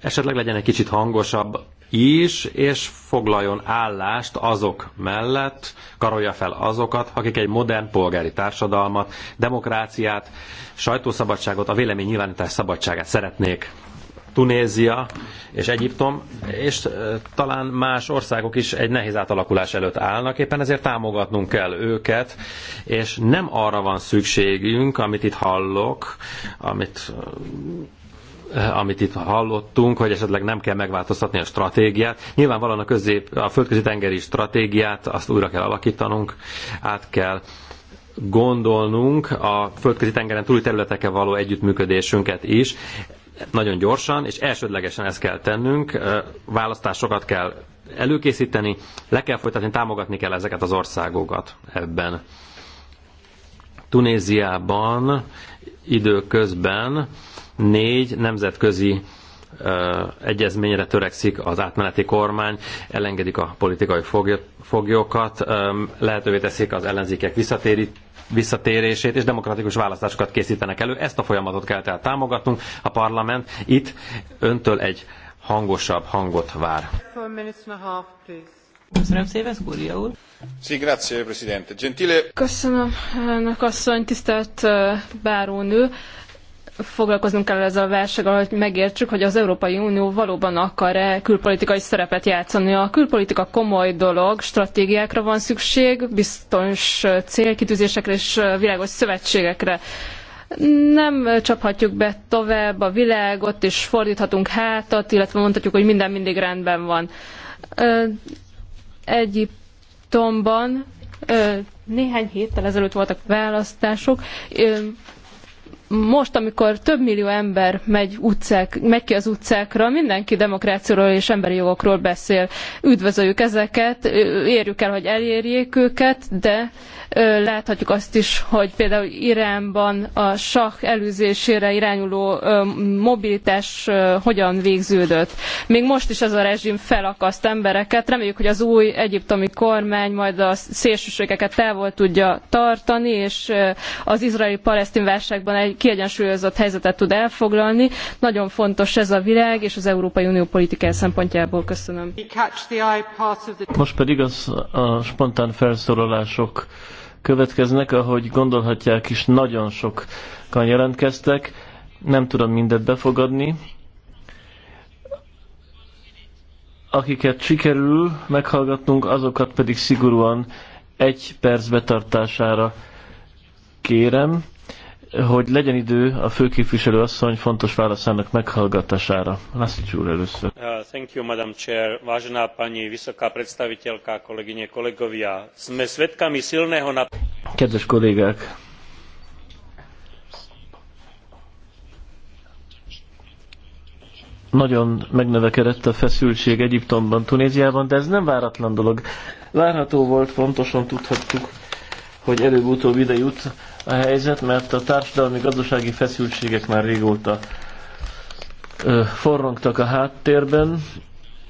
esetleg legyen egy kicsit hangosabb is, és foglaljon állást azok mellett, karolja fel azokat, akik egy modern polgári társadalmat, demokráciát, sajtószabadságot, a vélemény nyilvánítás szabadságát szeretnék. Tunézia és Egyiptom, és talán más országok is egy nehéz átalakulás előtt állnak, éppen ezért támogatnunk kell őket, és nem arra van szükségünk, amit itt hallok, amit Eh, amit itt hallottunk, hogy esetleg nem kell megváltoztatni a stratégiát. Nyilvánvalóan a, közép, a földközi tengeri stratégiát azt újra kell alakítanunk, át kell gondolnunk a földközi tengeren túli területekkel való együttműködésünket is. Nagyon gyorsan és elsődlegesen ezt kell tennünk, eh, választásokat kell előkészíteni, le kell folytatni, támogatni kell ezeket az országokat ebben. Tunéziában időközben négy nemzetközi egyezményre törekszik az átmeneti kormány, elengedik a politikai foglyokat, lehetővé teszik az ellenzékek visszatérését, és demokratikus választásokat készítenek elő. Ezt a folyamatot kell tehát támogatnunk. A parlament itt öntől egy hangosabb hangot vár.
Köszönöm szépen, Skúria úr. Sí, grazie,
Presidente. Gentile...
Köszönöm, elnök asszony, tisztelt bárónő foglalkoznunk kell ezzel a válsággal, hogy megértsük, hogy az Európai Unió valóban akar-e külpolitikai szerepet játszani. A külpolitika komoly dolog, stratégiákra van szükség, Biztos célkitűzésekre és világos szövetségekre. Nem csaphatjuk be tovább a világot, és fordíthatunk hátat, illetve mondhatjuk, hogy minden mindig rendben van. Egyiptomban néhány héttel ezelőtt voltak választások most, amikor több millió ember megy, utcák, megy ki az utcákra, mindenki demokráciáról és emberi jogokról beszél. Üdvözöljük ezeket, érjük el, hogy elérjék őket, de láthatjuk azt is, hogy például Iránban a sah elűzésére irányuló mobilitás hogyan végződött. Még most is ez a rezsim felakaszt embereket. Reméljük, hogy az új egyiptomi kormány majd a szélsőségeket távol tudja tartani, és az izraeli-palesztin válságban egy kiegyensúlyozott helyzetet tud elfoglalni. Nagyon fontos ez a világ és az Európai Unió politikája szempontjából. Köszönöm.
Most pedig az, a spontán felszólalások következnek, ahogy gondolhatják is nagyon sokan jelentkeztek. Nem tudom mindet befogadni. Akiket sikerül meghallgatnunk, azokat pedig szigorúan egy perc betartására kérem hogy legyen idő a főképviselő asszony fontos válaszának meghallgatására. László úr először. Uh, thank you, Madam Chair. Vážená pani
vysoká predstaviteľka, kolegyne, kolegovia. Sme svetkami silného nap...
Kedves kollégák! Nagyon megnövekedett a feszültség Egyiptomban, Tunéziában, de ez nem váratlan dolog. Várható volt, pontosan tudhattuk, hogy előbb-utóbb ide jut a helyzet, mert a társadalmi-gazdasági feszültségek már régóta ö, forrongtak a háttérben.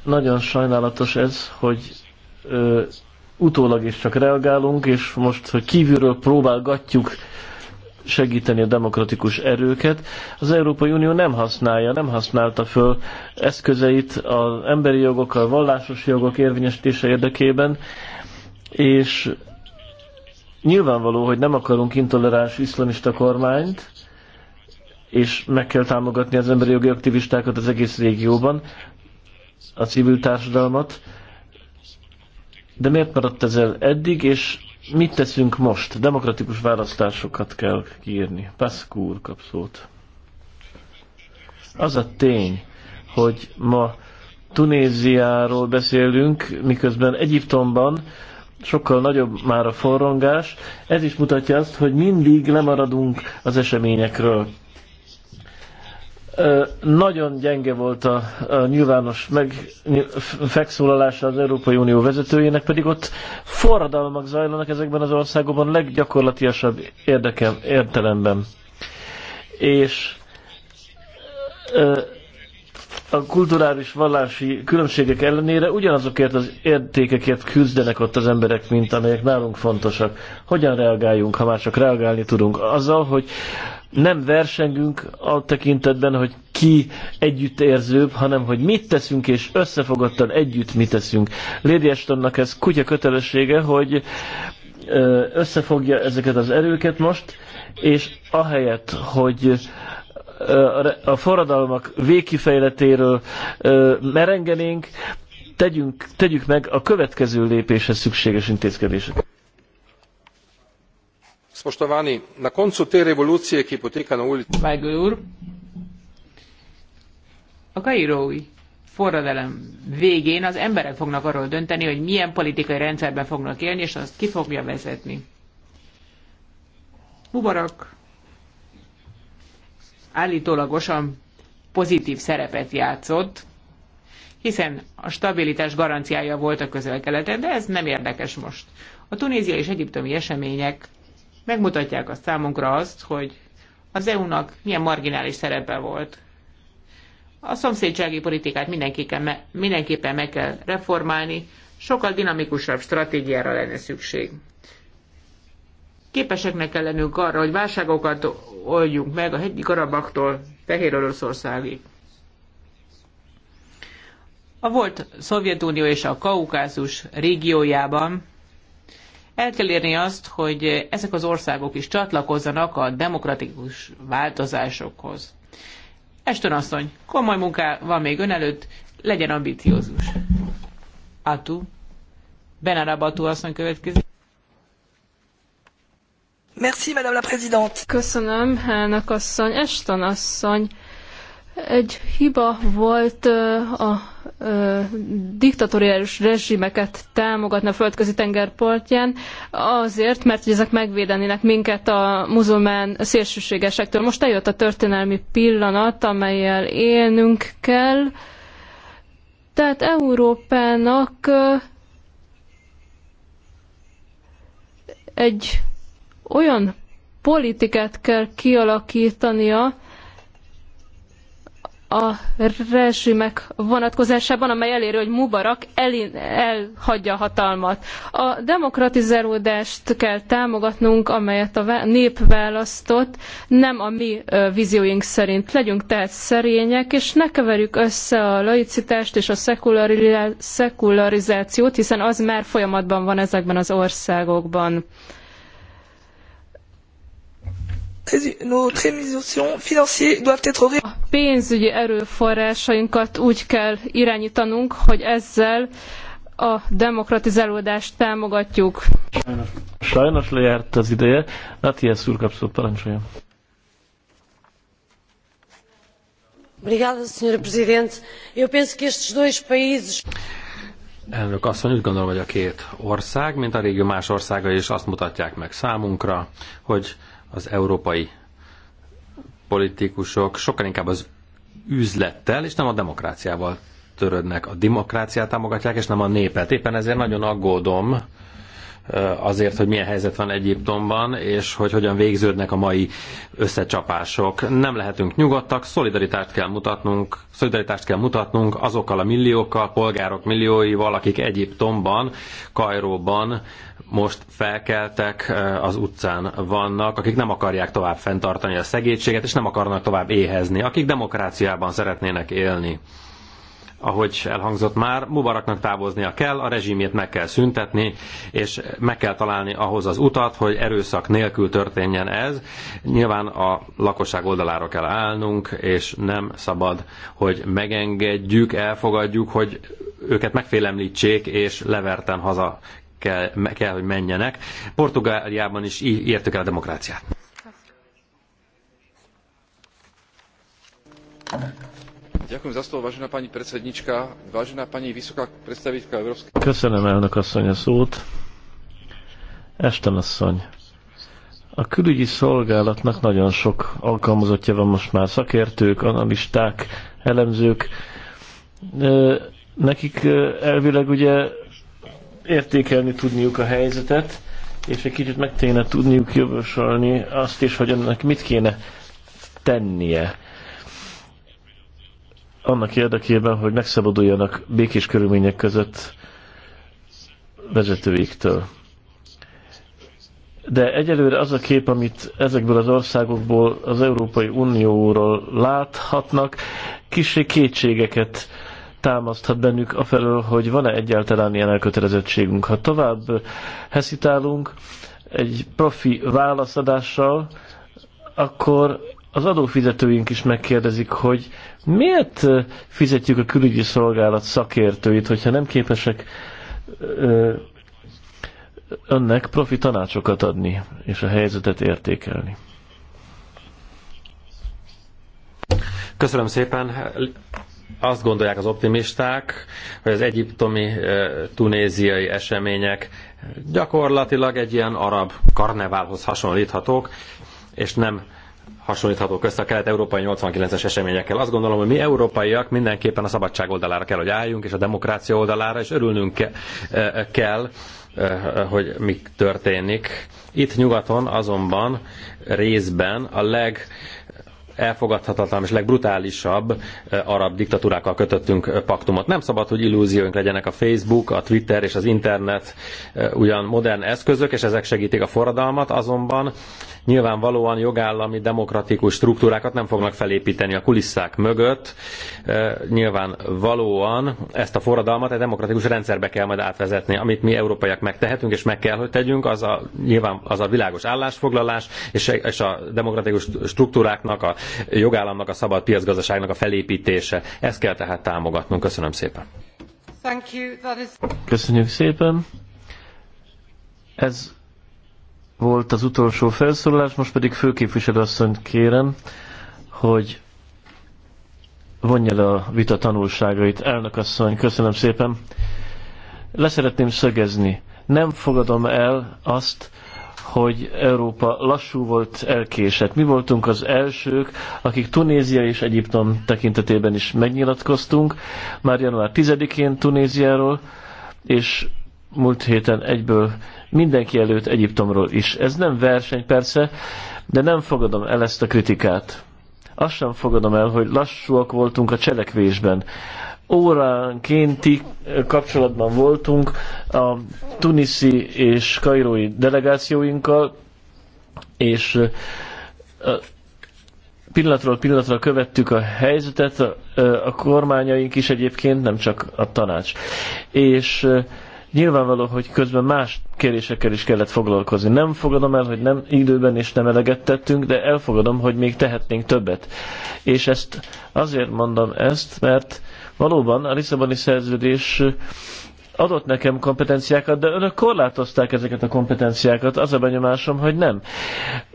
Nagyon sajnálatos ez, hogy ö, utólag is csak reagálunk, és most, hogy kívülről próbálgatjuk segíteni a demokratikus erőket. Az Európai Unió nem használja, nem használta föl eszközeit az emberi jogok, a vallásos jogok érvényesítése érdekében, és Nyilvánvaló, hogy nem akarunk intoleráns iszlamista kormányt, és meg kell támogatni az emberi jogi aktivistákat az egész régióban, a civil társadalmat. De miért maradt ez el eddig, és mit teszünk most? Demokratikus választásokat kell kiírni. Paszkú kap szót. Az a tény, hogy ma Tunéziáról beszélünk, miközben Egyiptomban sokkal nagyobb már a forrongás. Ez is mutatja azt, hogy mindig lemaradunk az eseményekről. Nagyon gyenge volt a, nyilvános megfekszólalása az Európai Unió vezetőjének, pedig ott forradalmak zajlanak ezekben az országokban leggyakorlatiasabb érdekem, értelemben. És a kulturális vallási különbségek ellenére ugyanazokért az értékekért küzdenek ott az emberek, mint amelyek nálunk fontosak. Hogyan reagáljunk, ha már csak reagálni tudunk? Azzal, hogy nem versengünk a tekintetben, hogy ki együttérzőbb, hanem hogy mit teszünk, és összefogottan együtt mit teszünk. Lady Estonnak ez kutya kötelessége, hogy összefogja ezeket az erőket most, és ahelyett, hogy a forradalmak végkifejletéről merengenénk, tegyünk, tegyük meg a következő lépéshez szükséges intézkedéseket.
Spostovani, na koncu te revolúcie, ki poteka na ulici... Weigl úr,
a kairói forradalom végén az emberek fognak arról dönteni, hogy milyen politikai rendszerben fognak élni, és azt ki fogja vezetni. Mubarak állítólagosan pozitív szerepet játszott, hiszen a stabilitás garanciája volt a közel-keleten, de ez nem érdekes most. A tunézia és egyiptomi események megmutatják a számunkra azt, hogy az EU-nak milyen marginális szerepe volt. A szomszédsági politikát mindenképpen, mindenképpen meg kell reformálni, sokkal dinamikusabb stratégiára lenne szükség. Képeseknek kell lennünk arra, hogy válságokat oldjunk meg a hegyi Karabaktól Fehér Oroszországig. A volt Szovjetunió és a Kaukázus régiójában el kell érni azt, hogy ezek az országok is csatlakozzanak a demokratikus változásokhoz. Eston asszony, komoly munká van még ön előtt, legyen ambiciózus. Atu, Benarab asszony következik.
Merci, Madame la Présidente. Köszönöm, elnök asszony, Eston asszony. Egy hiba volt a diktatóriális rezsimeket támogatni a földközi tengerpartján, azért, mert hogy ezek megvédenének minket a muzulmán szélsőségesektől. Most eljött a történelmi pillanat, amelyel élnünk kell. Tehát Európának egy olyan politikát kell kialakítania a rezsimek vonatkozásában, amely eléri, hogy Mubarak elin, elhagyja a hatalmat. A demokratizálódást kell támogatnunk, amelyet a nép választott, nem a mi vízióink szerint. Legyünk tehát szerények, és ne keverjük össze a laicitást és a szekularizációt, hiszen az már folyamatban van ezekben az országokban
nos A
pénzügyi erőforrásainkat úgy kell irányítanunk, hogy ezzel a demokratizálódást támogatjuk.
Sajnos, sajnos lejárt az ideje. Matthias úr kapszott parancsolja.
Obrigada, Sr. Presidente. Eu penso que estes dois países...
Elnök asszony, úgy gondolom, hogy a két ország, mint a régió más országa is azt mutatják meg számunkra, hogy az európai politikusok sokkal inkább az üzlettel és nem a demokráciával törődnek. A demokráciát támogatják, és nem a népet. Éppen ezért nagyon aggódom, azért, hogy milyen helyzet van Egyiptomban, és hogy hogyan végződnek a mai összecsapások. Nem lehetünk nyugodtak, szolidaritást kell mutatnunk, szolidaritást kell mutatnunk azokkal a milliókkal, polgárok millióival, akik Egyiptomban, Kajróban most felkeltek, az utcán vannak, akik nem akarják tovább fenntartani a szegénységet, és nem akarnak tovább éhezni, akik demokráciában szeretnének élni ahogy elhangzott már, Mubaraknak távoznia kell, a rezsimét meg kell szüntetni, és meg kell találni ahhoz az utat, hogy erőszak nélkül történjen ez. Nyilván a lakosság oldalára kell állnunk, és nem szabad, hogy megengedjük, elfogadjuk, hogy őket megfélemlítsék, és leverten haza kell, kell hogy menjenek. Portugáliában is értük el a demokráciát.
Thank you.
Köszönöm elnök asszony a szót. Esten asszony. A külügyi szolgálatnak nagyon sok alkalmazottja van most már, szakértők, analisták, elemzők. Nekik elvileg ugye értékelni tudniuk a helyzetet, és egy kicsit meg kéne tudniuk jövősolni azt is, hogy ennek mit kéne tennie annak érdekében, hogy megszabaduljanak békés körülmények között vezetőiktől. De egyelőre az a kép, amit ezekből az országokból az Európai Unióról láthatnak, kisé kétségeket támaszthat bennük afelől, hogy van-e egyáltalán ilyen elkötelezettségünk. Ha tovább heszitálunk egy profi válaszadással, akkor az adófizetőink is megkérdezik, hogy miért fizetjük a külügyi szolgálat szakértőit, hogyha nem képesek önnek profi tanácsokat adni, és a helyzetet értékelni. Köszönöm
szépen. Azt gondolják az optimisták, hogy az egyiptomi, tunéziai események gyakorlatilag egy ilyen arab karneválhoz hasonlíthatók, és nem hasonlíthatók össze a kelet-európai 89-es eseményekkel. Azt gondolom, hogy mi európaiak mindenképpen a szabadság oldalára kell, hogy álljunk, és a demokrácia oldalára, és örülnünk ke e, e, kell, e, hogy mi történik. Itt nyugaton azonban részben a leg legelfogadhatatlanabb és legbrutálisabb eh, arab diktatúrákkal kötöttünk eh, paktumot. Nem szabad, hogy illúzióink legyenek a Facebook, a Twitter és az internet eh, ugyan modern eszközök, és ezek segítik a forradalmat, azonban nyilvánvalóan jogállami, demokratikus struktúrákat nem fognak felépíteni a kulisszák mögött. Nyilvánvalóan ezt a forradalmat egy demokratikus rendszerbe kell majd átvezetni. Amit mi európaiak megtehetünk és meg kell, hogy tegyünk, az a, nyilván az a világos állásfoglalás és a demokratikus struktúráknak a jogállamnak, a szabad piacgazdaságnak a felépítése. Ezt kell tehát támogatnunk. Köszönöm szépen.
Köszönjük szépen. Ez volt az utolsó felszólalás, most pedig főképviselőasszonyt kérem, hogy vonja le a vita tanulságait. Elnök asszony, köszönöm szépen. Leszeretném szögezni. Nem fogadom el azt, hogy Európa lassú volt, elkésett. Mi voltunk az elsők, akik Tunézia és Egyiptom tekintetében is megnyilatkoztunk, már január 10-én Tunéziáról, és múlt héten egyből mindenki előtt Egyiptomról is. Ez nem verseny persze, de nem fogadom el ezt a kritikát. Azt sem fogadom el, hogy lassúak voltunk a cselekvésben óránkénti kapcsolatban voltunk a tuniszi és kairói delegációinkkal, és pillanatról pillanatra követtük a helyzetet, a kormányaink is egyébként, nem csak a tanács. És nyilvánvaló, hogy közben más kérésekkel is kellett foglalkozni. Nem fogadom el, hogy nem időben és nem eleget tettünk, de elfogadom, hogy még tehetnénk többet. És ezt azért mondom ezt, mert Valóban a Lisszaboni szerződés adott nekem kompetenciákat, de önök korlátozták ezeket a kompetenciákat. Az a benyomásom, hogy nem.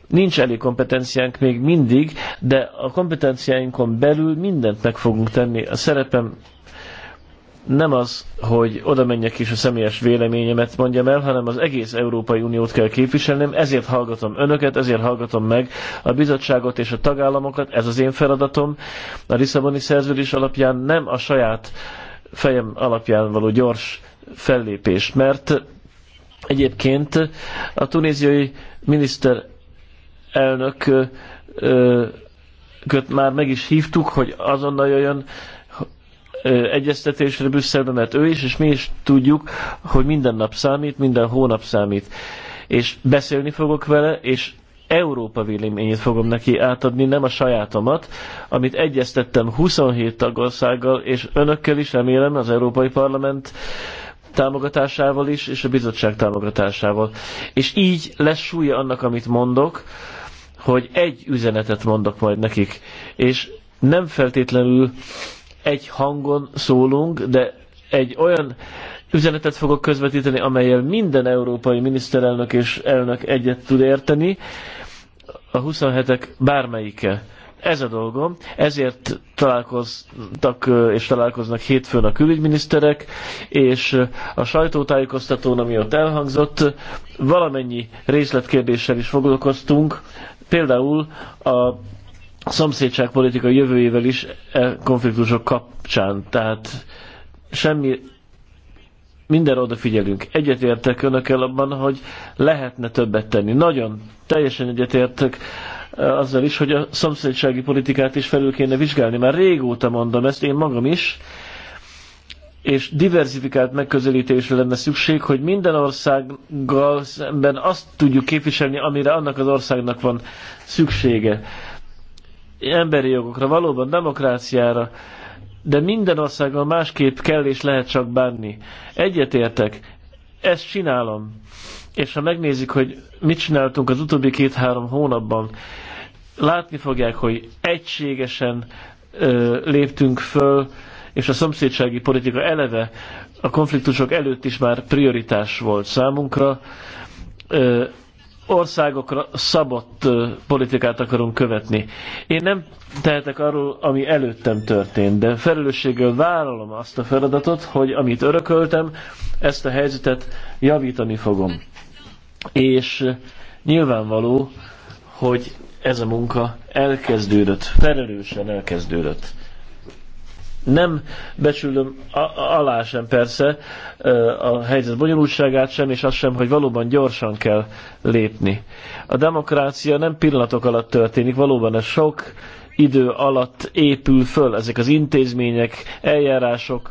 Nincs elég kompetenciánk még mindig, de a kompetenciáinkon belül mindent meg fogunk tenni. A szerepem nem az, hogy oda menjek és a személyes véleményemet mondjam el, hanem az egész Európai Uniót kell képviselnem, ezért hallgatom önöket, ezért hallgatom meg a bizottságot és a tagállamokat, ez az én feladatom. A Lisszaboni szerződés alapján nem a saját fejem alapján való gyors fellépés, mert egyébként a tunéziai miniszterelnök köt már meg is hívtuk, hogy azonnal jöjjön egyeztetésre Brüsszelbe, mert ő is, és mi is tudjuk, hogy minden nap számít, minden hónap számít. És beszélni fogok vele, és Európa véleményét fogom neki átadni, nem a sajátomat, amit egyeztettem 27 tagországgal, és önökkel is remélem az Európai Parlament támogatásával is, és a bizottság támogatásával. És így lesz súlya annak, amit mondok, hogy egy üzenetet mondok majd nekik, és nem feltétlenül egy hangon szólunk, de egy olyan üzenetet fogok közvetíteni, amelyel minden európai miniszterelnök és elnök egyet tud érteni, a 27-ek bármelyike. Ez a dolgom, ezért találkoztak és találkoznak hétfőn a külügyminiszterek, és a sajtótájékoztatón, ami ott elhangzott, valamennyi részletkérdéssel is foglalkoztunk, például a a szomszédságpolitika jövőjével is e konfliktusok kapcsán. Tehát semmi, mindenre odafigyelünk. Egyetértek önökkel abban, hogy lehetne többet tenni. Nagyon, teljesen egyetértek e, azzal is, hogy a szomszédsági politikát is felül kéne vizsgálni. Már régóta mondom ezt, én magam is, és diversifikált megközelítésre lenne szükség, hogy minden országgal szemben azt tudjuk képviselni, amire annak az országnak van szüksége emberi jogokra, valóban demokráciára, de minden országgal másképp kell és lehet csak bánni. Egyetértek, ezt csinálom. És ha megnézik, hogy mit csináltunk az utóbbi két-három hónapban, látni fogják, hogy egységesen ö, léptünk föl, és a szomszédsági politika eleve a konfliktusok előtt is már prioritás volt számunkra. Ö, országokra szabott politikát akarunk követni. Én nem tehetek arról, ami előttem történt, de felelősséggel vállalom azt a feladatot, hogy amit örököltem, ezt a helyzetet javítani fogom. És nyilvánvaló, hogy ez a munka elkezdődött, felelősen elkezdődött nem becsülöm alá sem persze a helyzet bonyolultságát sem, és azt sem, hogy valóban gyorsan kell lépni. A demokrácia nem pillanatok alatt történik, valóban ez sok idő alatt épül föl, ezek az intézmények, eljárások,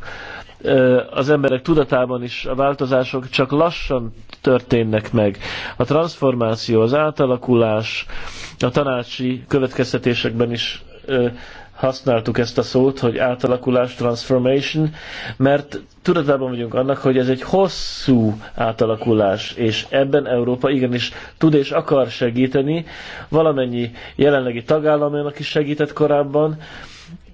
az emberek tudatában is a változások csak lassan történnek meg. A transformáció, az átalakulás a tanácsi következtetésekben is használtuk ezt a szót, hogy átalakulás, transformation, mert tudatában vagyunk annak, hogy ez egy hosszú átalakulás, és ebben Európa igenis tud és akar segíteni, valamennyi jelenlegi tagállamának is segített korábban,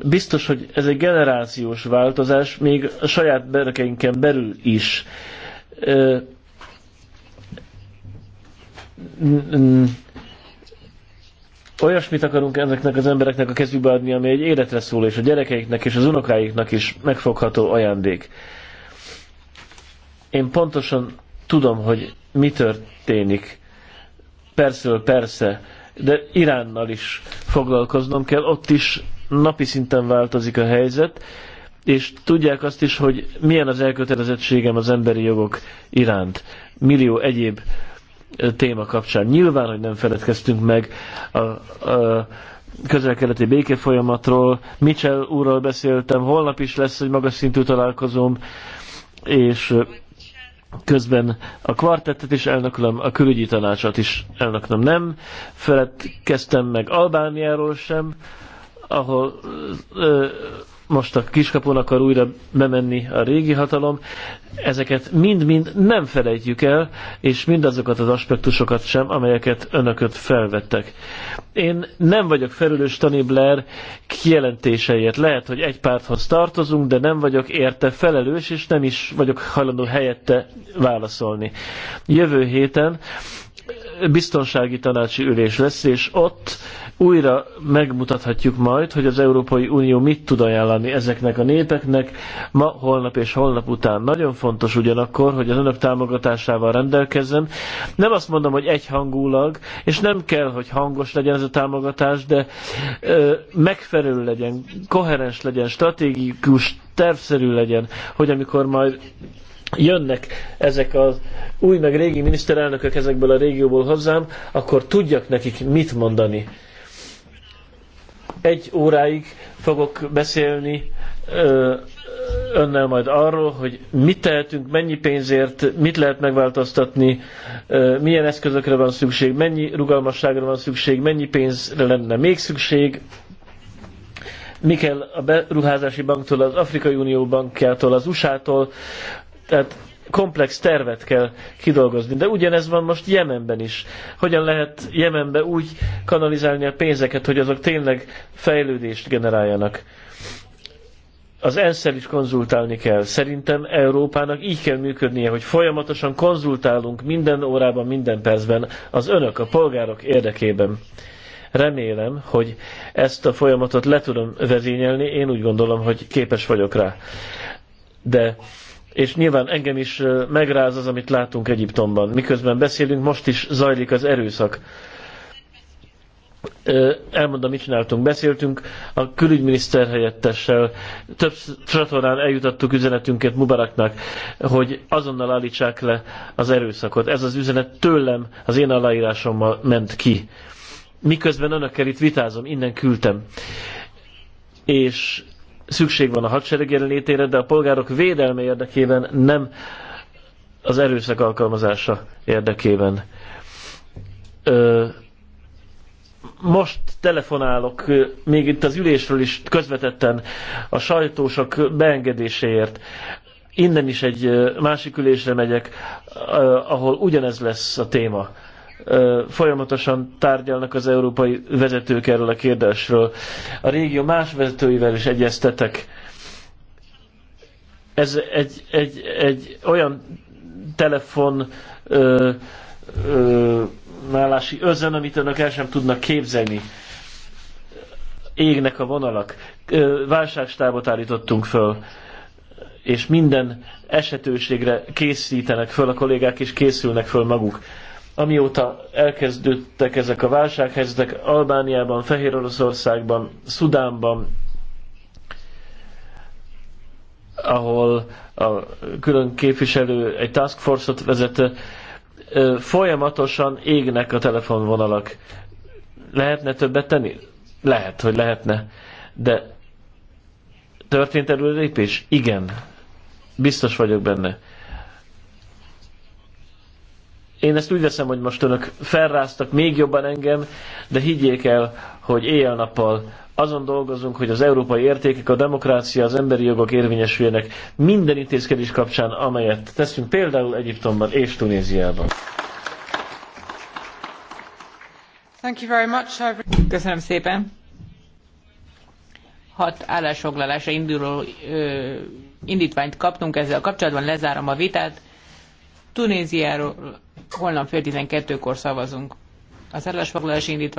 Biztos, hogy ez egy generációs változás, még a saját berkeinken belül is olyasmit akarunk ezeknek az embereknek a kezükbe adni, ami egy életre szól, és a gyerekeiknek és az unokáiknak is megfogható ajándék. Én pontosan tudom, hogy mi történik. Persze, persze, de Iránnal is foglalkoznom kell, ott is napi szinten változik a helyzet, és tudják azt is, hogy milyen az elkötelezettségem az emberi jogok iránt. Millió egyéb téma kapcsán. Nyilván, hogy nem feledkeztünk meg a, a közel-keleti békefolyamatról. Mitchell úrral beszéltem, holnap is lesz egy magas szintű találkozóm, és közben a kvartettet is elnöklöm, a külügyi tanácsot is elnöklöm. Nem feledkeztem meg Albániáról sem, ahol ö, most a kiskapun akar újra bemenni a régi hatalom, ezeket mind-mind nem felejtjük el, és mindazokat az aspektusokat sem, amelyeket önököt felvettek. Én nem vagyok felülős Tony Blair kijelentéseiért. Lehet, hogy egy párthoz tartozunk, de nem vagyok érte felelős, és nem is vagyok hajlandó helyette válaszolni. Jövő héten biztonsági tanácsi ülés lesz, és ott újra megmutathatjuk majd, hogy az Európai Unió mit tud ajánlani ezeknek a népeknek ma, holnap és holnap után. Nagyon fontos ugyanakkor, hogy az önök támogatásával rendelkezzen. Nem azt mondom, hogy egyhangulag, és nem kell, hogy hangos legyen ez a támogatás, de ö, megfelelő legyen, koherens legyen, stratégikus, tervszerű legyen, hogy amikor majd jönnek ezek az új meg régi miniszterelnökök ezekből a régióból hozzám, akkor tudjak nekik mit mondani. Egy óráig fogok beszélni ö, önnel majd arról, hogy mit tehetünk, mennyi pénzért, mit lehet megváltoztatni, ö, milyen eszközökre van szükség, mennyi rugalmasságra van szükség, mennyi pénzre lenne még szükség, mi kell a beruházási banktól, az Afrikai Unió bankjától, az USA-tól, tehát komplex tervet kell kidolgozni. De ugyanez van most Jemenben is. Hogyan lehet Jemenbe úgy kanalizálni a pénzeket, hogy azok tényleg fejlődést generáljanak? Az ensz is konzultálni kell. Szerintem Európának így kell működnie, hogy folyamatosan konzultálunk minden órában, minden percben az önök, a polgárok érdekében. Remélem, hogy ezt a folyamatot le tudom vezényelni, én úgy gondolom, hogy képes vagyok rá. De és nyilván engem is megráz az, amit látunk Egyiptomban. Miközben beszélünk, most is zajlik az erőszak. Elmondom, mit csináltunk. Beszéltünk a külügyminiszter helyettessel, több csatornán eljutattuk üzenetünket Mubaraknak, hogy azonnal állítsák le az erőszakot. Ez az üzenet tőlem, az én aláírásommal ment ki. Miközben önökkel itt vitázom, innen küldtem. És szükség van a hadsereg jelenlétére, de a polgárok védelme érdekében nem az erőszak alkalmazása érdekében. Ö, most telefonálok, még itt az ülésről is közvetetten a sajtósok beengedéséért. Innen is egy másik ülésre megyek, ahol ugyanez lesz a téma folyamatosan tárgyalnak az európai vezetők erről a kérdésről. A régió más vezetőivel is egyeztetek. Ez egy, egy, egy olyan telefon ö, ö, nálási özen, amit önök el sem tudnak képzelni. Égnek a vonalak. Ö, válságstábot állítottunk föl, és minden esetőségre készítenek föl, a kollégák és készülnek föl maguk amióta elkezdődtek ezek a válsághelyzetek Albániában, Fehér Oroszországban, Szudánban, ahol a külön képviselő egy task force-ot vezet, folyamatosan égnek a telefonvonalak. Lehetne többet tenni? Lehet, hogy lehetne. De történt előrelépés? Igen. Biztos vagyok benne. Én ezt úgy veszem, hogy most önök felráztak még jobban engem, de higgyék el, hogy éjjel-nappal azon dolgozunk, hogy az európai értékek, a demokrácia, az emberi jogok érvényesüljenek minden intézkedés kapcsán, amelyet teszünk például Egyiptomban és Tunéziában.
Köszönöm szépen. Hat állásfoglalásra induló ö, indítványt kaptunk ezzel kapcsolatban, lezárom a vitát.
Tunéziáról holnap fél 12-kor szavazunk. Az állásfoglalási indítvány